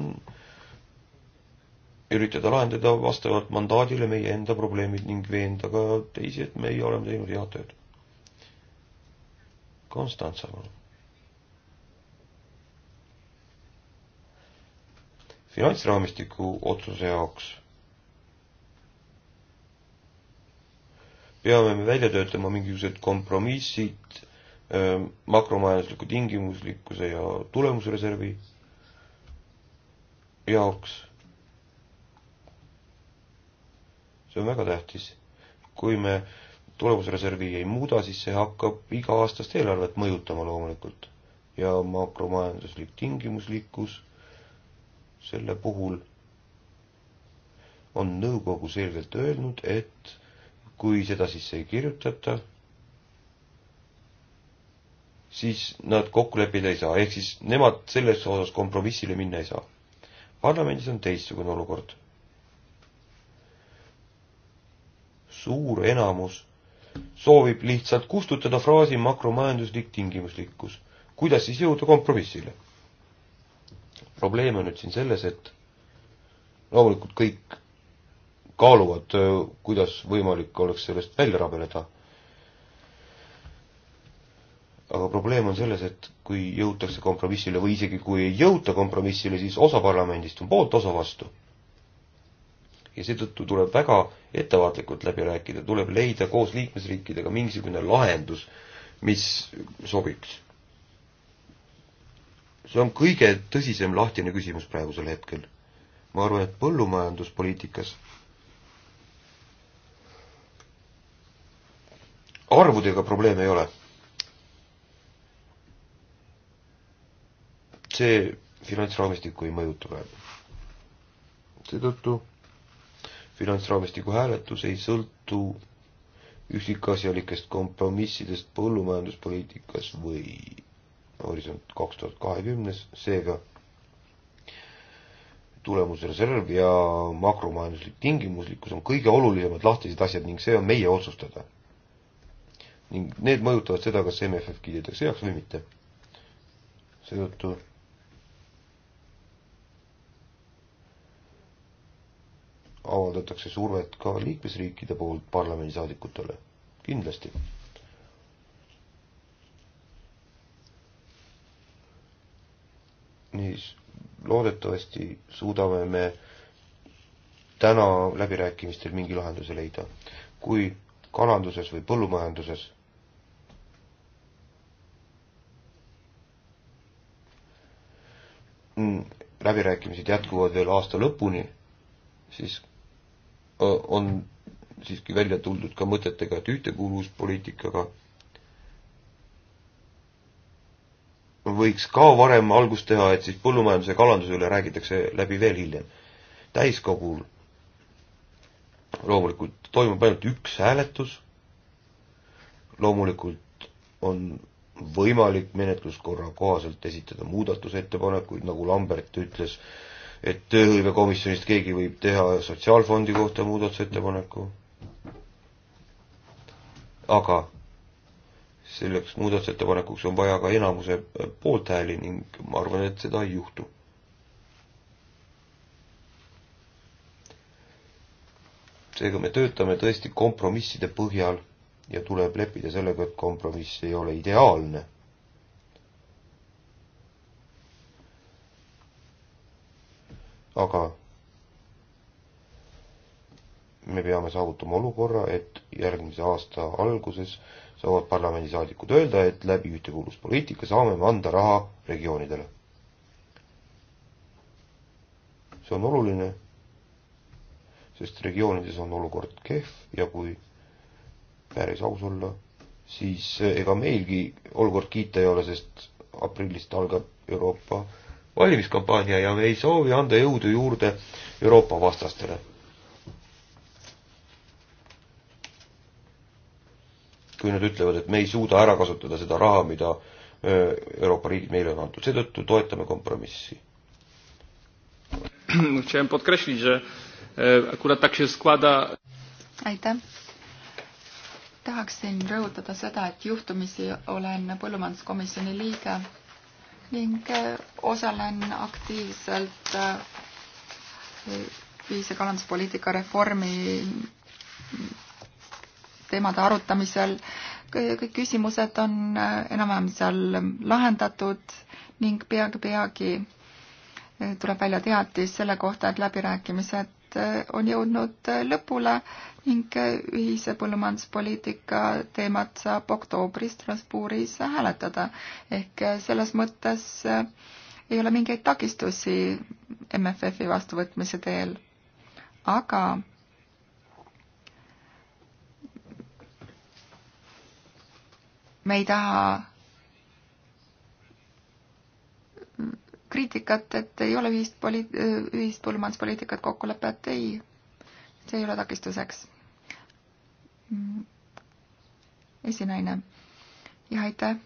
üritada lahendada vastavalt mandaadile meie enda probleemid ning veenda ka teisi, et meie oleme teinud head tööd. Konstantsa, palun. finantsraamistiku otsuse jaoks peame me välja töötama mingisugused kompromissid ähm, makromajandusliku tingimuslikkuse ja tulemusreservi jaoks. see on väga tähtis. kui me tulemusreservi ei muuda, siis see hakkab iga-aastast eelarvet mõjutama loomulikult. ja makromajanduslik tingimuslikkus selle puhul on nõukogu selgelt öelnud, et kui seda sisse ei kirjutata, siis nad kokku leppida ei saa, ehk siis nemad selles osas kompromissile minna ei saa. parlamendis on teistsugune olukord. suur enamus soovib lihtsalt kustutada fraasi makromajanduslik tingimuslikkus. kuidas siis jõuda kompromissile? probleem on nüüd siin selles, et loomulikult kõik kaaluvad, äh, kuidas võimalik oleks sellest välja rabeleda. aga probleem on selles, et kui jõutakse kompromissile või isegi kui ei jõuta kompromissile, siis osa parlamendist on poolt, osa vastu. ja seetõttu tuleb väga ettevaatlikult läbi rääkida, tuleb leida koos liikmesriikidega mingisugune lahendus, mis sobiks see on kõige tõsisem lahtine küsimus praegusel hetkel. ma arvan, et põllumajanduspoliitikas arvudega probleeme ei ole. see finantsraamistikku ei mõjuta praegu. seetõttu finantsraamistiku hääletus ei sõltu üksikasjalikest kompromissidest põllumajanduspoliitikas või Horisont kaks tuhat kahekümnes, seega tulemusreserv ja makromajanduslik tingimuslikkus on kõige olulisemad lahtised asjad ning see on meie otsustada. ning need mõjutavad seda, kas MFF kiidetakse heaks või mitte. seetõttu avaldatakse survet ka liikmesriikide poolt parlamendisaadikutele, kindlasti niisiis, loodetavasti suudame me täna läbirääkimistel mingi lahenduse leida. kui kalanduses või põllumajanduses mm, läbirääkimised jätkuvad veel aasta lõpuni, siis on siiski välja tuldud ka mõtetega, et ühtekuuluvuspoliitikaga võiks ka varem algust teha, et siis põllumajanduse ja kalanduse üle räägitakse läbi veel hiljem. täiskogul loomulikult toimub ainult üks hääletus, loomulikult on võimalik menetluskorra kohaselt esitada muudatusettepanekuid, nagu Lambert ütles, et tööhõivekomisjonist keegi võib teha sotsiaalfondi kohta muudatusettepaneku, aga selleks muudatusettepanekuks on vaja ka enamuse poolthääli ning ma arvan, et seda ei juhtu. seega me töötame tõesti kompromisside põhjal ja tuleb leppida sellega, et kompromiss ei ole ideaalne. aga me peame saavutama olukorra, et järgmise aasta alguses äh, saavad parlamendisaadikud öelda, et läbi ühtekuuluvuspoliitika saame me anda raha regioonidele. see on oluline, sest regioonides on olukord kehv ja kui päris aus olla, siis ega meilgi olukord kiita ei ole, sest aprillist algab Euroopa valimiskampaania ja me ei soovi anda jõudu juurde Euroopa vastastele kui nad ütlevad, et me ei suuda ära kasutada seda raha, mida Euroopa riigid meile on antud, seetõttu toetame kompromissi. E, aitäh. tahaksin rõhutada seda, et juhtumisi olen põllumajanduskomisjoni liige ning e, osalen aktiivselt e, ühise kalanduspoliitika reformi teemade arutamisel. kõik küsimused on äh, enam-vähem seal lahendatud ning peagi-peagi äh, tuleb välja teatis selle kohta, et läbirääkimised äh, on jõudnud lõpule ning ühise põllumajanduspoliitika teemat saab oktoobris Strasbourgis hääletada. ehk selles mõttes ei ole mingeid takistusi MFF-i vastuvõtmise teel. aga me ei taha kriitikat, et ei ole ühist poli-, ühist põllumajanduspoliitikat, kokkulepet, ei, see ei ole takistuseks. esinaine. jah, aitäh.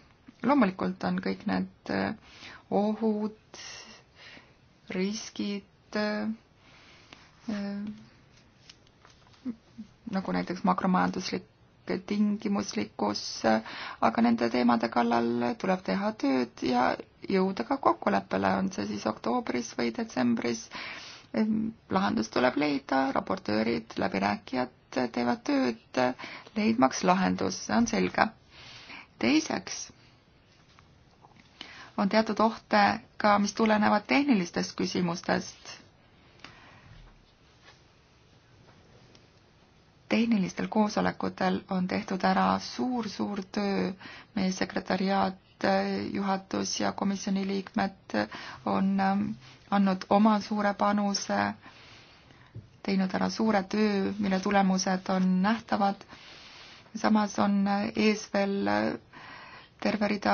loomulikult on kõik need eh, ohud, riskid, eh, nagu näiteks makromajanduslik tingimuslikkus, aga nende teemade kallal tuleb teha tööd ja jõuda ka kokkuleppele, on see siis oktoobris või detsembris. Ehm, lahendus tuleb leida, raportöörid, läbirääkijad teevad tööd, leidmaks lahendus, see on selge. teiseks on teatud ohte ka, mis tulenevad tehnilistest küsimustest tehnilistel koosolekutel on tehtud ära suur-suur töö, meie sekretariaat, juhatus ja komisjoni liikmed on ähm, andnud oma suure panuse, teinud ära suure töö, mille tulemused on nähtavad. samas on äh, ees veel äh, terve rida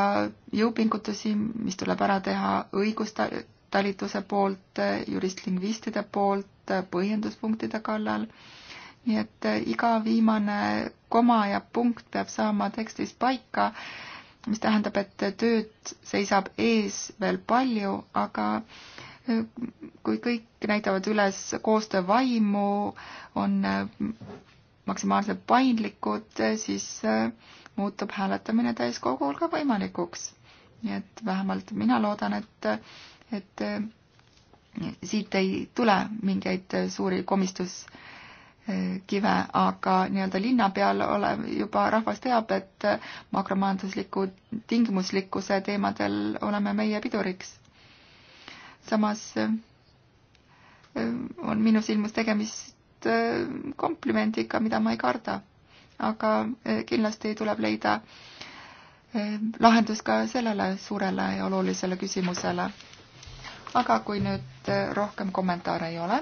jõupingutusi, mis tuleb ära teha õigustalituse poolt, äh, juristlingvistide poolt, põhjenduspunktide kallal nii et äh, iga viimane koma ja punkt peab saama tekstis paika, mis tähendab, et tööd seisab ees veel palju, aga äh, kui kõik näitavad üles koostöövaimu, on äh, maksimaalselt paindlikud, siis muutub hääletamine täiskogul ka võimalikuks. nii et vähemalt mina loodan, et, et siit ei tule mingeid suuri komistus- Eh, kive, aga nii-öelda linna peal olev juba rahvas teab, et makromajandusliku tingimuslikkuse teemadel oleme meie piduriks. samas eh, on minu silmus tegemist eh, komplimendiga, mida ma ei karda. aga kindlasti tuleb leida lahendus ka sellele suurele ja olulisele küsimusele. aga kui nüüd rohkem kommentaare ei ole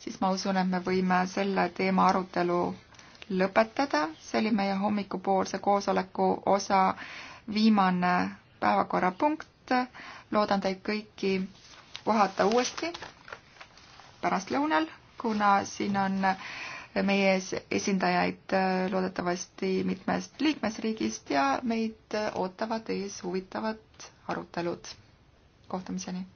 siis ma usun, et me võime selle teema arutelu lõpetada. see oli meie hommikupoolse koosoleku osa viimane päevakorrapunkt. loodan teid kõiki puhata uuesti pärastlõunal, kuna siin on meie ees esindajaid loodetavasti mitmest liikmesriigist ja meid ootavad ees huvitavad arutelud. kohtumiseni!